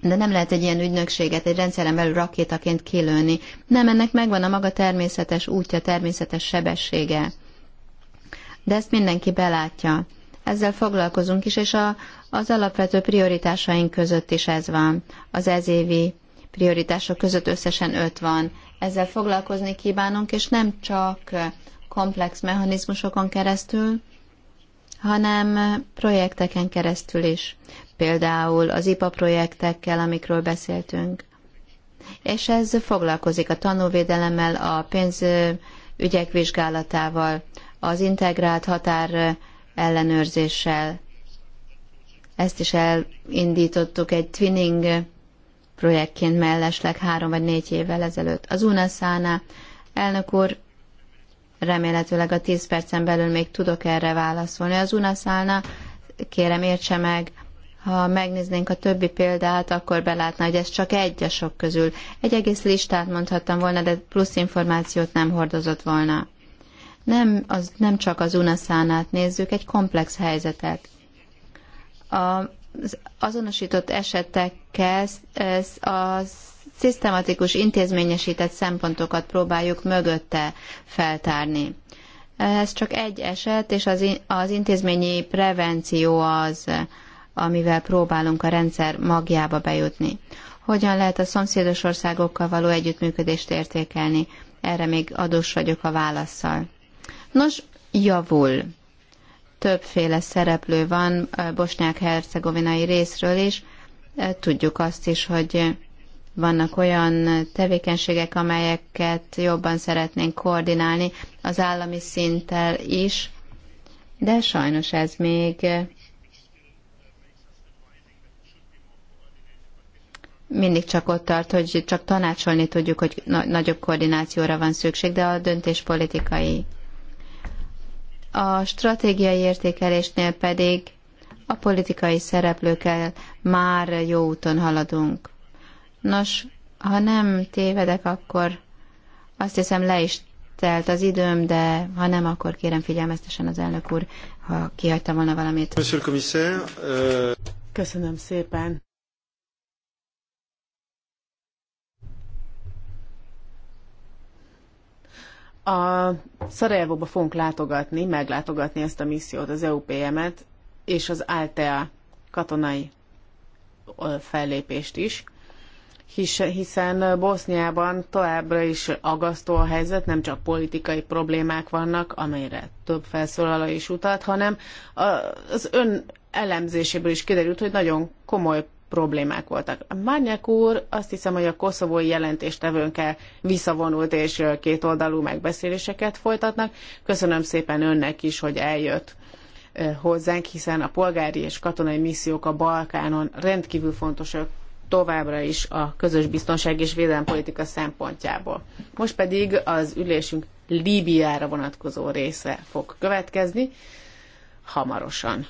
Speaker 3: de nem lehet egy ilyen ügynökséget egy rendszeren belül rakétaként kilőni. Nem, ennek megvan a maga természetes útja, természetes sebessége. De ezt mindenki belátja. Ezzel foglalkozunk is, és a, az alapvető prioritásaink között is ez van. Az ezévi prioritások között összesen öt van ezzel foglalkozni kívánunk, és nem csak komplex mechanizmusokon keresztül, hanem projekteken keresztül is. Például az IPA projektekkel, amikről beszéltünk. És ez foglalkozik a tanúvédelemmel, a pénzügyek vizsgálatával, az integrált határ ellenőrzéssel. Ezt is elindítottuk egy twinning projektként mellesleg három vagy négy évvel ezelőtt. Az unasz elnök úr remélhetőleg a 10 percen belül még tudok erre válaszolni. Az unaszálna, kérem értse meg, ha megnéznénk a többi példát, akkor belátna, hogy ez csak egy a sok közül. Egy egész listát mondhattam volna, de plusz információt nem hordozott volna. Nem, az, nem csak az unaszánát nézzük, egy komplex helyzetet. A az azonosított esetekkel e, a szisztematikus intézményesített szempontokat próbáljuk mögötte feltárni. Ez csak egy eset, és az, az intézményi prevenció az, amivel próbálunk a rendszer magjába bejutni. Hogyan lehet a szomszédos országokkal való együttműködést értékelni? Erre még adós vagyok a válaszsal. Nos, javul többféle szereplő van bosnyák-hercegovinai részről is. Tudjuk azt is, hogy vannak olyan tevékenységek, amelyeket jobban szeretnénk koordinálni az állami szinttel is, de sajnos ez még mindig csak ott tart, hogy csak tanácsolni tudjuk, hogy nagyobb koordinációra van szükség, de a döntés politikai. A stratégiai értékelésnél pedig a politikai szereplőkkel már jó úton haladunk. Nos, ha nem tévedek, akkor azt hiszem le is telt az időm, de ha nem, akkor kérem figyelmeztesen az elnök úr, ha kihagyta volna valamit.
Speaker 1: Euh-
Speaker 3: Köszönöm szépen.
Speaker 1: A Szarajevóba fogunk látogatni, meglátogatni ezt a missziót, az EUPM-et, és az ALTEA katonai fellépést is, hiszen Boszniában továbbra is agasztó a helyzet, nem csak politikai problémák vannak, amelyre több felszólaló is utalt, hanem az ön elemzéséből is kiderült, hogy nagyon komoly problémák voltak. Márnyák úr azt hiszem, hogy a koszovói jelentéstevőnkkel visszavonult és kétoldalú megbeszéléseket folytatnak. Köszönöm szépen önnek is, hogy eljött hozzánk, hiszen a polgári és katonai missziók a Balkánon rendkívül fontosak továbbra is a közös biztonság és védelempolitika szempontjából. Most pedig az ülésünk Líbiára vonatkozó része fog következni hamarosan.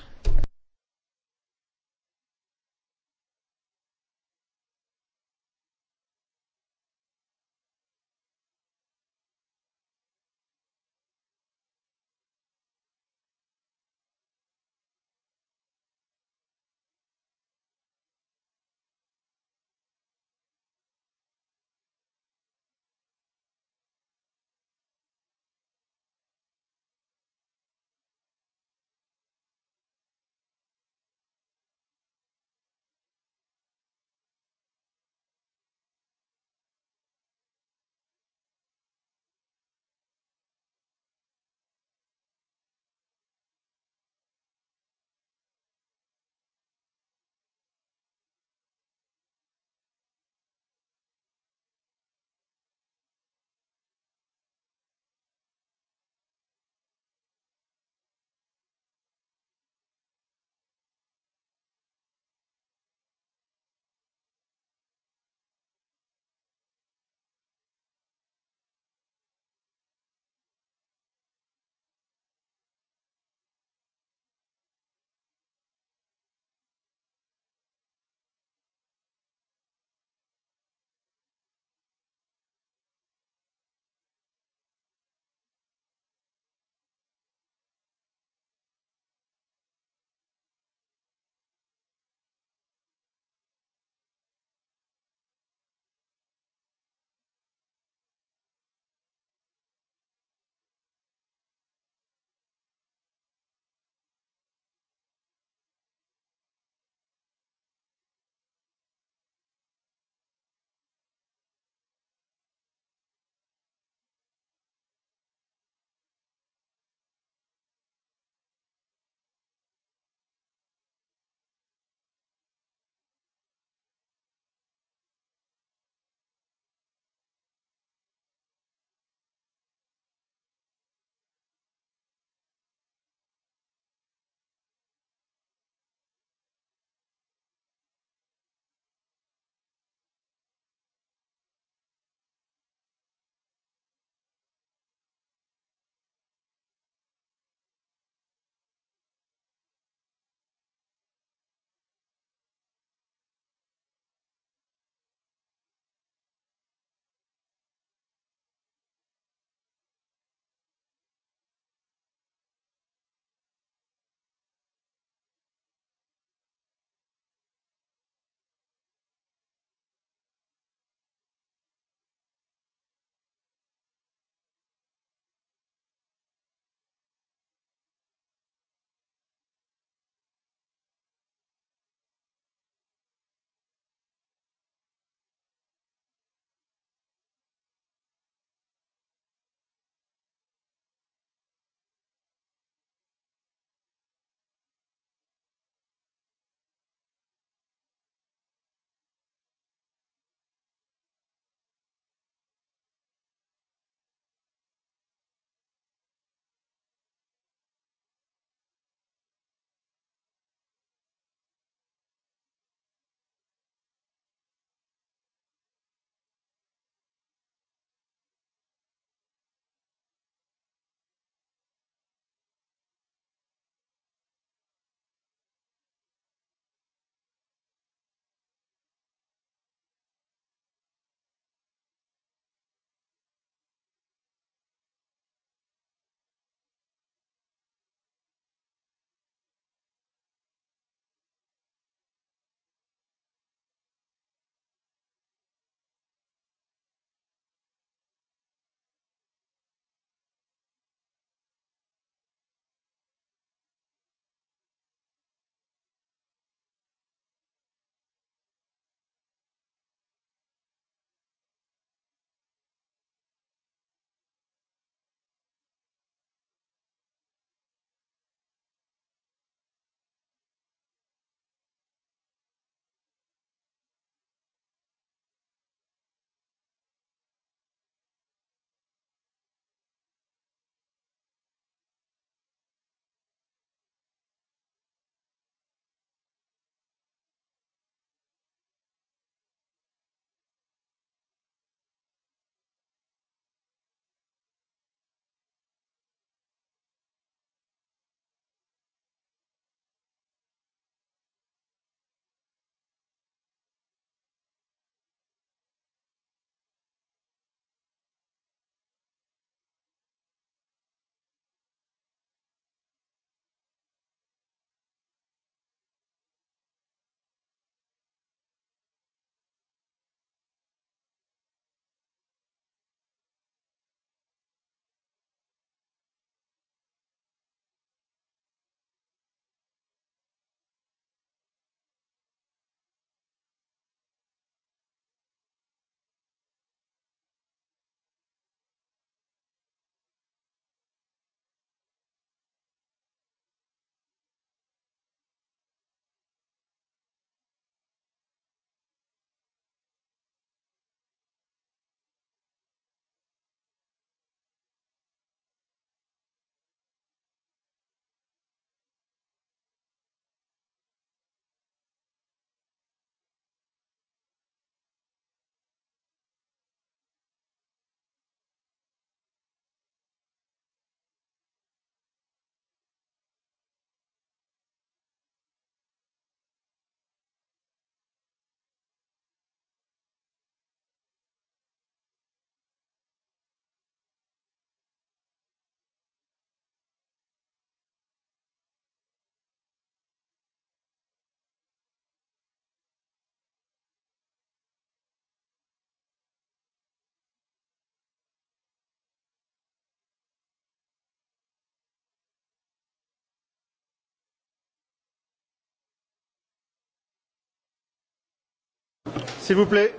Speaker 1: S'il vous plaît.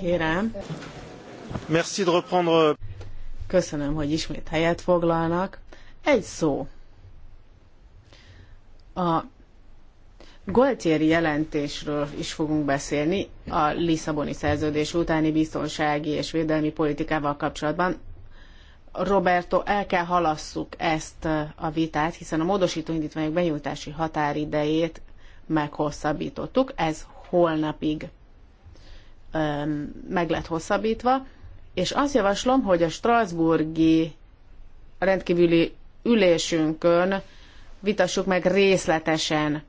Speaker 1: Kérem. Merci de reprendre. Euh, Köszönöm, hogy ismét helyet foglalnak. Egy szó. A Goltieri jelentésről is fogunk beszélni a Lisszaboni szerződés utáni biztonsági és védelmi politikával kapcsolatban. Roberto, el kell halasszuk ezt uh, a vitát, hiszen a módosító indítványok benyújtási határidejét meghosszabbítottuk. Ez holnapig meg lett hosszabbítva, és azt javaslom, hogy a Strasburgi rendkívüli ülésünkön vitassuk meg részletesen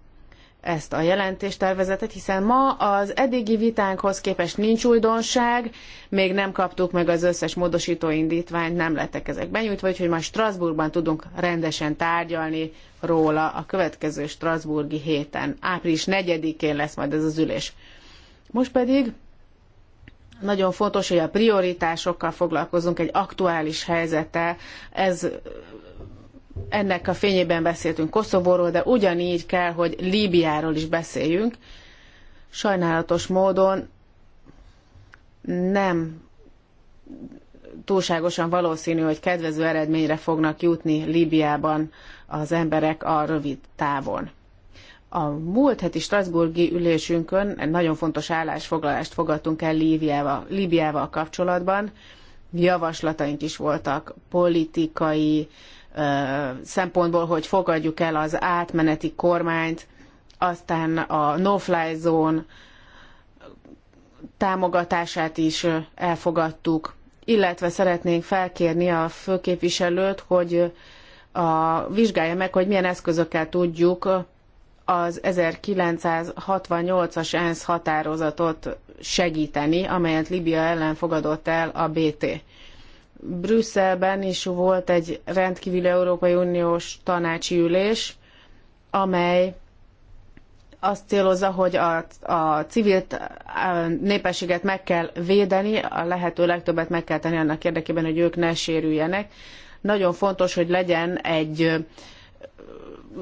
Speaker 1: ezt a jelentéstervezetet, hiszen ma az eddigi vitánkhoz képest nincs újdonság, még nem kaptuk meg az összes módosító indítványt, nem lettek ezek benyújtva, úgyhogy ma Strasbourgban tudunk rendesen tárgyalni róla a következő Strasbourgi héten. Április 4-én lesz majd ez az ülés. Most pedig nagyon fontos, hogy a prioritásokkal foglalkozunk, egy aktuális helyzettel. Ez ennek a fényében beszéltünk Koszovóról, de ugyanígy kell, hogy Líbiáról is beszéljünk. Sajnálatos módon nem túlságosan valószínű, hogy kedvező eredményre fognak jutni Líbiában az emberek a rövid távon. A múlt heti Strasburgi ülésünkön egy nagyon fontos állásfoglalást fogadtunk el Líbiával, Líbiával kapcsolatban. Javaslataink is voltak politikai szempontból, hogy fogadjuk el az átmeneti kormányt, aztán a no-fly zone támogatását is elfogadtuk, illetve szeretnénk felkérni a főképviselőt, hogy a, vizsgálja meg, hogy milyen eszközökkel tudjuk az 1968-as ENSZ határozatot segíteni, amelyet Libia ellen fogadott el a BT. Brüsszelben is volt egy rendkívüli Európai Uniós tanácsi ülés, amely azt célozza, hogy a, a civil népességet meg kell védeni, a lehető legtöbbet meg kell tenni annak érdekében, hogy ők ne sérüljenek. Nagyon fontos, hogy legyen egy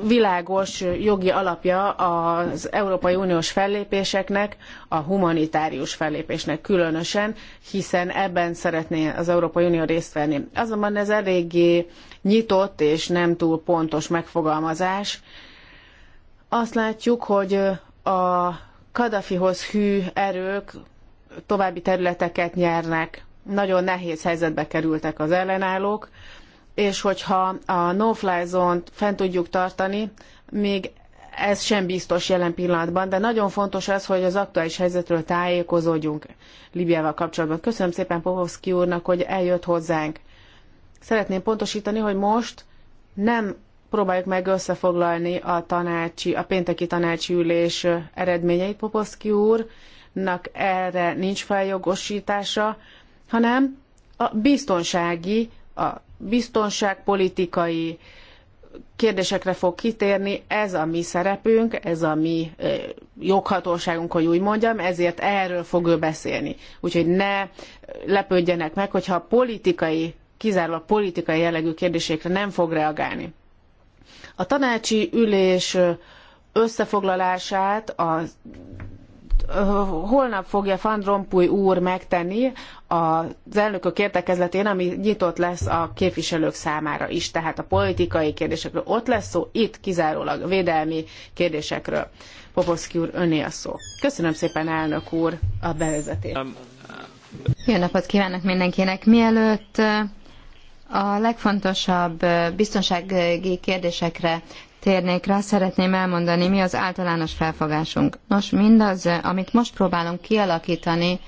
Speaker 1: világos jogi alapja az Európai Uniós fellépéseknek, a humanitárius fellépésnek különösen, hiszen ebben szeretné az Európai Unió részt venni. Azonban ez eléggé nyitott és nem túl pontos megfogalmazás. Azt látjuk, hogy a Kadafihoz hű erők további területeket nyernek. Nagyon nehéz helyzetbe kerültek az ellenállók, és hogyha a no-fly zone-t fent tudjuk tartani, még ez sem biztos jelen pillanatban, de nagyon fontos az, hogy az aktuális helyzetről tájékozódjunk Libiával kapcsolatban. Köszönöm szépen Popovski úrnak, hogy eljött hozzánk. Szeretném pontosítani, hogy most nem próbáljuk meg összefoglalni a, tanácsi, a pénteki tanácsi ülés eredményeit Popovski úrnak, erre nincs feljogosítása, hanem a biztonsági, a biztonságpolitikai kérdésekre fog kitérni, ez a mi szerepünk, ez a mi joghatóságunk, hogy úgy mondjam, ezért erről fog ő beszélni. Úgyhogy ne lepődjenek meg, hogyha a politikai, kizárólag politikai jellegű kérdésekre nem fog reagálni. A tanácsi ülés összefoglalását a holnap fogja Van Rompuy úr megtenni az elnökök értekezletén, ami nyitott lesz a képviselők számára is, tehát a politikai kérdésekről. Ott lesz szó, itt kizárólag védelmi kérdésekről. Popovszki úr, öné a szó. Köszönöm szépen, elnök úr, a bevezetést. Um,
Speaker 3: Jó napot kívánok mindenkinek! Mielőtt a legfontosabb biztonsági kérdésekre térnék rá, szeretném elmondani, mi az általános felfogásunk. Nos, mindaz, amit most próbálunk kialakítani,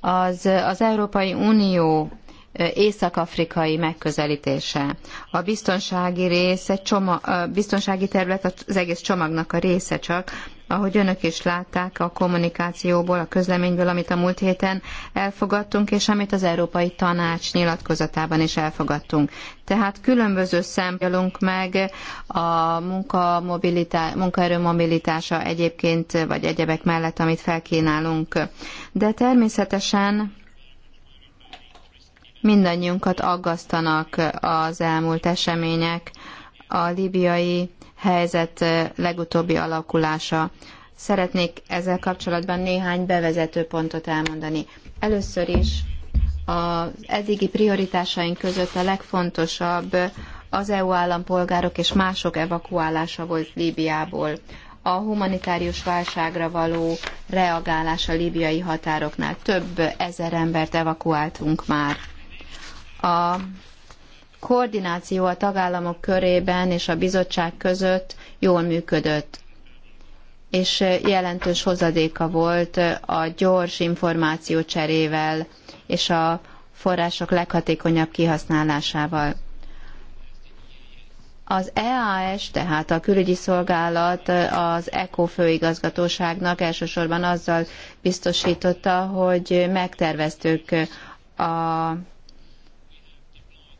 Speaker 3: az az Európai Unió e, észak-afrikai megközelítése. A biztonsági rész, egy csoma, a biztonsági terület az egész csomagnak a része csak, ahogy önök is látták a kommunikációból, a közleményből, amit a múlt héten elfogadtunk, és amit az Európai Tanács nyilatkozatában is elfogadtunk. Tehát különböző szemgyalunk meg a munka mobilitá- munkaerő mobilitása egyébként, vagy egyebek mellett, amit felkínálunk. De természetesen mindannyiunkat aggasztanak az elmúlt események, a libiai helyzet legutóbbi alakulása. Szeretnék ezzel kapcsolatban néhány bevezető pontot elmondani. Először is az eddigi prioritásaink között a legfontosabb az EU állampolgárok és mások evakuálása volt Líbiából. A humanitárius válságra való reagálás a líbiai határoknál. Több ezer embert evakuáltunk már. A koordináció a tagállamok körében és a bizottság között jól működött és jelentős hozadéka volt a gyors információcserével és a források leghatékonyabb kihasználásával. Az EAS, tehát a külügyi szolgálat az ECO főigazgatóságnak elsősorban azzal biztosította, hogy megterveztük a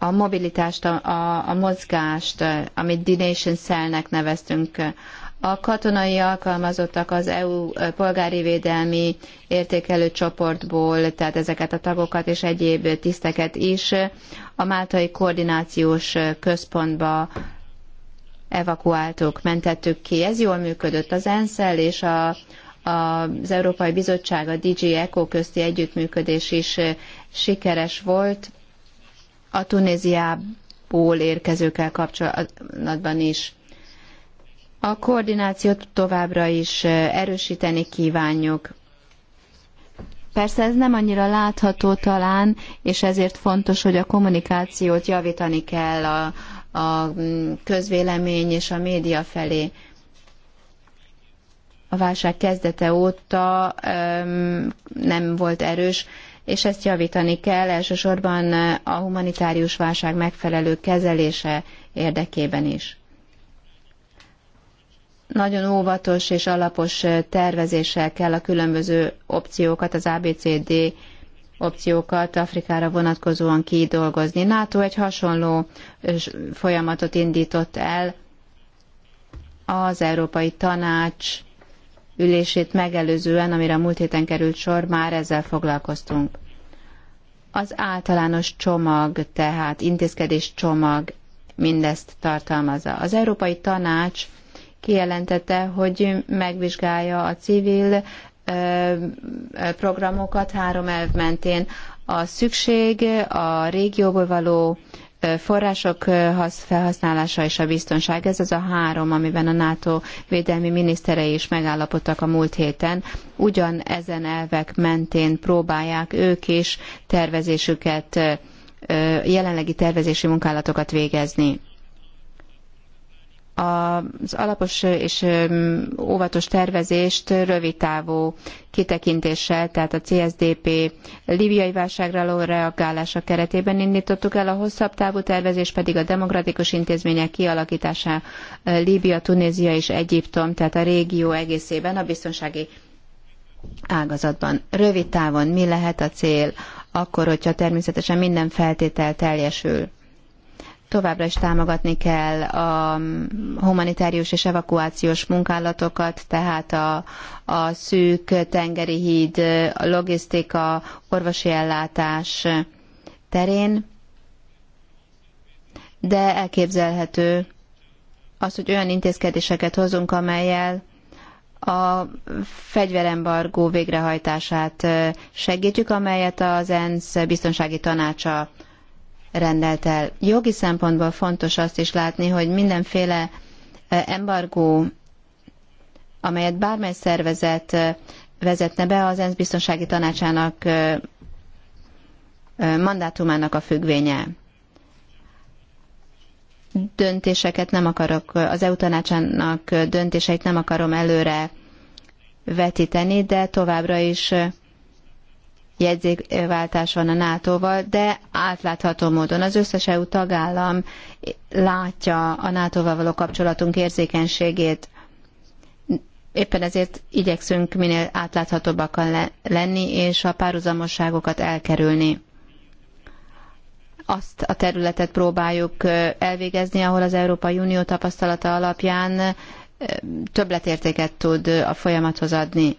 Speaker 3: a mobilitást, a, a, a mozgást, amit Cell-nek neveztünk, a katonai alkalmazottak az EU polgári védelmi értékelő csoportból, tehát ezeket a tagokat és egyéb tiszteket is a Máltai Koordinációs Központba evakuáltuk, mentettük ki. Ez jól működött az ensz és a, az Európai Bizottság, a DG ECO közti együttműködés is sikeres volt a Tunéziából érkezőkkel kapcsolatban is. A koordinációt továbbra is erősíteni kívánjuk. Persze ez nem annyira látható talán, és ezért fontos, hogy a kommunikációt javítani kell a, a közvélemény és a média felé. A válság kezdete óta nem volt erős, és ezt javítani kell elsősorban a humanitárius válság megfelelő kezelése érdekében is. Nagyon óvatos és alapos tervezéssel kell a különböző opciókat, az ABCD opciókat Afrikára vonatkozóan kidolgozni. NATO egy hasonló folyamatot indított el az Európai Tanács ülését megelőzően, amire a múlt héten került sor, már ezzel foglalkoztunk. Az általános csomag, tehát intézkedés csomag mindezt tartalmazza. Az Európai Tanács kijelentette, hogy megvizsgálja a civil programokat három elv mentén. A szükség, a régióból való források felhasználása és a biztonság. Ez az a három, amiben a NATO védelmi miniszterei is megállapodtak a múlt héten. Ugyan ezen elvek mentén próbálják ők is tervezésüket, jelenlegi tervezési munkálatokat végezni az alapos és óvatos tervezést rövidtávú kitekintéssel, tehát a CSDP libiai válságra reagálása keretében indítottuk el, a hosszabb távú tervezés pedig a demokratikus intézmények kialakítása Líbia, Tunézia és Egyiptom, tehát a régió egészében a biztonsági ágazatban. Rövid távon mi lehet a cél, akkor, hogyha természetesen minden feltétel teljesül Továbbra is támogatni kell a humanitárius és evakuációs munkálatokat, tehát a, a szűk tengeri híd, a logisztika, orvosi ellátás terén, de elképzelhető az, hogy olyan intézkedéseket hozunk, amelyel a fegyverembargó végrehajtását segítjük, amelyet az ENSZ biztonsági tanácsa rendelt el. Jogi szempontból fontos azt is látni, hogy mindenféle eh, embargó, amelyet bármely szervezet eh, vezetne be, az ENSZ biztonsági tanácsának eh, mandátumának a függvénye. Döntéseket nem akarok, az EU tanácsának döntéseit nem akarom előre vetíteni, de továbbra is jegyzékváltás van a NATO-val, de átlátható módon az összes EU tagállam látja a NATO-val való kapcsolatunk érzékenységét. Éppen ezért igyekszünk minél átláthatóbbak lenni, és a párhuzamosságokat elkerülni. Azt a területet próbáljuk elvégezni, ahol az Európai Unió tapasztalata alapján többletértéket tud a folyamathoz adni.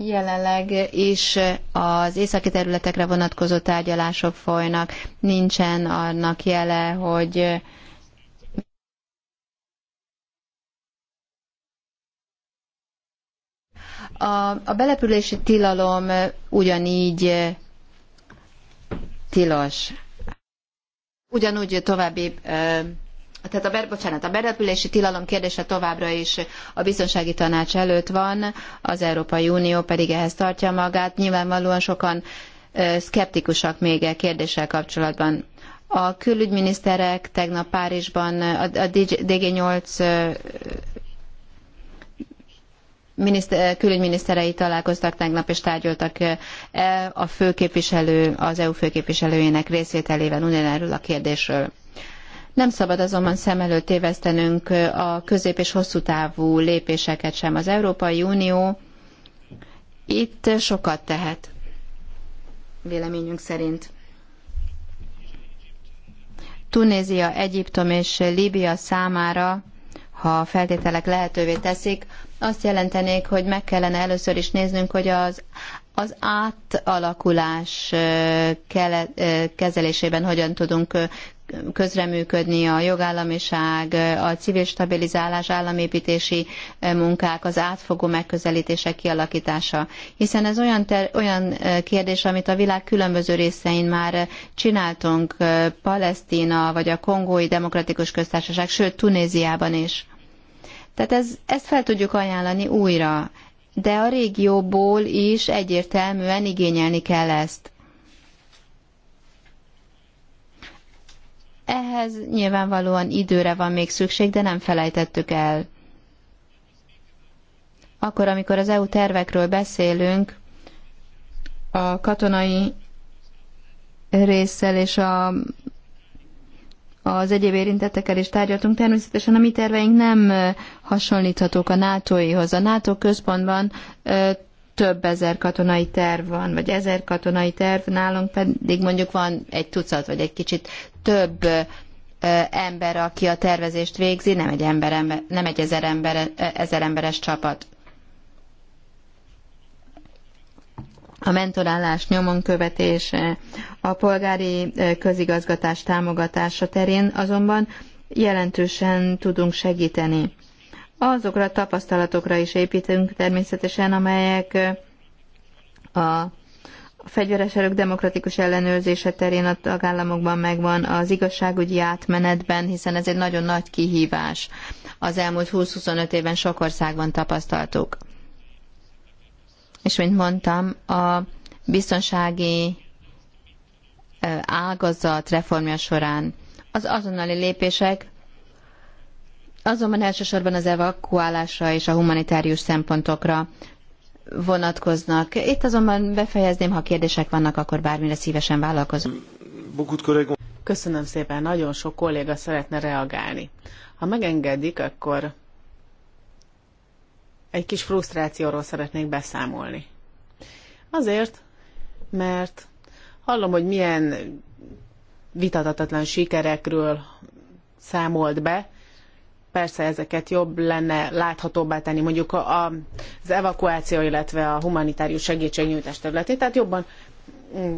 Speaker 3: Jelenleg is az északi területekre vonatkozó tárgyalások folynak, nincsen annak jele, hogy A, a belepülési tilalom ugyanígy tilos. Ugyanúgy további tehát a, bocsánat, a berepülési tilalom kérdése továbbra is a biztonsági tanács előtt van, az Európai Unió pedig ehhez tartja magát. Nyilvánvalóan sokan szkeptikusak még e kérdéssel kapcsolatban. A külügyminiszterek tegnap Párizsban a, a DG8 miniszter, külügyminiszterei találkoztak tegnap és tárgyaltak e a főképviselő, az EU főképviselőjének részvételével ugyanerről a kérdésről. Nem szabad azonban szem előtt tévesztenünk a közép- és hosszú távú lépéseket sem. Az Európai Unió itt sokat tehet, véleményünk szerint. Tunézia, Egyiptom és Líbia számára, ha a feltételek lehetővé teszik, azt jelentenék, hogy meg kellene először is néznünk, hogy az, az átalakulás kele, kezelésében hogyan tudunk közreműködni a jogállamiság, a civil stabilizálás, államépítési e, munkák, az átfogó megközelítések kialakítása. Hiszen ez olyan, ter, olyan e, kérdés, amit a világ különböző részein már csináltunk, e, Palesztina vagy a Kongói Demokratikus Köztársaság, sőt Tunéziában is. Tehát ez, ezt fel tudjuk ajánlani újra, de a régióból is egyértelműen igényelni kell ezt Ehhez nyilvánvalóan időre van még szükség, de nem felejtettük el. Akkor, amikor az EU tervekről beszélünk, a katonai résszel és a, az egyéb érintettekkel is tárgyaltunk. Természetesen a mi terveink nem hasonlíthatók a NATO-ihoz. A NATO központban több ezer katonai terv van, vagy ezer katonai terv, nálunk pedig mondjuk van egy tucat, vagy egy kicsit több ember, aki a tervezést végzi, nem egy, ember, ember nem egy ezer, ember, ezer emberes csapat. A mentorálás nyomon követése, a polgári közigazgatás támogatása terén azonban jelentősen tudunk segíteni azokra a tapasztalatokra is építünk természetesen, amelyek a a fegyveres erők demokratikus ellenőrzése terén a tagállamokban megvan az igazságügyi átmenetben, hiszen ez egy nagyon nagy kihívás. Az elmúlt 20-25 évben sok országban tapasztaltuk. És mint mondtam, a biztonsági ágazat reformja során az azonnali lépések azonban elsősorban az evakuálásra és a humanitárius szempontokra vonatkoznak. Itt azonban befejezném, ha kérdések vannak, akkor bármire szívesen vállalkozom.
Speaker 1: Köszönöm szépen, nagyon sok kolléga szeretne reagálni. Ha megengedik, akkor egy kis frusztrációról szeretnék beszámolni. Azért, mert hallom, hogy milyen vitatatlan sikerekről számolt be, persze ezeket jobb lenne láthatóbbá tenni, mondjuk az evakuáció, illetve a humanitárius segítségnyújtás területét, tehát jobban mm,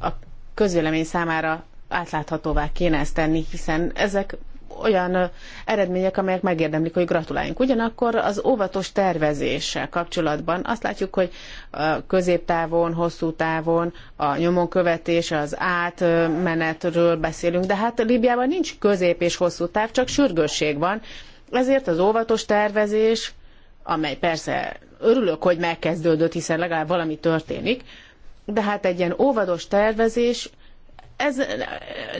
Speaker 1: a közvélemény számára átláthatóvá kéne ezt tenni, hiszen ezek olyan eredmények, amelyek megérdemlik, hogy gratuláljunk. Ugyanakkor az óvatos tervezéssel kapcsolatban azt látjuk, hogy középtávon, hosszú távon a nyomonkövetés, az átmenetről beszélünk, de hát Libiában nincs közép és hosszú táv, csak sürgősség van. Ezért az óvatos tervezés, amely persze örülök, hogy megkezdődött, hiszen legalább valami történik, de hát egy ilyen óvatos tervezés ez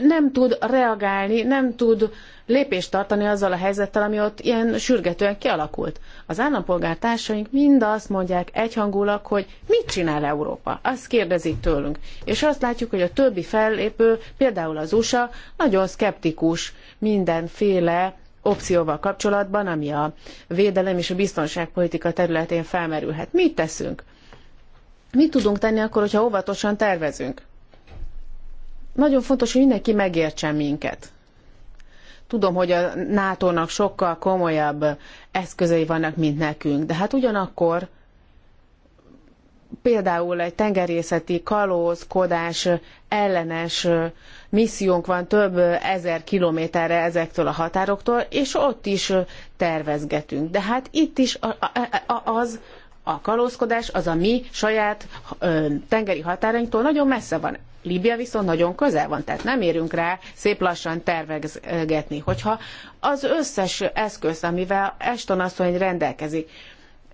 Speaker 1: nem tud reagálni, nem tud lépést tartani azzal a helyzettel, ami ott ilyen sürgetően kialakult. Az állampolgártársaink mind azt mondják egyhangulag, hogy mit csinál Európa? Azt kérdezik tőlünk. És azt látjuk, hogy a többi fellépő, például az USA, nagyon szkeptikus mindenféle opcióval kapcsolatban, ami a védelem és a biztonságpolitika területén felmerülhet. Mit teszünk? Mit tudunk tenni akkor, hogyha óvatosan tervezünk? Nagyon fontos, hogy mindenki megértsen minket. Tudom, hogy a NATO-nak sokkal komolyabb eszközei vannak, mint nekünk, de hát ugyanakkor például egy tengerészeti kalózkodás ellenes missziónk van több ezer kilométerre ezektől a határoktól, és ott is tervezgetünk. De hát itt is az a kalózkodás az a mi saját ö, tengeri határainktól nagyon messze van. Líbia viszont nagyon közel van, tehát nem érünk rá szép lassan tervezgetni. Hogyha az összes eszköz, amivel Eston asszony rendelkezik,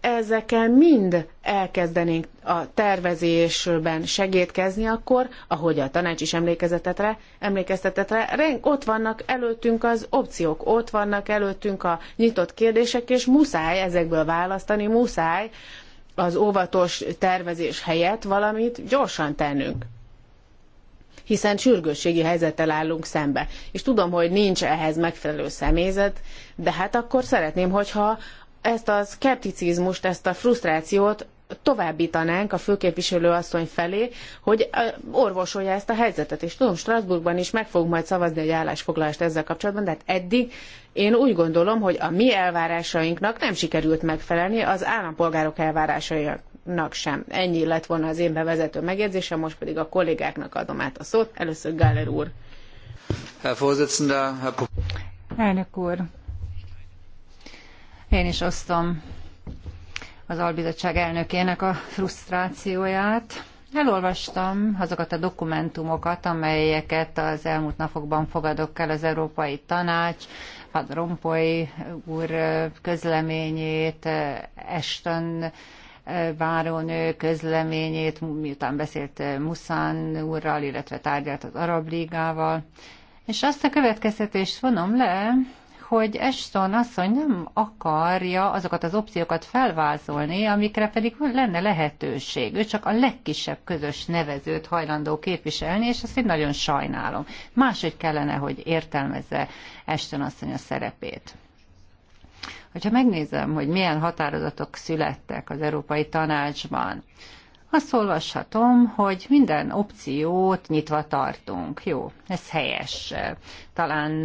Speaker 1: ezekkel mind elkezdenénk a tervezésben segítkezni, akkor, ahogy a tanács is emlékezetetre, emlékeztetetre, ott vannak előttünk az opciók, ott vannak előttünk a nyitott kérdések, és muszáj ezekből választani, muszáj az óvatos tervezés helyett valamit gyorsan tennünk. Hiszen sürgősségi helyzettel állunk szembe. És tudom, hogy nincs ehhez megfelelő személyzet, de hát akkor szeretném, hogyha ezt a szkepticizmust, ezt a frusztrációt továbbítanánk a főképviselő asszony felé, hogy orvosolja ezt a helyzetet. És tudom, Strasbourgban is meg fogunk majd szavazni egy állásfoglalást ezzel kapcsolatban, de hát eddig én úgy gondolom, hogy a mi elvárásainknak nem sikerült megfelelni az állampolgárok elvárásainak sem. Ennyi lett volna az én bevezető megjegyzésem, most pedig a kollégáknak adom át a szót. Először Galler
Speaker 3: úr.
Speaker 2: Elnök úr, én is osztom az albizottság elnökének a frusztrációját. Elolvastam azokat a dokumentumokat, amelyeket az elmúlt napokban fogadok el az Európai Tanács, a Rompoy úr közleményét, Eston várónő közleményét, miután beszélt Muszán úrral, illetve tárgyalt az Arab Ligával. És azt a következtetést vonom le, hogy Eston asszony nem akarja azokat az opciókat felvázolni, amikre pedig lenne lehetőség. Ő csak a legkisebb közös nevezőt hajlandó képviselni, és ezt én nagyon sajnálom. Máshogy kellene, hogy értelmezze Eston asszony a szerepét. Hogyha megnézem, hogy milyen határozatok születtek az Európai Tanácsban, azt olvashatom, hogy minden opciót nyitva tartunk. Jó, ez helyes. Talán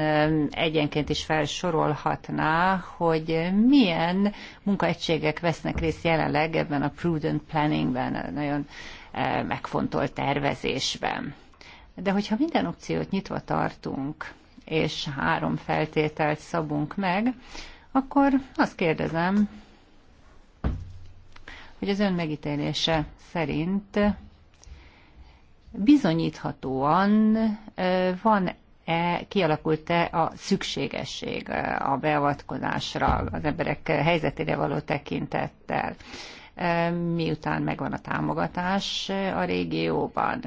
Speaker 2: egyenként is felsorolhatná, hogy milyen munkaegységek vesznek részt jelenleg ebben a prudent planningben, a nagyon megfontolt tervezésben. De hogyha minden opciót nyitva tartunk, és három feltételt szabunk meg, akkor azt kérdezem, hogy az ön megítélése szerint bizonyíthatóan van -e, kialakult-e a szükségesség a beavatkozásra az emberek helyzetére való tekintettel, miután megvan a támogatás a régióban.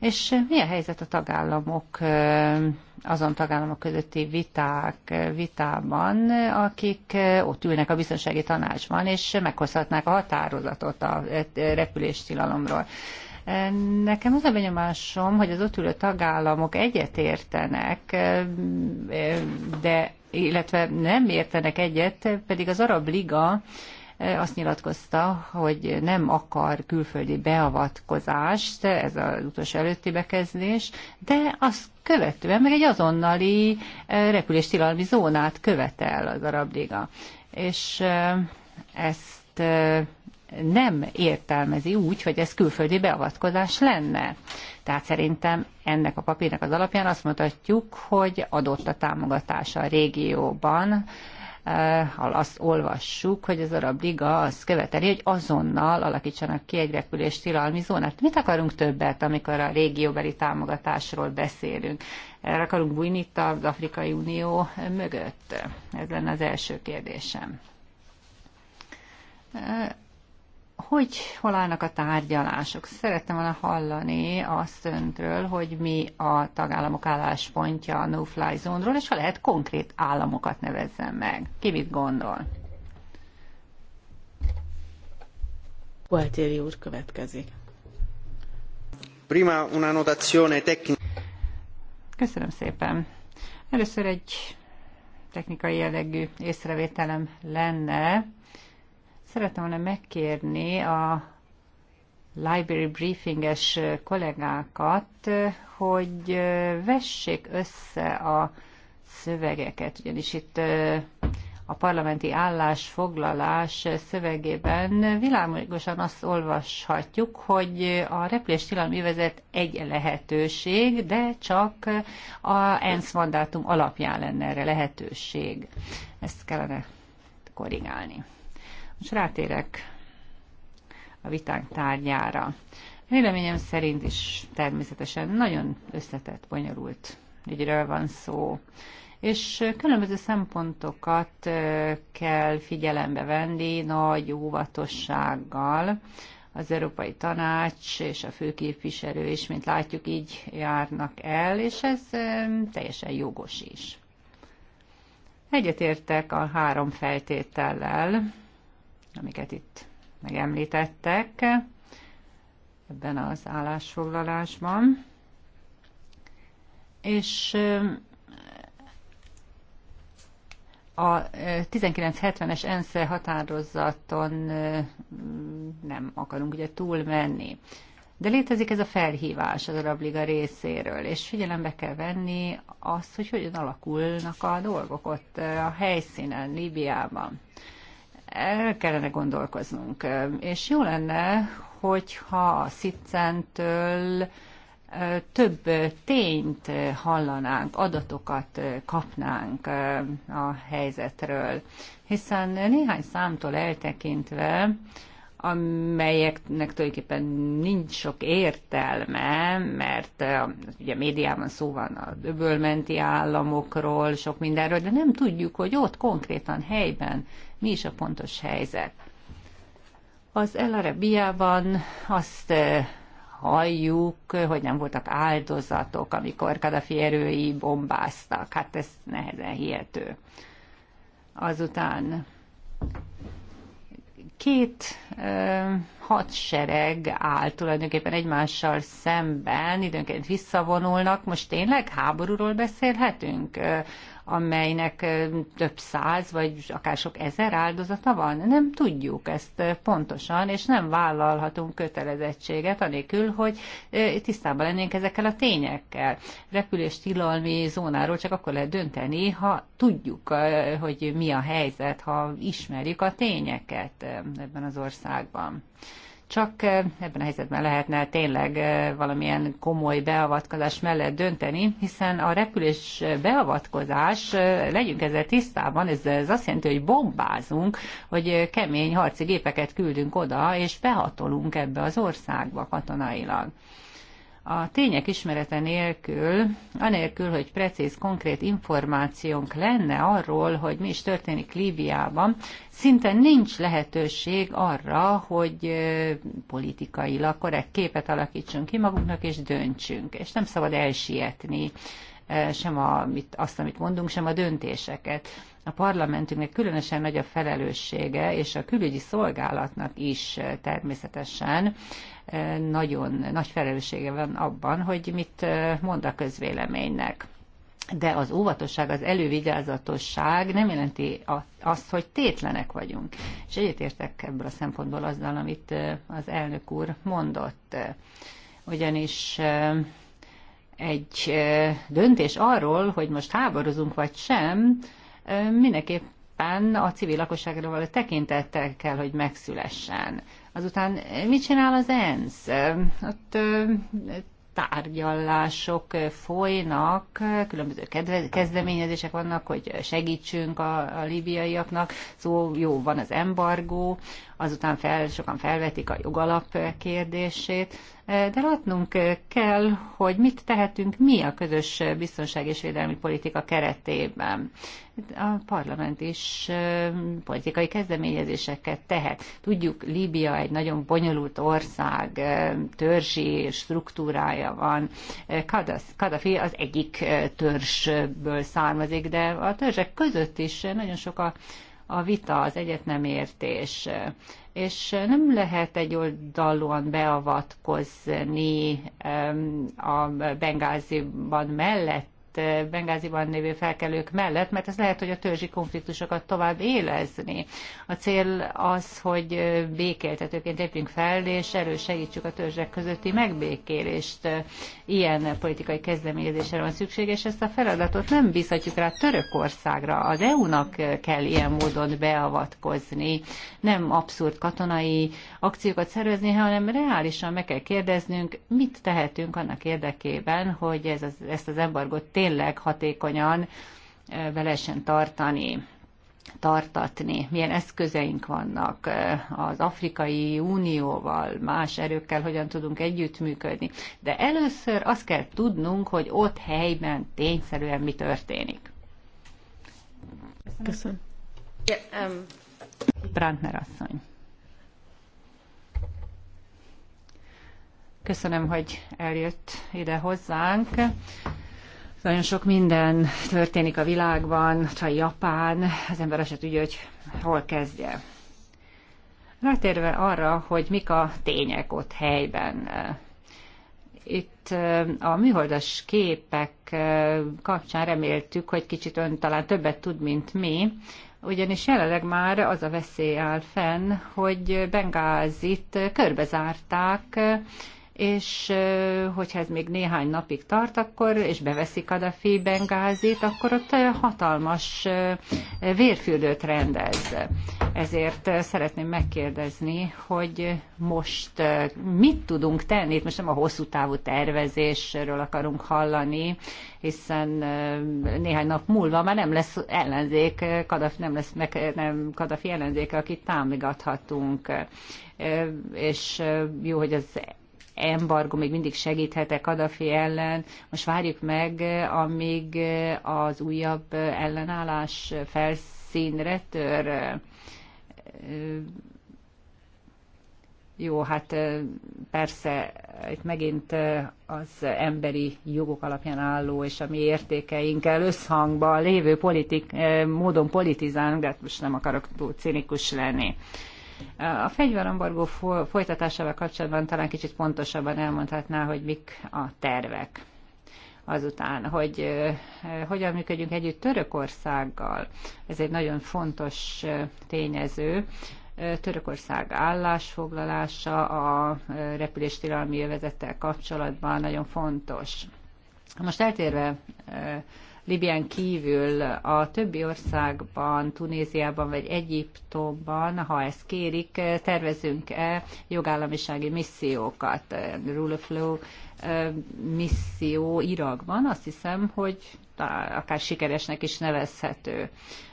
Speaker 2: És eh, mi a helyzet a tagállamok, eh, azon tagállamok közötti viták, eh, vitában, akik ott ülnek a biztonsági tanácsban, és meghozhatnák a határozatot a repüléstilalomról? Nekem az a benyomásom, hogy az ott ülő tagállamok egyetértenek, de illetve nem értenek egyet, pedig az Arab Liga Eh, azt nyilatkozta, hogy nem akar külföldi beavatkozást, ez az utolsó előtti bekezdés, de azt követően meg egy azonnali eh, repüléstilalmi zónát követel az Arab Liga. És eh, ezt nem értelmezi úgy, hogy ez külföldi beavatkozás lenne. Tehát szerintem ennek a papírnak az alapján azt mutatjuk, hogy adott a támogatása a régióban Eh, azt olvassuk, hogy az arab liga azt követeli, hogy azonnal alakítsanak ki egy repülés tilalmi zónát. Mit akarunk többet, amikor a régióbeli támogatásról beszélünk? El akarunk bújni itt az Afrikai Unió mögött? Ez lenne az első kérdésem. Eh, hogy hol állnak a tárgyalások? Szerettem volna hallani azt öntől, hogy mi a tagállamok álláspontja a no-fly zónról, és ha lehet konkrét államokat nevezzen meg. Ki mit gondol? Gualtieri úr következik.
Speaker 1: Prima una notazione tecnica.
Speaker 2: Köszönöm szépen. Először egy technikai jellegű észrevételem lenne Szeretném volna megkérni a library briefinges kollégákat, hogy vessék össze a szövegeket, ugyanis itt a parlamenti állásfoglalás szövegében világosan azt olvashatjuk, hogy a repülés tilalmi vezet egy lehetőség, de csak a ENSZ mandátum alapján lenne erre lehetőség. Ezt kellene korrigálni. Most rátérek a vitánk tárgyára. Véleményem szerint is természetesen nagyon összetett, bonyolult ügyről van szó, és különböző szempontokat kell figyelembe venni nagy óvatossággal. Az Európai Tanács és a főképviselő is, mint látjuk, így járnak el, és ez teljesen jogos is. Egyetértek a három feltétellel, amiket itt megemlítettek ebben az állásfoglalásban. És a 1970-es ENSZE határozaton nem akarunk ugye túlmenni. De létezik ez a felhívás az arab Liga részéről, és figyelembe kell venni azt, hogy hogyan alakulnak a dolgok ott a helyszínen, Líbiában el kellene gondolkoznunk. És jó lenne, hogyha a Szicentől több tényt hallanánk, adatokat kapnánk a helyzetről. Hiszen néhány számtól eltekintve, amelyeknek tulajdonképpen nincs sok értelme, mert ugye médiában szó van a döbölmenti államokról, sok mindenről, de nem tudjuk, hogy ott konkrétan helyben mi is a pontos helyzet. Az Elarabiában azt halljuk, hogy nem voltak áldozatok, amikor Kadafi erői bombáztak. Hát ez nehezen hihető. Azután két ö, hadsereg áll tulajdonképpen egymással szemben, időnként visszavonulnak. Most tényleg háborúról beszélhetünk? amelynek több száz vagy akár sok ezer áldozata van? Nem tudjuk ezt pontosan, és nem vállalhatunk kötelezettséget anélkül, hogy tisztában lennénk ezekkel a tényekkel. Repülés tilalmi zónáról csak akkor lehet dönteni, ha tudjuk, hogy mi a helyzet, ha ismerjük a tényeket ebben az országban. Csak eh, ebben a helyzetben lehetne tényleg eh, valamilyen komoly beavatkozás mellett dönteni, hiszen a repülés beavatkozás, eh, legyünk ezzel tisztában, ez, ez azt jelenti, hogy bombázunk, hogy kemény harci gépeket küldünk oda, és behatolunk ebbe az országba katonailag. A tények ismerete nélkül, anélkül, hogy precíz, konkrét információnk lenne arról, hogy mi is történik Líbiában, szinte nincs lehetőség arra, hogy politikailag korrekt képet alakítsunk ki magunknak, és döntsünk. És nem szabad elsietni sem a, azt, amit mondunk, sem a döntéseket a parlamentünknek különösen nagy a felelőssége, és a külügyi szolgálatnak is eh, természetesen eh, nagyon nagy felelőssége van abban, hogy mit eh, mond a közvéleménynek. De az óvatosság, az elővigyázatosság nem jelenti azt, hogy tétlenek vagyunk. És egyetértek ebből a szempontból azzal, amit az elnök úr mondott. Ugyanis egy döntés arról, hogy most háborozunk vagy sem, mindenképpen a civil lakosságra való tekintettel kell, hogy megszülessen. Azután mit csinál az ENSZ? Ott tárgyalások folynak, különböző kezdeményezések vannak, hogy segítsünk a, a libiaiaknak, szó jó, van az embargó, azután fel, sokan felvetik a jogalap kérdését, de látnunk kell, hogy mit tehetünk mi a közös biztonság és védelmi politika keretében. A parlament is politikai kezdeményezéseket tehet. Tudjuk, Líbia egy nagyon bonyolult ország, törzsi struktúrája van. Kadafi az egyik törzsből származik, de a törzsek között is nagyon sok a a vita, az egyetnemértés, és nem lehet egy oldalon beavatkozni a Bengáziban mellett mellett, hát, eh, Bengáziban lévő felkelők mellett, mert ez lehet, hogy a törzsi konfliktusokat tovább élezni. A cél az, hogy eh, békéltetőként lépjünk fel, és elősegítsük a törzsek közötti megbékélést. Eh, ilyen politikai kezdeményezésre van szükség, és ezt a feladatot nem bízhatjuk rá Törökországra. Az EU-nak kell ilyen módon beavatkozni. Nem abszurd katonai akciókat szervezni, hanem reálisan meg kell kérdeznünk, mit tehetünk annak érdekében, hogy ez az, ezt az embargot tényleg tényleg hatékonyan be lehessen tartani tartatni, milyen eszközeink vannak az Afrikai Unióval, más erőkkel hogyan tudunk együttműködni. De először azt kell tudnunk, hogy ott helyben tényszerűen mi történik. Köszönöm. Brandner asszony. Köszönöm, hogy eljött ide hozzánk. Nagyon sok minden történik a világban, csak Japán, az ember azt tudja, hogy hol kezdje. Rátérve arra, hogy mik a tények ott helyben. Itt a műholdas képek kapcsán reméltük, hogy kicsit ön talán többet tud, mint mi, ugyanis jelenleg már az a veszély áll fenn, hogy Bengázit körbezárták és hogyha ez még néhány napig tart, akkor, és beveszik Kadafi Bengázit, akkor ott hatalmas vérfürdőt rendez. Ezért szeretném megkérdezni, hogy most mit tudunk tenni, itt most nem a hosszú távú tervezésről akarunk hallani, hiszen néhány nap múlva már nem lesz ellenzék, Kadafi nem lesz meg, nem Kadafi ellenzéke, akit támogathatunk és jó, hogy az embargo még mindig segíthetek Kadafi ellen. Most várjuk meg, amíg az újabb ellenállás felszínre tör. Jó, hát persze itt megint az emberi jogok alapján álló és a mi értékeinkkel összhangban lévő politik, módon politizálunk, de hát most nem akarok túl cinikus lenni. A fegyverembargó folytatásával kapcsolatban talán kicsit pontosabban elmondhatná, hogy mik a tervek azután, hogy hogyan működjünk együtt Törökországgal. Ez egy nagyon fontos tényező. Törökország állásfoglalása a repüléstilalmi jövezettel kapcsolatban nagyon fontos. Most eltérve Libyán kívül a többi országban, Tunéziában vagy Egyiptomban, ha ezt kérik, tervezünk-e jogállamisági missziókat, rule of law e, misszió Irakban, azt hiszem, hogy akár sikeresnek is nevezhető.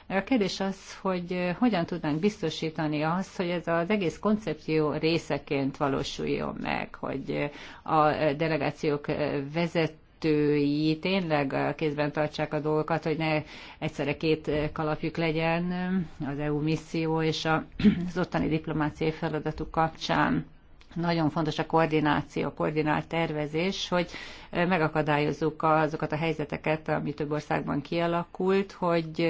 Speaker 2: A kérdés az, hogy hogyan tudnánk biztosítani azt, hogy ez az egész koncepció részeként valósuljon meg, hogy a delegációk vezet vezetői tényleg kézben tartsák a dolgokat, hogy ne egyszerre két kalapjuk legyen az EU misszió és az ottani diplomáciai feladatuk kapcsán nagyon fontos a koordináció, a koordinált tervezés, hogy megakadályozzuk azokat a helyzeteket, ami több országban kialakult, hogy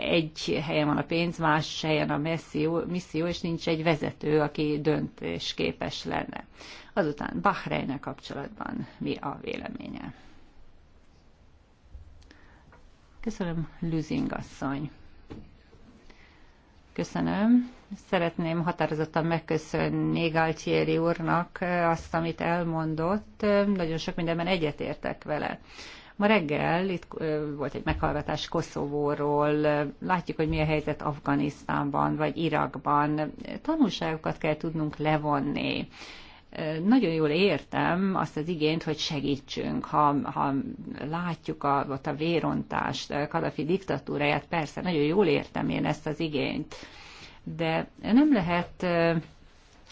Speaker 2: egy helyen van a pénz, más helyen a misszió, misszió és nincs egy vezető, aki döntés képes lenne. Azután Bahreine kapcsolatban mi a véleménye? Köszönöm, Lüzing asszony. Köszönöm. Szeretném határozottan megköszönni Galtieri úrnak azt, amit elmondott. Nagyon sok mindenben egyetértek vele. Ma reggel itt volt egy meghallgatás Koszovóról, látjuk, hogy mi a helyzet Afganisztánban vagy Irakban. Tanulságokat kell tudnunk levonni nagyon jól értem azt az igényt, hogy segítsünk, ha, ha látjuk a, ott a vérontást, Kadafi diktatúráját, persze, nagyon jól értem én ezt az igényt, de nem lehet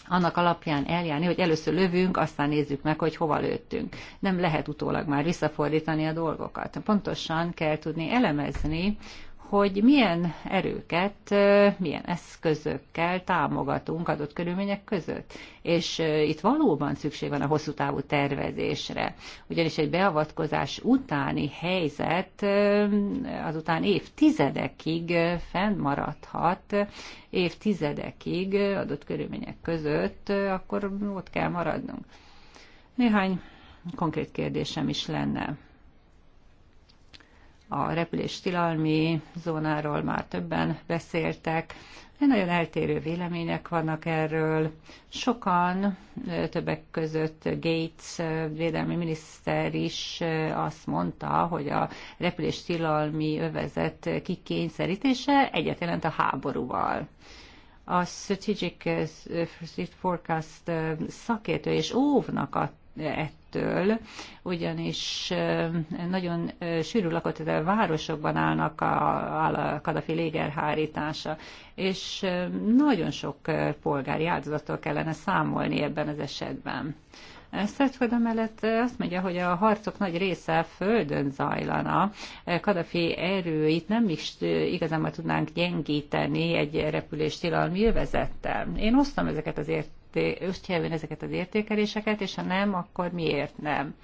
Speaker 2: annak alapján eljárni, hogy először lövünk, aztán nézzük meg, hogy hova lőttünk. Nem lehet utólag már visszafordítani a dolgokat. Pontosan kell tudni elemezni, hogy milyen erőket, milyen eszközökkel támogatunk adott körülmények között. És itt valóban szükség van a hosszú távú tervezésre. Ugyanis egy beavatkozás utáni helyzet azután évtizedekig fennmaradhat, évtizedekig adott körülmények között, akkor ott kell maradnunk. Néhány konkrét kérdésem is lenne a repülés tilalmi zónáról már többen beszéltek. Nagyon eltérő vélemények vannak erről. Sokan, többek között Gates védelmi miniszter is azt mondta, hogy a repülés tilalmi övezet kikényszerítése egyet jelent a háborúval a Strategic Forecast szakértő és óvnak a, e, ettől, ugyanis nagyon sűrű lakott városokban állnak a, a Kadafi légerhárítása, és nagyon sok polgári áldozattól kellene számolni ebben az esetben. Szertfölda mellett azt mondja, hogy a harcok nagy része földön zajlana. Kadafi erőit nem is igazán tudnánk gyengíteni egy repülés tilalmi jövezettel. Én osztom ezeket az ért összejön ezeket az értékeléseket, és ha nem, akkor miért nem?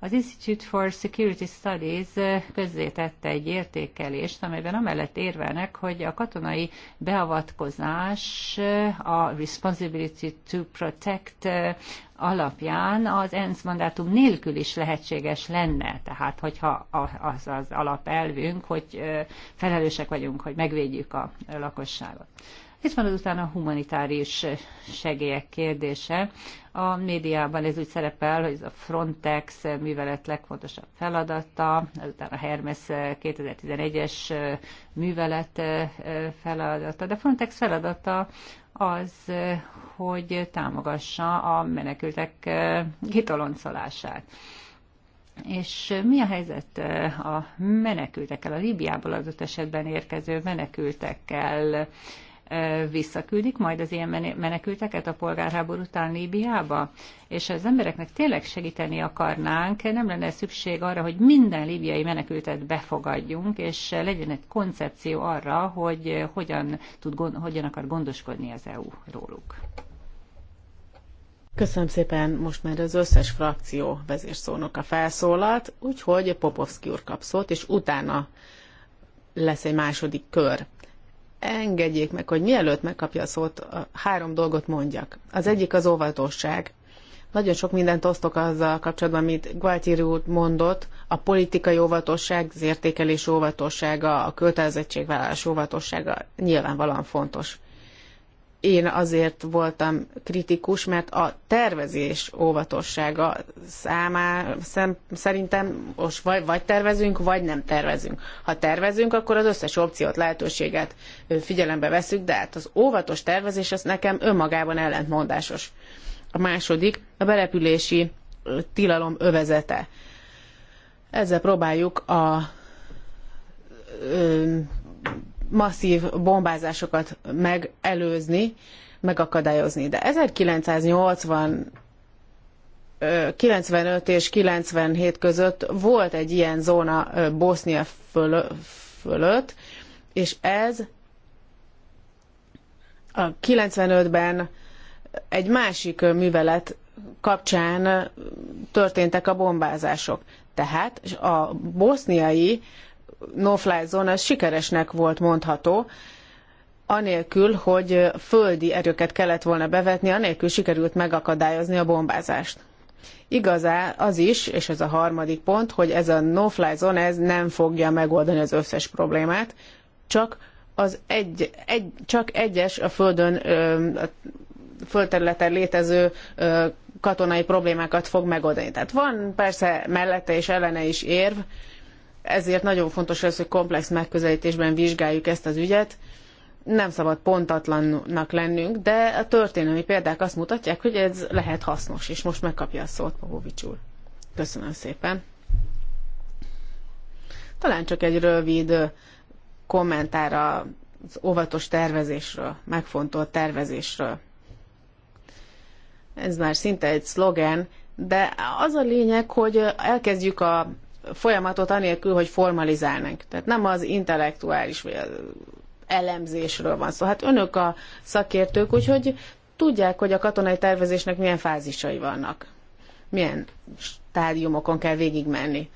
Speaker 2: Az Institute for Security Studies eh, közzétette egy értékelést, amelyben amellett érvelnek, hogy a katonai beavatkozás eh, a Responsibility to Protect eh, alapján az ENSZ mandátum nélkül is lehetséges lenne. Tehát, hogyha az az alapelvünk, hogy felelősek vagyunk, hogy megvédjük a lakosságot. Itt van azután a humanitárius segélyek kérdése. A médiában ez úgy szerepel, hogy ez a Frontex művelet legfontosabb feladata, azután a Hermes 2011-es művelet feladata, de Frontex feladata az, hogy támogassa a menekültek kitoloncolását. És mi a helyzet a menekültekkel, a Líbiából adott esetben érkező menekültekkel? visszaküldik majd az ilyen menekülteket a polgárháború után Líbiába? És ha az embereknek tényleg segíteni akarnánk, nem lenne szükség arra, hogy minden líbiai menekültet befogadjunk, és legyen egy koncepció arra, hogy hogyan, tud, hogyan akar gondoskodni az EU róluk.
Speaker 1: Köszönöm szépen, most már az összes frakció vezérszónoka felszólalt, úgyhogy Popovski úr kap szót, és utána lesz egy második kör engedjék meg, hogy mielőtt megkapja a szót, három dolgot mondjak. Az egyik az óvatosság. Nagyon sok mindent osztok azzal kapcsolatban, amit Gualtieri úr mondott, a politikai óvatosság, az értékelés óvatossága, a kötelezettségvállalás óvatossága nyilvánvalóan fontos én azért voltam kritikus, mert a tervezés óvatossága számá, szem, szerintem most vagy, vagy tervezünk, vagy nem tervezünk. Ha tervezünk, akkor az összes opciót, lehetőséget figyelembe veszük, de hát az óvatos tervezés az nekem önmagában ellentmondásos. A második, a belepülési tilalom övezete. Ezzel próbáljuk a ö, masszív bombázásokat megelőzni, megakadályozni. De 1980 95 és 97 között volt egy ilyen zóna Bosznia fölött, és ez a 95-ben egy másik művelet kapcsán történtek a bombázások. Tehát a boszniai no-fly zóna sikeresnek volt mondható, anélkül, hogy földi erőket kellett volna bevetni, anélkül sikerült megakadályozni a bombázást. Igazá az is, és ez a harmadik pont, hogy ez a no-fly zone ez nem fogja megoldani az összes problémát, csak, az egy, egy, csak egyes a földön, a földterületen létező katonai problémákat fog megoldani. Tehát van persze mellette és ellene is érv, ezért nagyon fontos az, hogy komplex megközelítésben vizsgáljuk ezt az ügyet. Nem szabad pontatlannak lennünk, de a történelmi példák azt mutatják, hogy ez lehet hasznos, és most megkapja a szót Pohovics úr. Köszönöm szépen. Talán csak egy rövid kommentár az óvatos tervezésről, megfontolt tervezésről. Ez már szinte egy szlogen, de az a lényeg, hogy elkezdjük a folyamatot anélkül, hogy formalizálnánk. Tehát nem az intellektuális elemzésről van szó. Hát önök a szakértők, úgyhogy tudják, hogy a katonai tervezésnek milyen fázisai vannak. Milyen stádiumokon kell végigmenni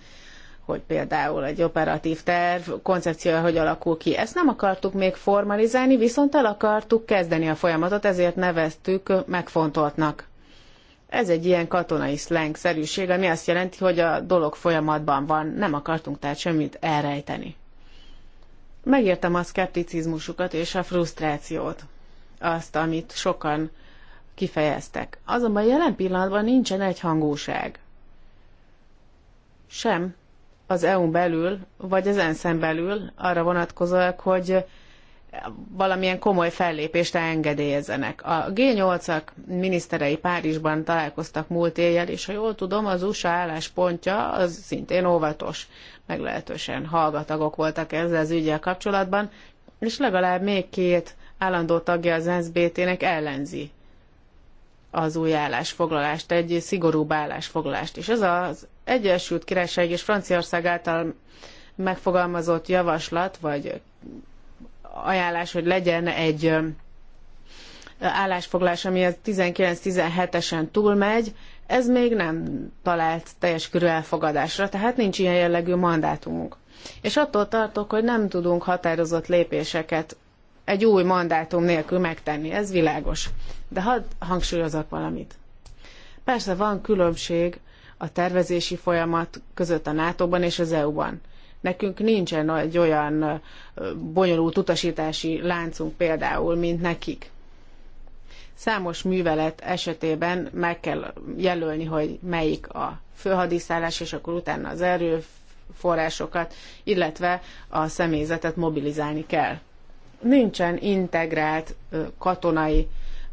Speaker 1: hogy például egy operatív terv koncepciója hogy alakul ki. Ezt nem akartuk még formalizálni, viszont el akartuk kezdeni a folyamatot, ezért neveztük megfontoltnak. Ez egy ilyen katonai szleng szerűség ami azt jelenti, hogy a dolog folyamatban van, nem akartunk tehát semmit elrejteni. Megértem a szkepticizmusukat és a frusztrációt, azt, amit sokan kifejeztek. Azonban jelen pillanatban nincsen egyhangúság. Sem az EU-n belül, vagy az e ensz belül arra vonatkozóak, hogy valamilyen komoly fellépést engedélyezzenek. A G8-ak miniszterei Párizsban találkoztak múlt éjjel, és ha jól tudom, az USA álláspontja az szintén óvatos, meglehetősen hallgatagok voltak ezzel az ügyel kapcsolatban, és legalább még két állandó tagja az SBT-nek ellenzi az új állásfoglalást, egy szigorúbb állásfoglalást. is. ez az Egyesült Királyság és Franciaország által megfogalmazott javaslat, vagy ajánlás, hogy legyen egy állásfoglalás, ami a 19-17-esen túlmegy, ez még nem talált teljes körű elfogadásra, tehát nincs ilyen jellegű mandátumunk. És attól tartok, hogy nem tudunk határozott lépéseket egy új mandátum nélkül megtenni, ez világos. De hadd hangsúlyozok valamit. Persze van különbség a tervezési folyamat között a NATO-ban és az EU-ban. Nekünk nincsen egy olyan bonyolult utasítási láncunk például, mint nekik. Számos művelet esetében meg kell jelölni, hogy melyik a főhadiszállás, és akkor utána az erőforrásokat, illetve a személyzetet mobilizálni kell. Nincsen integrált katonai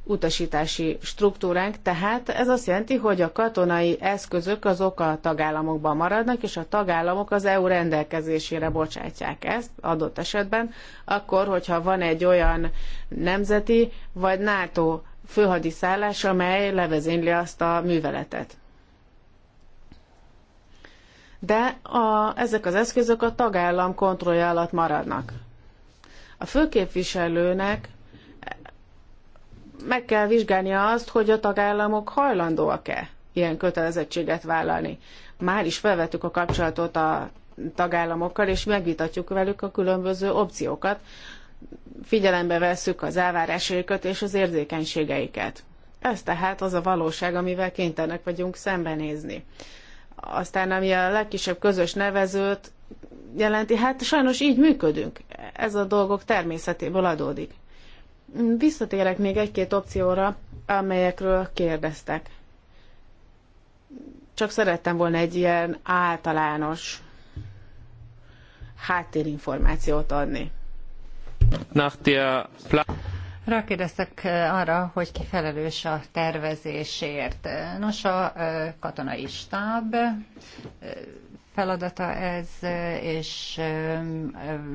Speaker 1: utasítási struktúránk, tehát ez azt jelenti, hogy a katonai eszközök azok a tagállamokban maradnak, és a tagállamok az EU rendelkezésére bocsátják ezt adott esetben, akkor, hogyha van egy olyan nemzeti vagy NATO főhadiszállás, amely levezényli azt a műveletet. De a, ezek az eszközök a tagállam kontrollja alatt maradnak. A főképviselőnek meg kell vizsgálnia azt, hogy a tagállamok hajlandóak-e ilyen kötelezettséget vállalni. Már is felvettük a kapcsolatot a tagállamokkal, és megvitatjuk velük a különböző opciókat. Figyelembe vesszük az elvárásaikat és az érzékenységeiket. Ez tehát az a valóság, amivel kénytelenek vagyunk szembenézni. Aztán, ami a legkisebb közös nevezőt jelenti, hát sajnos így működünk. Ez a dolgok természetéből adódik. Visszatérek még egy-két opcióra, amelyekről kérdeztek. Csak szerettem volna egy ilyen általános háttérinformációt adni.
Speaker 2: Rákérdeztek eh, arra, hogy ki felelős a tervezésért. Nos, a eh, katonai stáb eh, feladata ez, és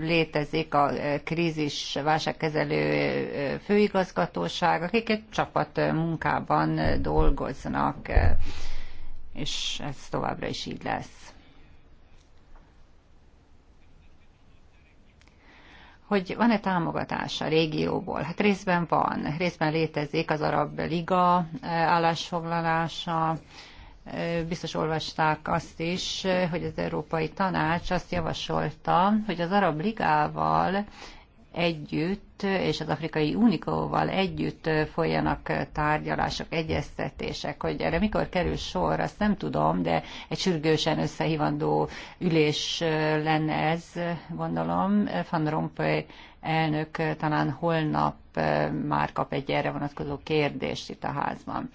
Speaker 2: létezik a krízis válságkezelő főigazgatóság, akik egy csapat munkában dolgoznak, és ez továbbra is így lesz. hogy van-e támogatás a régióból? Hát részben van, részben létezik az Arab Liga állásfoglalása, biztos olvasták azt is, hogy az Európai Tanács azt javasolta, hogy az Arab Ligával együtt és az Afrikai Unikóval együtt folyanak tárgyalások, egyeztetések, hogy erre mikor kerül sor, azt nem tudom, de egy sürgősen összehívandó ülés lenne ez, gondolom. Van Rompuy elnök talán holnap eh, már kap egy erre vonatkozó kérdést itt a házban.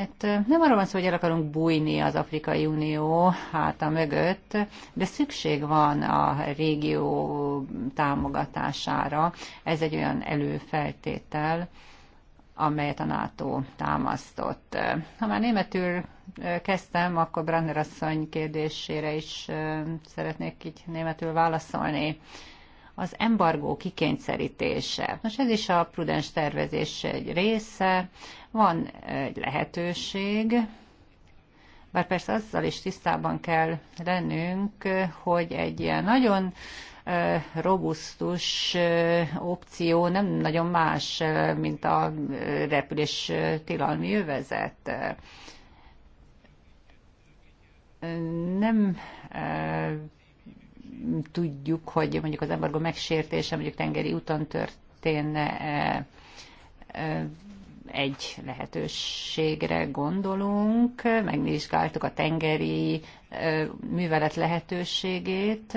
Speaker 2: Itt nem arról van szó, hogy el akarunk bújni az Afrikai Unió háta mögött, de szükség van a régió támogatására. Ez egy olyan előfeltétel, amelyet a NATO támasztott. Ha már németül kezdtem, akkor Branner asszony kérdésére is szeretnék így németül válaszolni. Az embargó kikényszerítése. Most ez is a prudens tervezés egy része, van egy lehetőség, bár persze azzal is tisztában kell lennünk, hogy egy ilyen nagyon robusztus opció nem nagyon más, mint a repülés tilalmi övezet. Nem tudjuk, hogy mondjuk az embargo megsértése mondjuk tengeri úton történne egy lehetőségre gondolunk, megvizsgáltuk a tengeri művelet lehetőségét,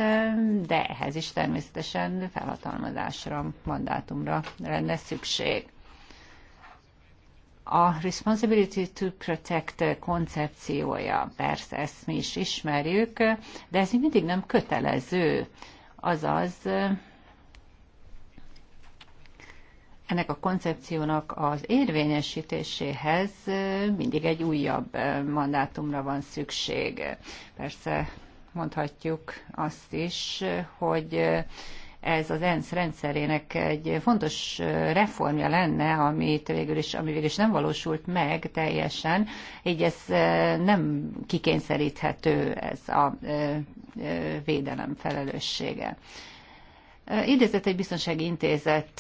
Speaker 2: de ehhez is természetesen felhatalmazásra, mandátumra lenne szükség. A Responsibility to Protect koncepciója, persze ezt mi is ismerjük, de ez mindig nem kötelező. Azaz ennek a koncepciónak az érvényesítéséhez mindig egy újabb mandátumra van szükség. Persze mondhatjuk azt is, hogy ez az ENSZ rendszerének egy fontos reformja lenne, amit végül is, ami végül is nem valósult meg teljesen, így ez nem kikényszeríthető ez a védelem felelőssége. Idézett egy biztonsági intézet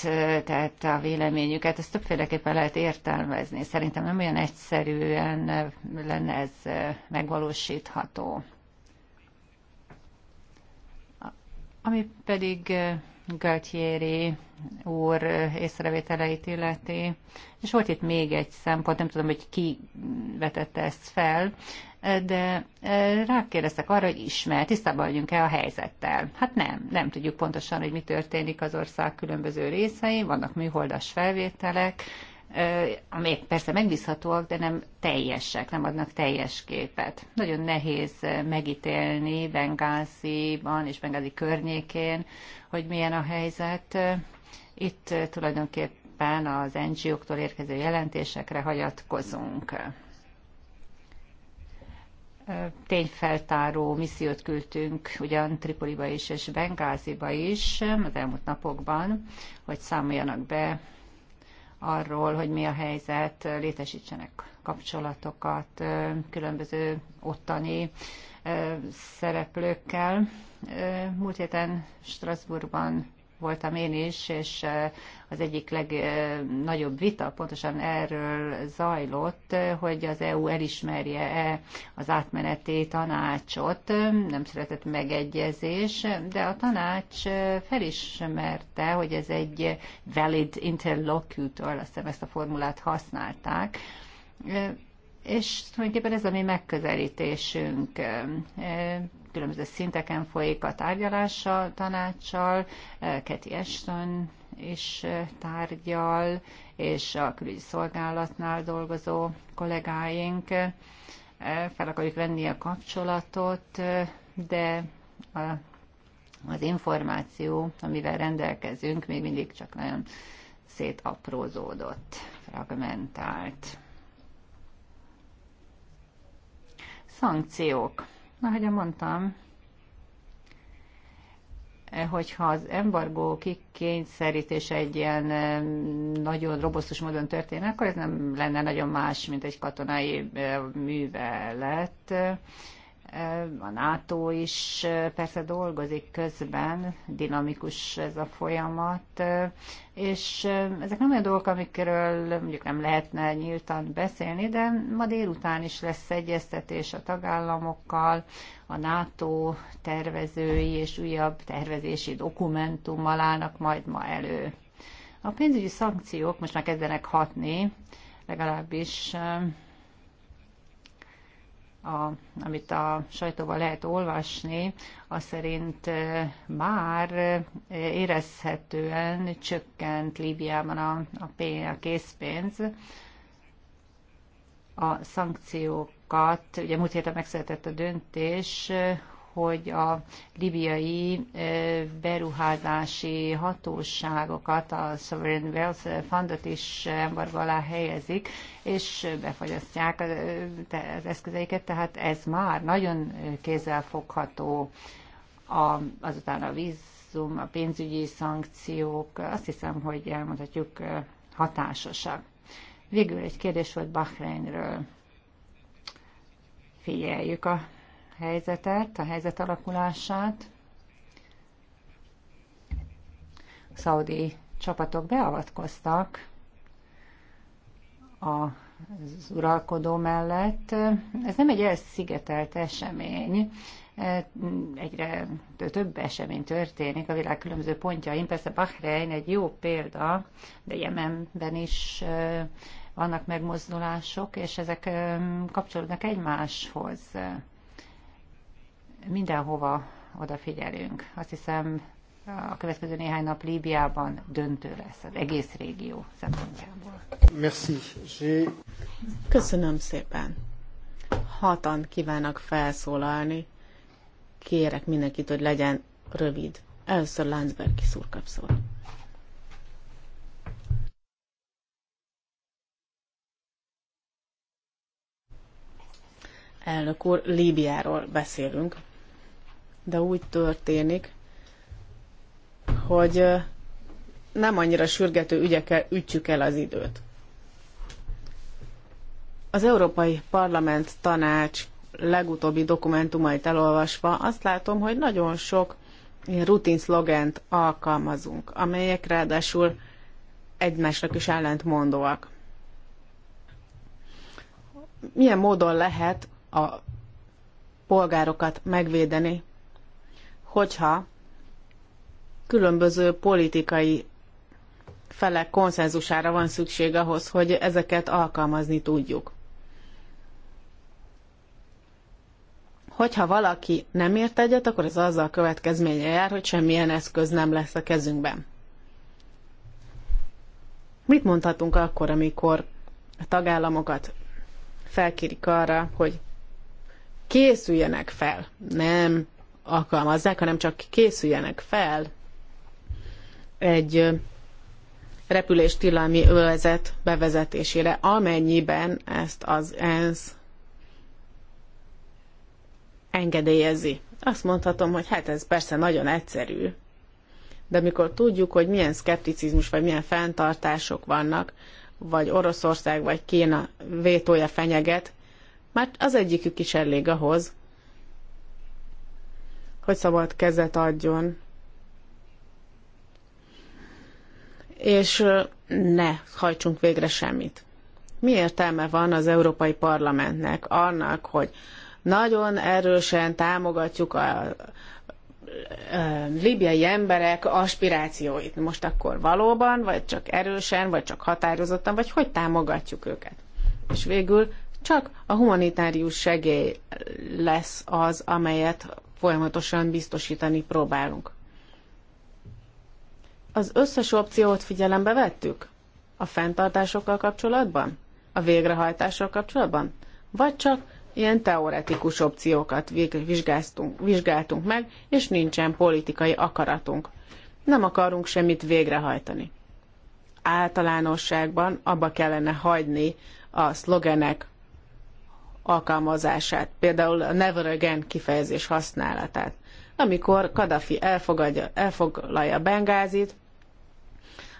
Speaker 2: tehát a véleményüket, ezt többféleképpen lehet értelmezni. Szerintem nem olyan egyszerűen lenne ez megvalósítható. Ami pedig Galtieri úr észrevételeit illeti. És volt itt még egy szempont, nem tudom, hogy ki vetette ezt fel, de e, rákérdeztek arra, hogy ismer, tisztában vagyunk-e a helyzettel. Hát nem, nem tudjuk pontosan, hogy mi történik az ország különböző részein, vannak műholdas felvételek, e, amelyek persze megbízhatóak, de nem teljesek, nem adnak teljes képet. Nagyon nehéz megítélni Bengáziban és Bengázi környékén, hogy milyen a helyzet. Itt tulajdonképpen az NGO-któl érkező jelentésekre hagyatkozunk tényfeltáró missziót küldtünk ugyan Tripoliba is és Bengáziba is az elmúlt napokban, hogy számoljanak be arról, hogy mi a helyzet, létesítsenek kapcsolatokat különböző ottani szereplőkkel. Múlt héten Strasbourgban voltam én is, és az egyik legnagyobb vita pontosan erről zajlott, hogy az EU elismerje-e az átmeneti tanácsot. Nem született megegyezés, de a tanács felismerte, hogy ez egy valid interlocutor, azt hiszem ezt a formulát használták, és tulajdonképpen ez a mi megközelítésünk különböző szinteken folyik a tárgyalással, tanácssal, Keti eh, Eston is eh, tárgyal, és a külügyi szolgálatnál dolgozó kollégáink eh, fel akarjuk venni a kapcsolatot, de a, az információ, amivel rendelkezünk, még mindig csak nagyon szétaprózódott, fragmentált. Szankciók. Ahogyan mondtam, eh, hogyha az embargó kikényszerítése egy ilyen nagyon robosztus módon történne, akkor ez nem lenne nagyon más, mint egy katonai eh, művelet. A NATO is persze dolgozik közben, dinamikus ez a folyamat, és ezek nem olyan dolgok, amikről mondjuk nem lehetne nyíltan beszélni, de ma délután is lesz egyeztetés a tagállamokkal, a NATO tervezői és újabb tervezési dokumentummal állnak majd ma elő. A pénzügyi szankciók most már kezdenek hatni, legalábbis a, amit a sajtóban lehet olvasni, az szerint már érezhetően csökkent Líbiában a, a, pénz, a készpénz. A szankciókat, ugye múlt héten megszületett a döntés hogy a libiai beruházási hatóságokat, a Sovereign Wealth Fundot is embargo alá helyezik, és befagyasztják az eszközeiket, tehát ez már nagyon kézzelfogható a, azután a vízum, a pénzügyi szankciók, azt hiszem, hogy elmondhatjuk hatásosak. Végül egy kérdés volt Bahreinről. Figyeljük a helyzetet, a helyzet alakulását. A szaudi csapatok beavatkoztak az uralkodó mellett. Ez nem egy elszigetelt esemény, egyre több esemény történik a világ különböző pontjain. Persze Bahrein egy jó példa, de Jemenben is vannak megmozdulások, és ezek kapcsolódnak egymáshoz mindenhova odafigyelünk. Azt hiszem, a következő néhány nap Líbiában döntő lesz az egész régió szempontjából. Merci. Köszönöm szépen. Hatan kívánok
Speaker 1: felszólalni. Kérek mindenkit, hogy legyen rövid. Először Landsbergi szurkapszor. Elnök úr, Líbiáról beszélünk, de úgy történik, hogy nem annyira sürgető ügyekkel ütjük el az időt. Az Európai Parlament tanács legutóbbi dokumentumait elolvasva azt látom, hogy nagyon sok rutin szlogent alkalmazunk, amelyek ráadásul egymásnak is ellentmondóak. Milyen módon lehet a polgárokat megvédeni hogyha különböző politikai felek konszenzusára van szükség ahhoz, hogy ezeket alkalmazni tudjuk. Hogyha valaki nem ért egyet, akkor ez azzal a következménye jár, hogy semmilyen eszköz nem lesz a kezünkben. Mit mondhatunk akkor, amikor a tagállamokat felkérik arra, hogy készüljenek fel, nem alkalmazzák, hanem csak készüljenek fel egy repüléstilalmi övezet bevezetésére, amennyiben ezt az ENSZ engedélyezi. Azt mondhatom, hogy hát ez persze nagyon egyszerű, de mikor tudjuk, hogy milyen szkepticizmus vagy milyen fenntartások vannak, vagy Oroszország vagy Kína vétója fenyeget, már az egyikük is elég ahhoz, hogy szabad kezet adjon, és ne hajtsunk végre semmit. Mi értelme van az Európai Parlamentnek annak, hogy nagyon erősen támogatjuk a libiai emberek aspirációit. Most akkor valóban, vagy csak erősen, vagy csak határozottan, vagy hogy támogatjuk őket. És végül csak a humanitárius segély lesz az, amelyet folyamatosan biztosítani próbálunk. Az összes opciót figyelembe vettük? A fenntartásokkal kapcsolatban? A végrehajtással kapcsolatban? Vagy csak ilyen teoretikus opciókat vizsgáltunk, vizsgáltunk meg, és nincsen politikai akaratunk. Nem akarunk semmit végrehajtani. Általánosságban abba kellene hagyni a szlogenek alkalmazását, például a never again kifejezés használatát. Amikor Kadafi elfogadja, elfoglalja Bengázit,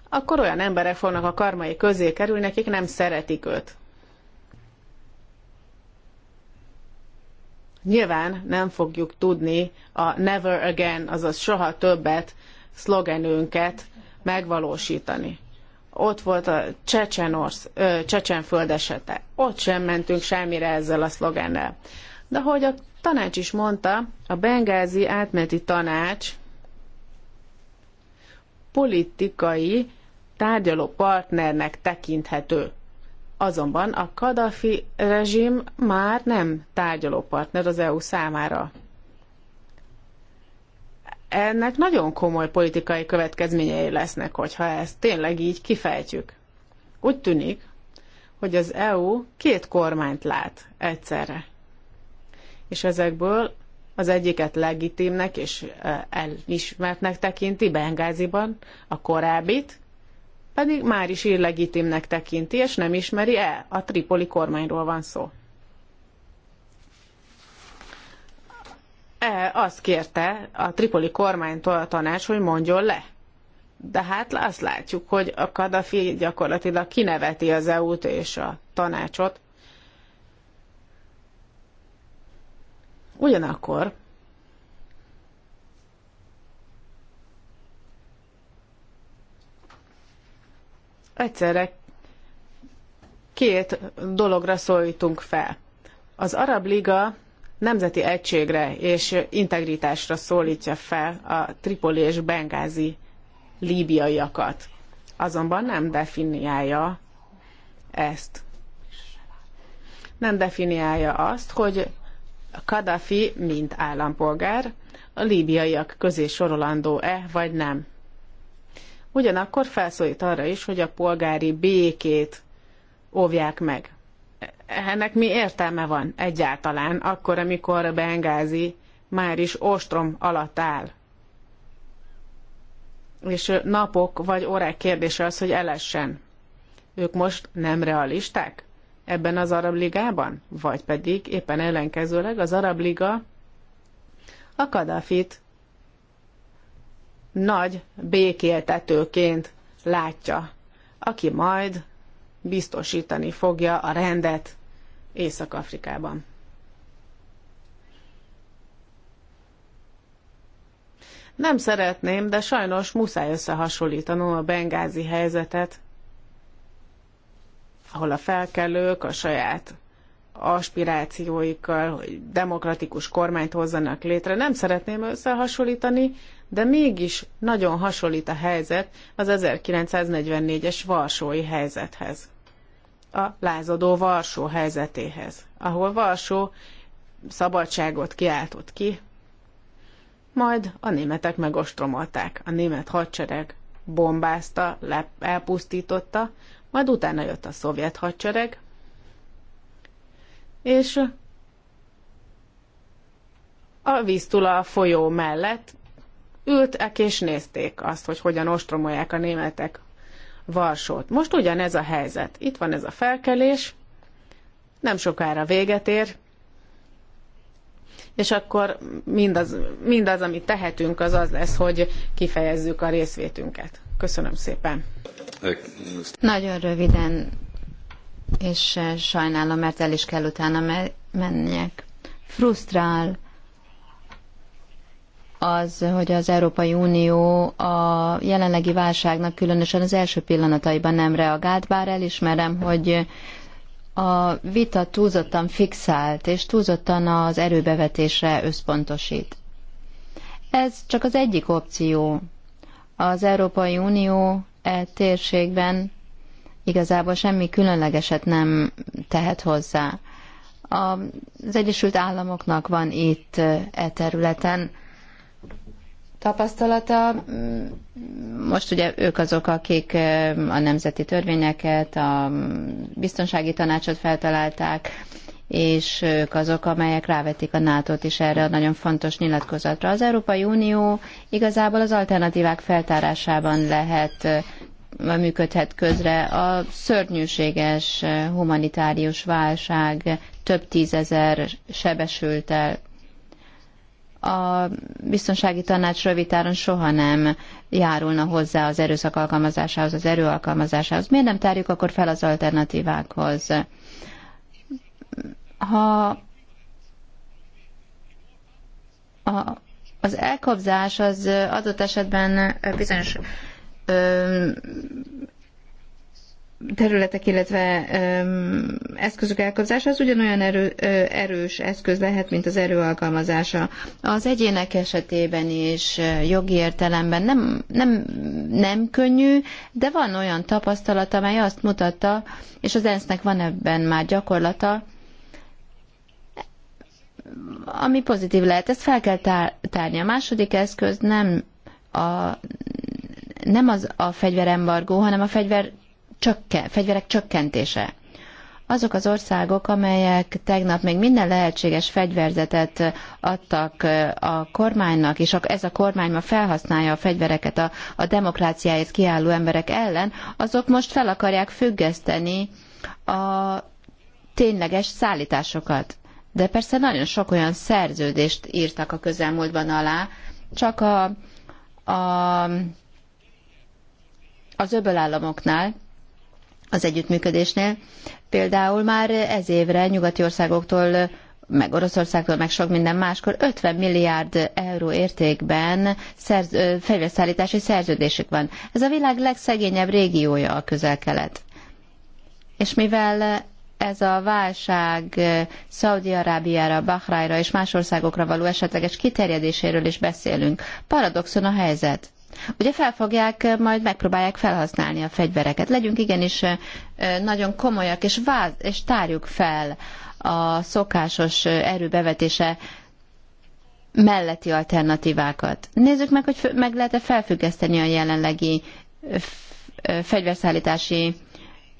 Speaker 1: akkor olyan emberek fognak a karmai közé kerülni, akik nem szeretik őt. Nyilván nem fogjuk tudni a never again, azaz soha többet szlogenünket megvalósítani ott volt a Csecsenorsz, Csecsenföld esete. Ott sem mentünk semmire ezzel a szlogennel. De ahogy a tanács is mondta, a bengázi átmeneti tanács politikai tárgyaló partnernek tekinthető. Azonban a Kadafi rezsim már nem tárgyaló partner az EU számára ennek nagyon komoly politikai következményei lesznek, hogyha ezt tényleg így kifejtjük. Úgy tűnik, hogy az EU két kormányt lát egyszerre. És ezekből az egyiket legitimnek és elismertnek tekinti Bengáziban, a korábbit, pedig már is illegitimnek tekinti, és nem ismeri el. A tripoli kormányról van szó. E azt kérte a tripoli kormánytól a tanács, hogy mondjon le. De hát azt látjuk, hogy a Kadafi gyakorlatilag kineveti az EU-t és a tanácsot. Ugyanakkor egyszerre két dologra szólítunk fel. Az Arab Liga nemzeti egységre és integritásra szólítja fel a Tripoli és Bengázi líbiaiakat. Azonban nem definiálja ezt. Nem definiálja azt, hogy Kadhafi, mint állampolgár, a líbiaiak közé sorolandó-e vagy nem. Ugyanakkor felszólít arra is, hogy a polgári békét óvják meg ennek mi értelme van egyáltalán, akkor, amikor Bengázi már is ostrom alatt áll? És napok vagy órák kérdése az, hogy elessen. Ők most nem realisták ebben az Arab Ligában? Vagy pedig éppen ellenkezőleg az Arab Liga a Kadafit nagy békéltetőként látja, aki majd biztosítani fogja a rendet Észak-Afrikában. Nem szeretném, de sajnos muszáj összehasonlítanom a bengázi helyzetet, ahol a felkelők a saját aspirációikkal, hogy demokratikus kormányt hozzanak létre. Nem szeretném összehasonlítani de mégis nagyon hasonlít a helyzet az 1944-es Varsói helyzethez, a lázadó Varsó helyzetéhez, ahol Varsó szabadságot kiáltott ki, majd a németek megostromolták, a német hadsereg bombázta, elpusztította, majd utána jött a szovjet hadsereg, és a víztula a folyó mellett ültek és nézték azt, hogy hogyan ostromolják a németek Varsót. Most ugyanez a helyzet. Itt van ez a felkelés, nem sokára véget ér, és akkor mindaz, mindaz, amit tehetünk, az az lesz, hogy kifejezzük a
Speaker 3: részvétünket. Köszönöm szépen. Nagyon röviden, és sajnálom, mert el is kell utána menjek. Frusztrál az, hogy az Európai Unió a jelenlegi válságnak különösen az első pillanataiban nem reagált, bár elismerem, hogy a vita túlzottan fixált, és túlzottan az erőbevetésre összpontosít. Ez csak az egyik opció. Az Európai Unió e térségben igazából semmi különlegeset nem tehet hozzá. Az Egyesült Államoknak van itt e területen tapasztalata. Most ugye ők azok, akik a nemzeti törvényeket, a biztonsági tanácsot feltalálták, és ők azok, amelyek rávetik a nato is erre a nagyon fontos nyilatkozatra. Az Európai Unió igazából az alternatívák feltárásában lehet működhet közre. A szörnyűséges humanitárius válság több tízezer sebesültel a biztonsági tanács rövidáron soha nem járulna hozzá az erőszak alkalmazásához, az erő alkalmazásához. Miért nem tárjuk akkor fel az alternatívákhoz? Ha a, az elkobzás az adott esetben bizonyos területek, illetve eszközök elkapzása az ugyanolyan erő, erős eszköz lehet, mint az erő alkalmazása. Az egyének esetében is jogi értelemben nem, nem, nem könnyű, de van olyan tapasztalat, amely azt mutatta, és az ENSZ-nek van ebben már gyakorlata, ami pozitív lehet, ezt fel kell tárni. A második eszköz nem a nem az a fegyverembargó, hanem a fegyver csökke, fegyverek csökkentése. Azok az országok, amelyek tegnap még minden lehetséges fegyverzetet adtak a kormánynak, és ez a kormány ma felhasználja a fegyvereket a, a demokráciáért kiálló emberek ellen, azok most fel akarják függeszteni a tényleges szállításokat. De persze nagyon sok olyan szerződést írtak a közelmúltban alá, csak a, a, az öbölállamoknál, az együttműködésnél. Például már ez évre nyugati országoktól meg Oroszországtól, meg sok minden máskor 50 milliárd euró értékben szerz, fegyverszállítási szerződésük van. Ez a világ legszegényebb régiója a közel-kelet. És mivel ez a válság Szaudi-Arábiára, Bahrájra és más országokra való esetleges kiterjedéséről is beszélünk, paradoxon a helyzet. Ugye felfogják, majd megpróbálják felhasználni a fegyvereket. Legyünk igenis nagyon komolyak, és, váz, és tárjuk fel a szokásos erőbevetése melletti alternatívákat. Nézzük meg, hogy meg lehet-e felfüggeszteni a jelenlegi fegyverszállítási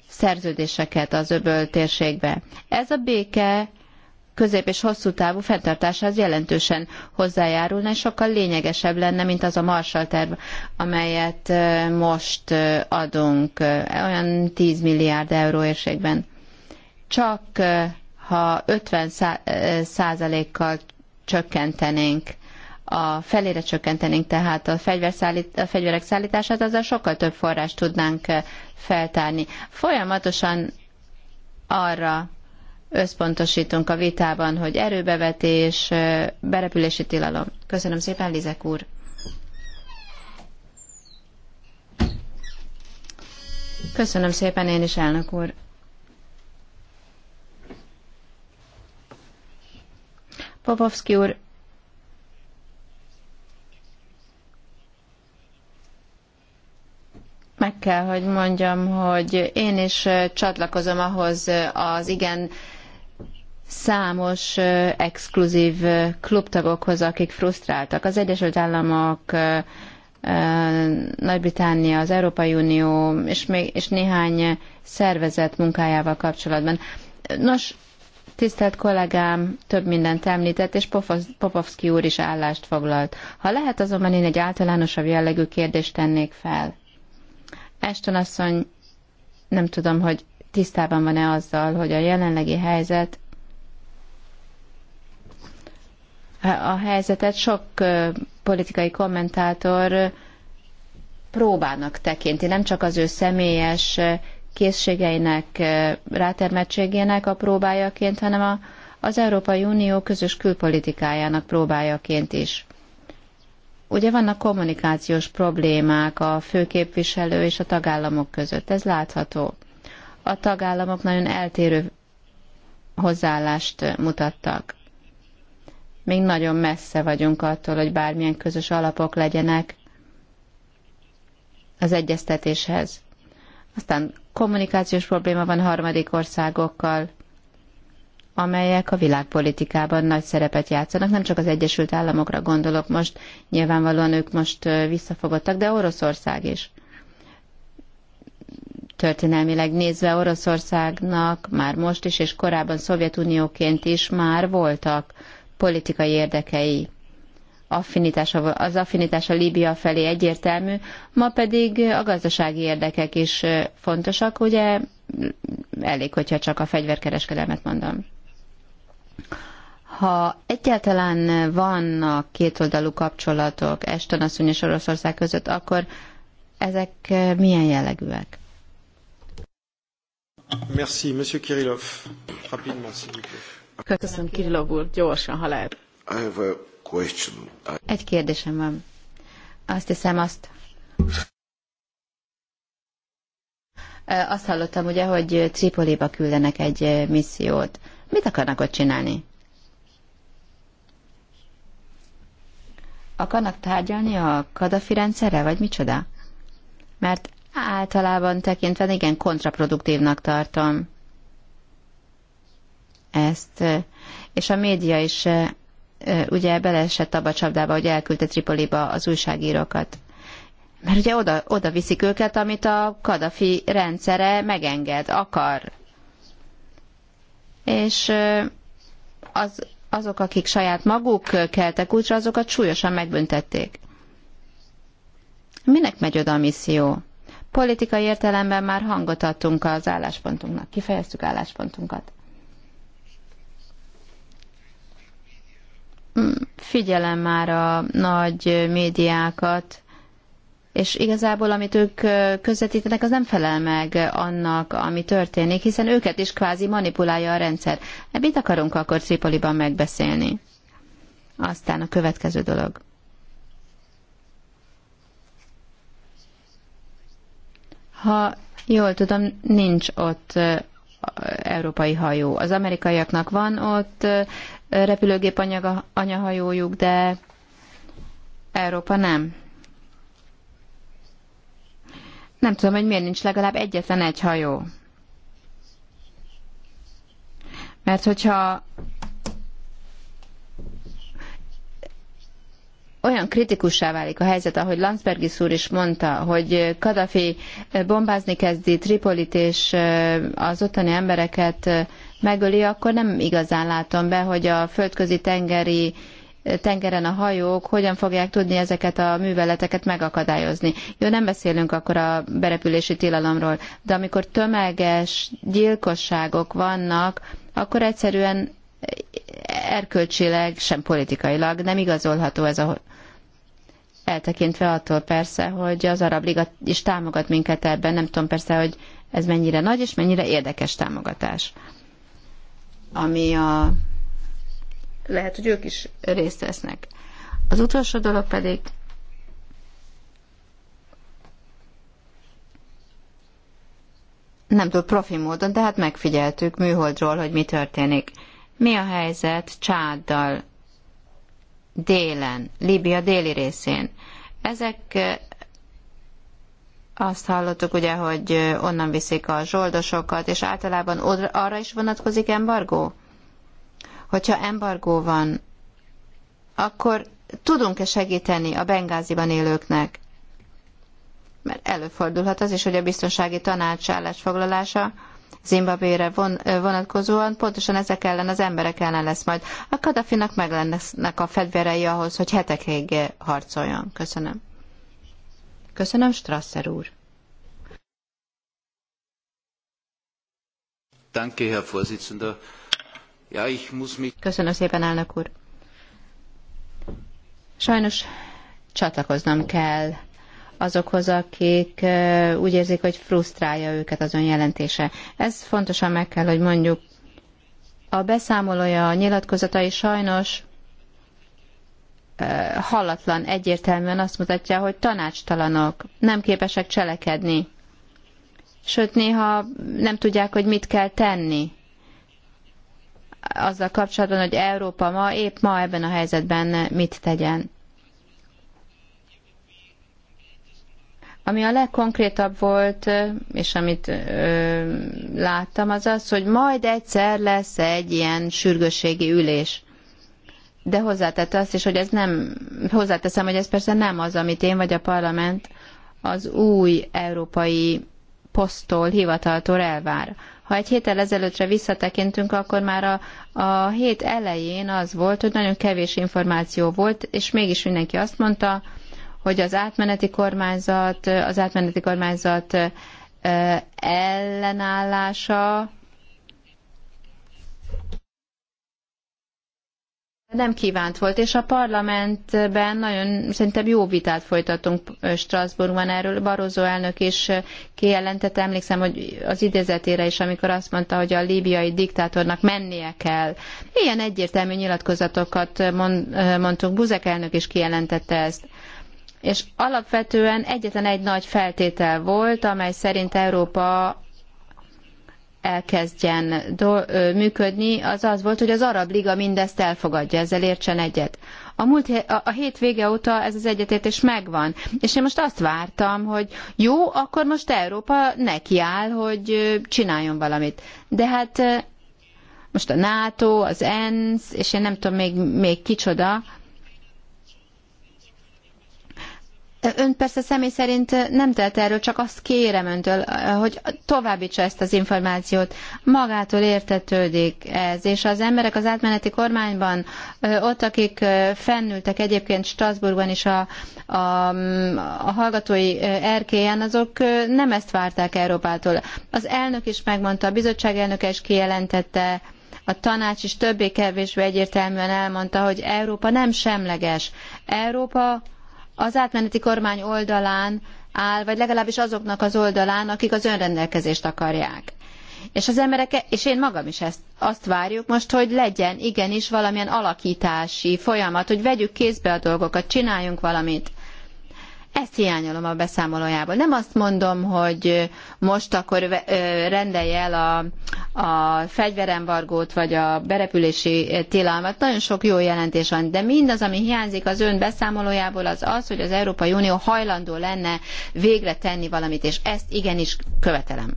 Speaker 3: szerződéseket az öböl térségbe. Ez a béke közép és hosszú távú fenntartásához jelentősen hozzájárulna, és sokkal lényegesebb lenne, mint az a Marshall terv, amelyet most adunk, olyan 10 milliárd euró érségben. Csak ha 50 százalékkal csökkentenénk a felére csökkentenénk tehát a, fegyverszállít, a fegyverek szállítását, azzal sokkal több forrást tudnánk feltárni. Folyamatosan arra összpontosítunk a vitában, hogy erőbevetés, berepülési tilalom. Köszönöm szépen, Lizek úr! Köszönöm szépen én is, elnök úr! Popovski úr, meg kell, hogy mondjam, hogy én is csatlakozom ahhoz az igen számos exkluzív klubtagokhoz, akik frusztráltak. Az Egyesült Államok, Nagy-Britannia, az Európai Unió és, még, és néhány szervezet munkájával kapcsolatban. Nos, tisztelt kollégám több mindent említett, és Popovski úr is állást foglalt. Ha lehet, azonban én egy általánosabb jellegű kérdést tennék fel. Eston asszony, nem tudom, hogy tisztában van-e azzal, hogy a jelenlegi helyzet a helyzetet. Sok politikai kommentátor próbának tekinti, nem csak az ő személyes készségeinek, rátermettségének a próbájaként, hanem a, az Európai Unió közös külpolitikájának próbájaként is. Ugye vannak kommunikációs problémák a főképviselő és a tagállamok között, ez látható. A tagállamok nagyon eltérő hozzáállást mutattak még nagyon messze vagyunk attól, hogy bármilyen közös alapok legyenek az egyeztetéshez. Aztán kommunikációs probléma van harmadik országokkal, amelyek a világpolitikában nagy szerepet játszanak. Nem csak az Egyesült Államokra gondolok most, nyilvánvalóan ők most visszafogottak, de Oroszország is. Történelmileg nézve Oroszországnak már most is, és korábban Szovjetunióként is már voltak politikai érdekei. Affinitása, az affinitása Líbia felé egyértelmű, ma pedig a gazdasági érdekek is fontosak, ugye elég, hogyha csak a fegyverkereskedelmet mondom. Ha egyáltalán vannak kétoldalú kapcsolatok Eston asszony és Oroszország között, akkor ezek milyen jellegűek?
Speaker 2: Merci,
Speaker 1: Monsieur Kirillov. Rapidement, s'il vous plaît.
Speaker 3: Köszönöm, Kirillov
Speaker 1: úr, gyorsan,
Speaker 3: ha lehet. Egy kérdésem van. Azt hiszem azt. Azt hallottam ugye, hogy Tripoliba küldenek egy missziót. Mit akarnak ott csinálni? Akarnak tárgyalni a Kadafi rendszerre, vagy micsoda? Mert általában tekintve igen kontraproduktívnak tartom ezt, és a média is ugye beleesett abba a csapdába, hogy elküldte Tripoliba az újságírókat. Mert ugye oda, oda viszik őket, amit a Kadafi rendszere megenged, akar. És az, azok, akik saját maguk keltek útra, azokat súlyosan megbüntették. Minek megy oda a misszió? Politikai értelemben már hangot adtunk az álláspontunknak, kifejeztük álláspontunkat. figyelem már a nagy médiákat, és igazából amit ők közvetítenek, az nem felel meg annak, ami történik, hiszen őket is kvázi manipulálja a rendszer. Mit akarunk akkor Tripoliban megbeszélni? Aztán a következő dolog. Ha jól tudom, nincs ott európai hajó. Az amerikaiaknak van ott repülőgép anyaga, anyahajójuk, de Európa nem. Nem tudom, hogy miért nincs legalább egyetlen egy hajó. Mert hogyha olyan kritikussá válik a helyzet, ahogy Landsbergis úr is mondta, hogy Kadafi bombázni kezdi Tripolit és az ottani embereket megöli, akkor nem igazán látom be, hogy a földközi tengeri tengeren a hajók hogyan fogják tudni ezeket a műveleteket megakadályozni. Jó, nem beszélünk akkor a berepülési tilalomról, de amikor tömeges gyilkosságok vannak, akkor egyszerűen erkölcsileg, sem politikailag nem igazolható ez a eltekintve attól persze, hogy az Arab Liga is támogat minket ebben, nem tudom persze, hogy ez mennyire nagy és mennyire érdekes támogatás ami a... lehet, hogy ők is részt vesznek. Az utolsó dolog pedig nem tud profi módon, de hát megfigyeltük műholdról, hogy mi történik. Mi a helyzet Csáddal délen, Líbia déli részén? Ezek azt hallottuk ugye, hogy onnan viszik a zsoldosokat, és általában arra is vonatkozik embargó? Hogyha embargó van, akkor tudunk-e segíteni a Bengáziban élőknek? Mert előfordulhat az is, hogy a biztonsági tanács állásfoglalása Zimbabére von, vonatkozóan pontosan ezek ellen az emberek ellen lesz majd. A Kadafinak meg lennek a fegyverei ahhoz, hogy hetekig harcoljon. Köszönöm. Köszönöm, Strasser úr.
Speaker 2: Danke, Herr Vorsitzender. Ja, ich muss mich...
Speaker 3: Köszönöm szépen, elnök úr. Sajnos csatlakoznom kell azokhoz, akik úgy érzik, hogy frusztrálja őket az önjelentése. Ez fontosan meg kell, hogy mondjuk a beszámolója, a nyilatkozatai sajnos hallatlan egyértelműen azt mutatja, hogy tanácstalanok, nem képesek cselekedni. Sőt, néha nem tudják, hogy mit kell tenni azzal kapcsolatban, hogy Európa ma, épp ma ebben a helyzetben mit tegyen. Ami a legkonkrétabb volt, és amit ö, láttam, az az, hogy majd egyszer lesz egy ilyen sürgősségi ülés de hozzátette azt is, hogy ez nem, hozzáteszem, hogy ez persze nem az, amit én vagy a parlament az új európai poszttól, hivataltól elvár. Ha egy héttel ezelőttre visszatekintünk, akkor már a, a hét elején az volt, hogy nagyon kevés információ volt, és mégis mindenki azt mondta, hogy az átmeneti kormányzat, az átmeneti kormányzat ellenállása nem kívánt volt, és a parlamentben nagyon szerintem jó vitát folytatunk Strasbourgban erről. Barozó elnök is kijelentette, emlékszem, hogy az idézetére is, amikor azt mondta, hogy a líbiai diktátornak mennie kell. Ilyen egyértelmű nyilatkozatokat mondtunk, Buzek elnök is kijelentette ezt. És alapvetően egyetlen egy nagy feltétel volt, amely szerint Európa elkezdjen do- működni, az az volt, hogy az Arab Liga mindezt elfogadja, ezzel értsen egyet. A, múlt hé- a, a hét vége óta ez az egyetértés megvan, és én most azt vártam, hogy jó, akkor most Európa nekiáll, hogy csináljon valamit. De hát most a NATO, az ENSZ, és én nem tudom még, még kicsoda, Ön persze személy szerint nem telt erről, csak azt kérem öntől, hogy továbbítsa ezt az információt. Magától értetődik ez, és az emberek az átmeneti kormányban, ott, akik fennültek egyébként Strasbourgban is a, a, a hallgatói erkélyen, azok nem ezt várták Európától. Az elnök is megmondta, a bizottság elnöke is kijelentette, a tanács is többé-kevésbé egyértelműen elmondta, hogy Európa nem semleges. Európa az átmeneti kormány oldalán áll, vagy legalábbis azoknak az oldalán, akik az önrendelkezést akarják. És az emberek, és én magam is ezt, azt várjuk most, hogy legyen igenis valamilyen alakítási folyamat, hogy vegyük kézbe a dolgokat, csináljunk valamit. Ezt hiányolom a beszámolójából. Nem azt mondom, hogy most akkor rendelj el a, a fegyverembargót, vagy a berepülési tilalmat. Nagyon sok jó jelentés van, de mindaz, ami hiányzik az ön beszámolójából, az az, hogy az Európai Unió hajlandó lenne végre tenni valamit, és ezt igenis követelem.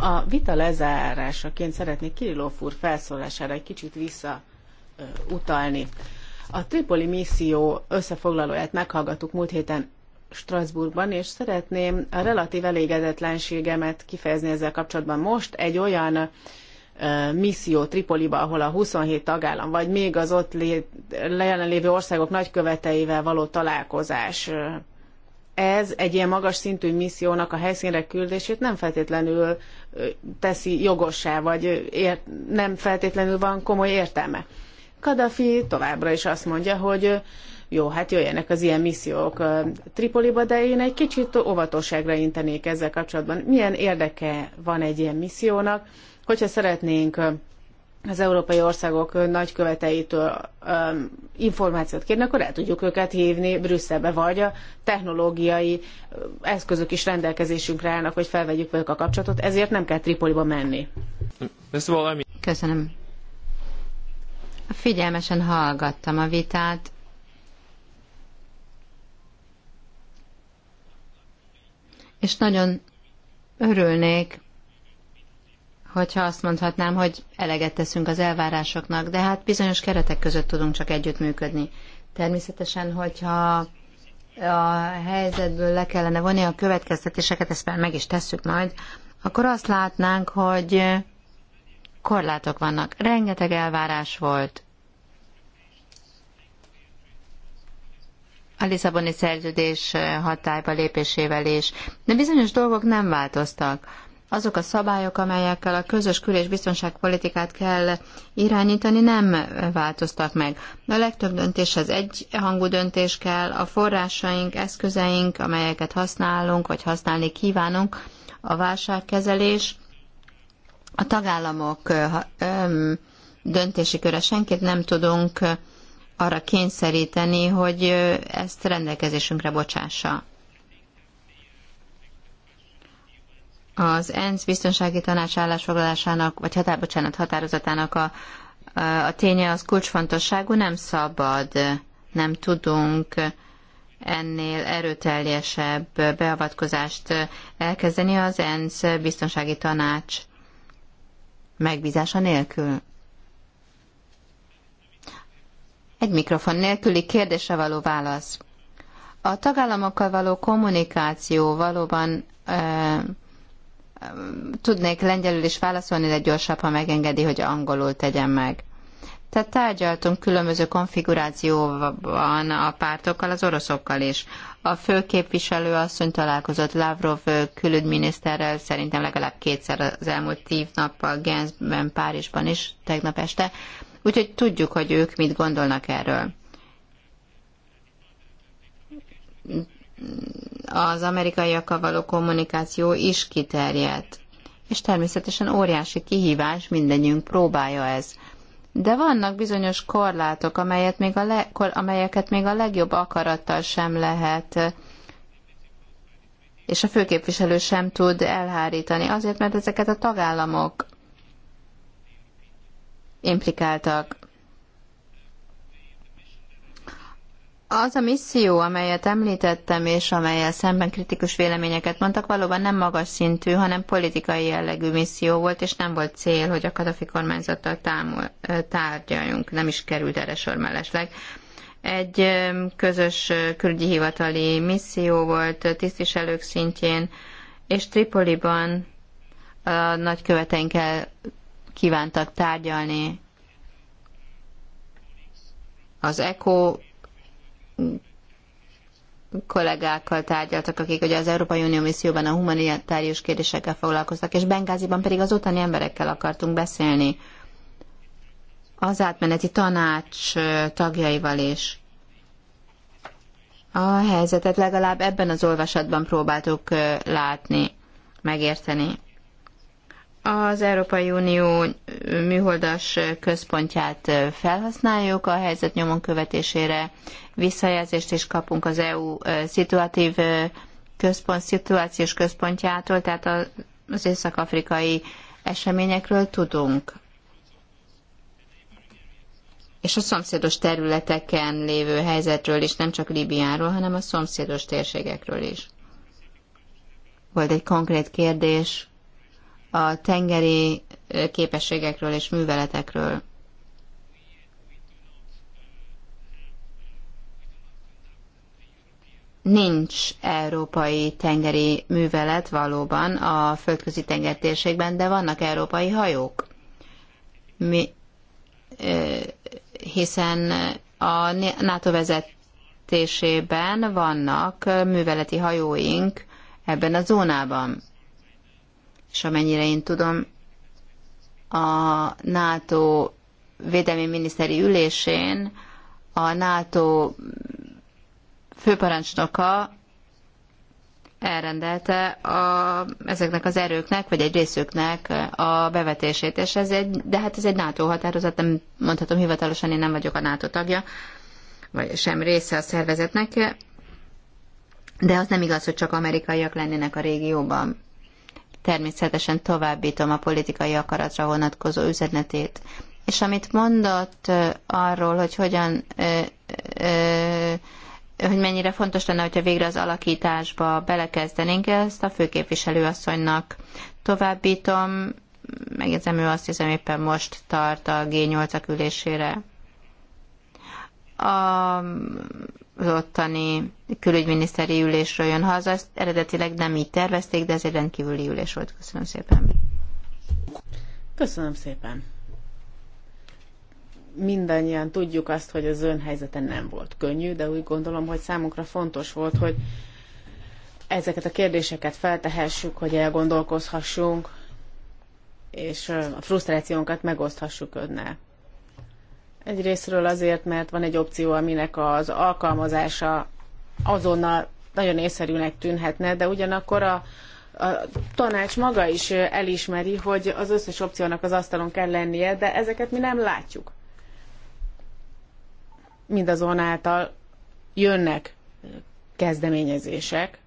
Speaker 3: A vita lezárásaként szeretnék Kirillov úr felszólására
Speaker 1: egy kicsit visszautalni. A Tripoli misszió összefoglalóját meghallgattuk múlt héten Strasbourgban, és szeretném a relatív elégedetlenségemet kifejezni ezzel kapcsolatban. Most egy olyan misszió Tripoliba, ahol a 27 tagállam, vagy még az ott lé- jelenlévő országok nagyköveteivel való találkozás. Ez egy ilyen magas szintű missziónak a helyszínre küldését nem feltétlenül teszi jogossá, vagy nem feltétlenül van komoly értelme. Kadafi továbbra is azt mondja, hogy jó, hát jöjjenek az ilyen missziók Tripoliba, de én egy kicsit óvatosságra intenék ezzel kapcsolatban. Milyen érdeke van egy ilyen missziónak, hogyha szeretnénk az európai országok nagyköveteitől um, információt kérni, akkor el tudjuk őket hívni Brüsszelbe, vagy a technológiai eszközök is rendelkezésünkre állnak, hogy
Speaker 3: felvegyük velük a kapcsolatot, ezért nem kell Tripoliba menni. Köszönöm. Figyelmesen hallgattam a vitát. És nagyon örülnék, hogyha azt mondhatnám, hogy eleget teszünk az elvárásoknak, de hát bizonyos keretek között tudunk csak együttműködni. Természetesen, hogyha a helyzetből le kellene vonni a következtetéseket, ezt már meg is tesszük majd, akkor azt látnánk, hogy korlátok vannak. Rengeteg elvárás volt. A Lisszaboni szerződés hatályba lépésével is. De bizonyos dolgok nem változtak azok a szabályok, amelyekkel a közös kül- és biztonságpolitikát kell irányítani, nem változtak meg. A legtöbb döntés egy hangú döntés kell, a forrásaink, eszközeink, amelyeket használunk, vagy használni kívánunk, a válságkezelés, a tagállamok döntési köre senkit nem tudunk arra kényszeríteni, hogy ezt rendelkezésünkre bocsássa. Az ENSZ biztonsági tanács állásfoglalásának, vagy határ, bocsánat, határozatának a, a ténye az kulcsfontosságú, nem szabad, nem tudunk ennél erőteljesebb beavatkozást elkezdeni az ENSZ biztonsági tanács megbízása nélkül. Egy mikrofon nélküli kérdése való válasz. A tagállamokkal való kommunikáció valóban e, e, tudnék lengyelül is válaszolni, de gyorsabb, ha megengedi, hogy angolul tegyem meg. Tehát tárgyaltunk különböző konfigurációban a pártokkal, az oroszokkal is. A főképviselő asszony találkozott Lavrov külügyminiszterrel szerintem legalább kétszer az elmúlt tív nappal Genfben, Párizsban is tegnap este, úgyhogy tudjuk, hogy ők mit gondolnak erről. Az amerikaiakkal való kommunikáció is kiterjedt, és természetesen óriási kihívás, mindenünk próbája ez – de vannak bizonyos korlátok, amelyet még a le, kor amelyeket még a legjobb akarattal sem lehet, és a főképviselő sem tud elhárítani, azért, mert ezeket a tagállamok implikáltak. Az a misszió, amelyet említettem, és amelyel szemben kritikus véleményeket mondtak, valóban nem magas szintű, hanem politikai jellegű misszió volt, és nem volt cél, hogy a Kadafi kormányzattal támol, tárgyaljunk, nem is került erre sor mellesleg. Egy közös külügyi hivatali misszió volt tisztviselők szintjén, és Tripoliban a nagyköveteinkkel kívántak tárgyalni az ECO kollégákkal tárgyaltak, akik ugye az Európai Unió misszióban a humanitárius kérdésekkel foglalkoztak, és Bengáziban pedig az ottani emberekkel akartunk beszélni. Az átmeneti tanács tagjaival is. A helyzetet legalább ebben az olvasatban próbáltuk látni, megérteni. Az Európai Unió műholdas központját felhasználjuk a helyzet nyomon követésére, visszajelzést is kapunk az EU szituatív központ, szituációs központjától, tehát az észak-afrikai eseményekről tudunk. És a szomszédos területeken lévő helyzetről is, nem csak Libiáról, hanem a szomszédos térségekről is. Volt egy konkrét kérdés a tengeri képességekről és műveletekről. Nincs európai tengeri művelet valóban a földközi tenger térségben, de vannak európai hajók. Mi, hiszen a NATO vezetésében vannak műveleti hajóink ebben a zónában és amennyire én tudom, a NATO védelmi miniszteri ülésén a NATO főparancsnoka elrendelte a, ezeknek az erőknek, vagy egy részüknek a bevetését, és ez egy, de hát ez egy NATO határozat, nem mondhatom hivatalosan, én nem vagyok a NATO tagja, vagy sem része a szervezetnek, de az nem igaz, hogy csak amerikaiak lennének a régióban természetesen továbbítom a politikai akaratra vonatkozó üzenetét. És amit mondott arról, hogy hogyan hogy mennyire fontos lenne, hogyha végre az alakításba belekezdenénk, ezt a főképviselőasszonynak továbbítom. Megjegyzem, ő azt hiszem éppen most tart a G8-ak ülésére. A az ottani külügyminiszteri ülésről jön haza. Ezt eredetileg nem így tervezték, de ez egy rendkívüli ülés volt. Köszönöm szépen.
Speaker 1: Köszönöm szépen. Mindannyian tudjuk azt, hogy az ön helyzete nem volt könnyű, de úgy gondolom, hogy számunkra fontos volt, hogy ezeket a kérdéseket feltehessük, hogy elgondolkozhassunk, és a frusztrációnkat megoszthassuk önnel. Egyrésztről azért, mert van egy opció, aminek az alkalmazása azonnal nagyon észszerűnek tűnhetne, de ugyanakkor a, a tanács maga is elismeri, hogy az összes opciónak az asztalon kell lennie, de ezeket mi nem látjuk. Mindazonáltal jönnek kezdeményezések,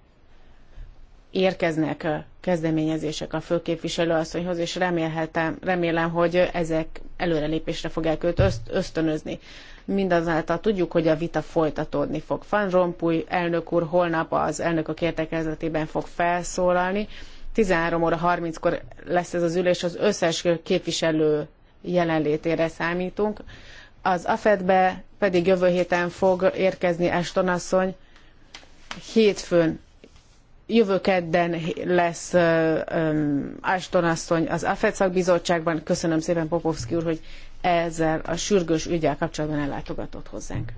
Speaker 1: érkeznek kezdeményezések a főképviselő asszonyhoz, és remélhetem, remélem, hogy ezek előrelépésre fogják őt ösztönözni. Mindazáltal tudjuk, hogy a vita folytatódni fog. Van Rompuy elnök úr holnap az elnökök értekezletében fog felszólalni. 13 óra 30-kor lesz ez az ülés, az összes képviselő jelenlétére számítunk. Az AFED-be pedig jövő héten fog érkezni Eston asszony, hétfőn Jövő kedden lesz Ashton asszony az AFED szakbizottságban. Köszönöm szépen Popovszki úr, hogy ezzel
Speaker 3: a sürgős ügyel kapcsolatban ellátogatott hozzánk.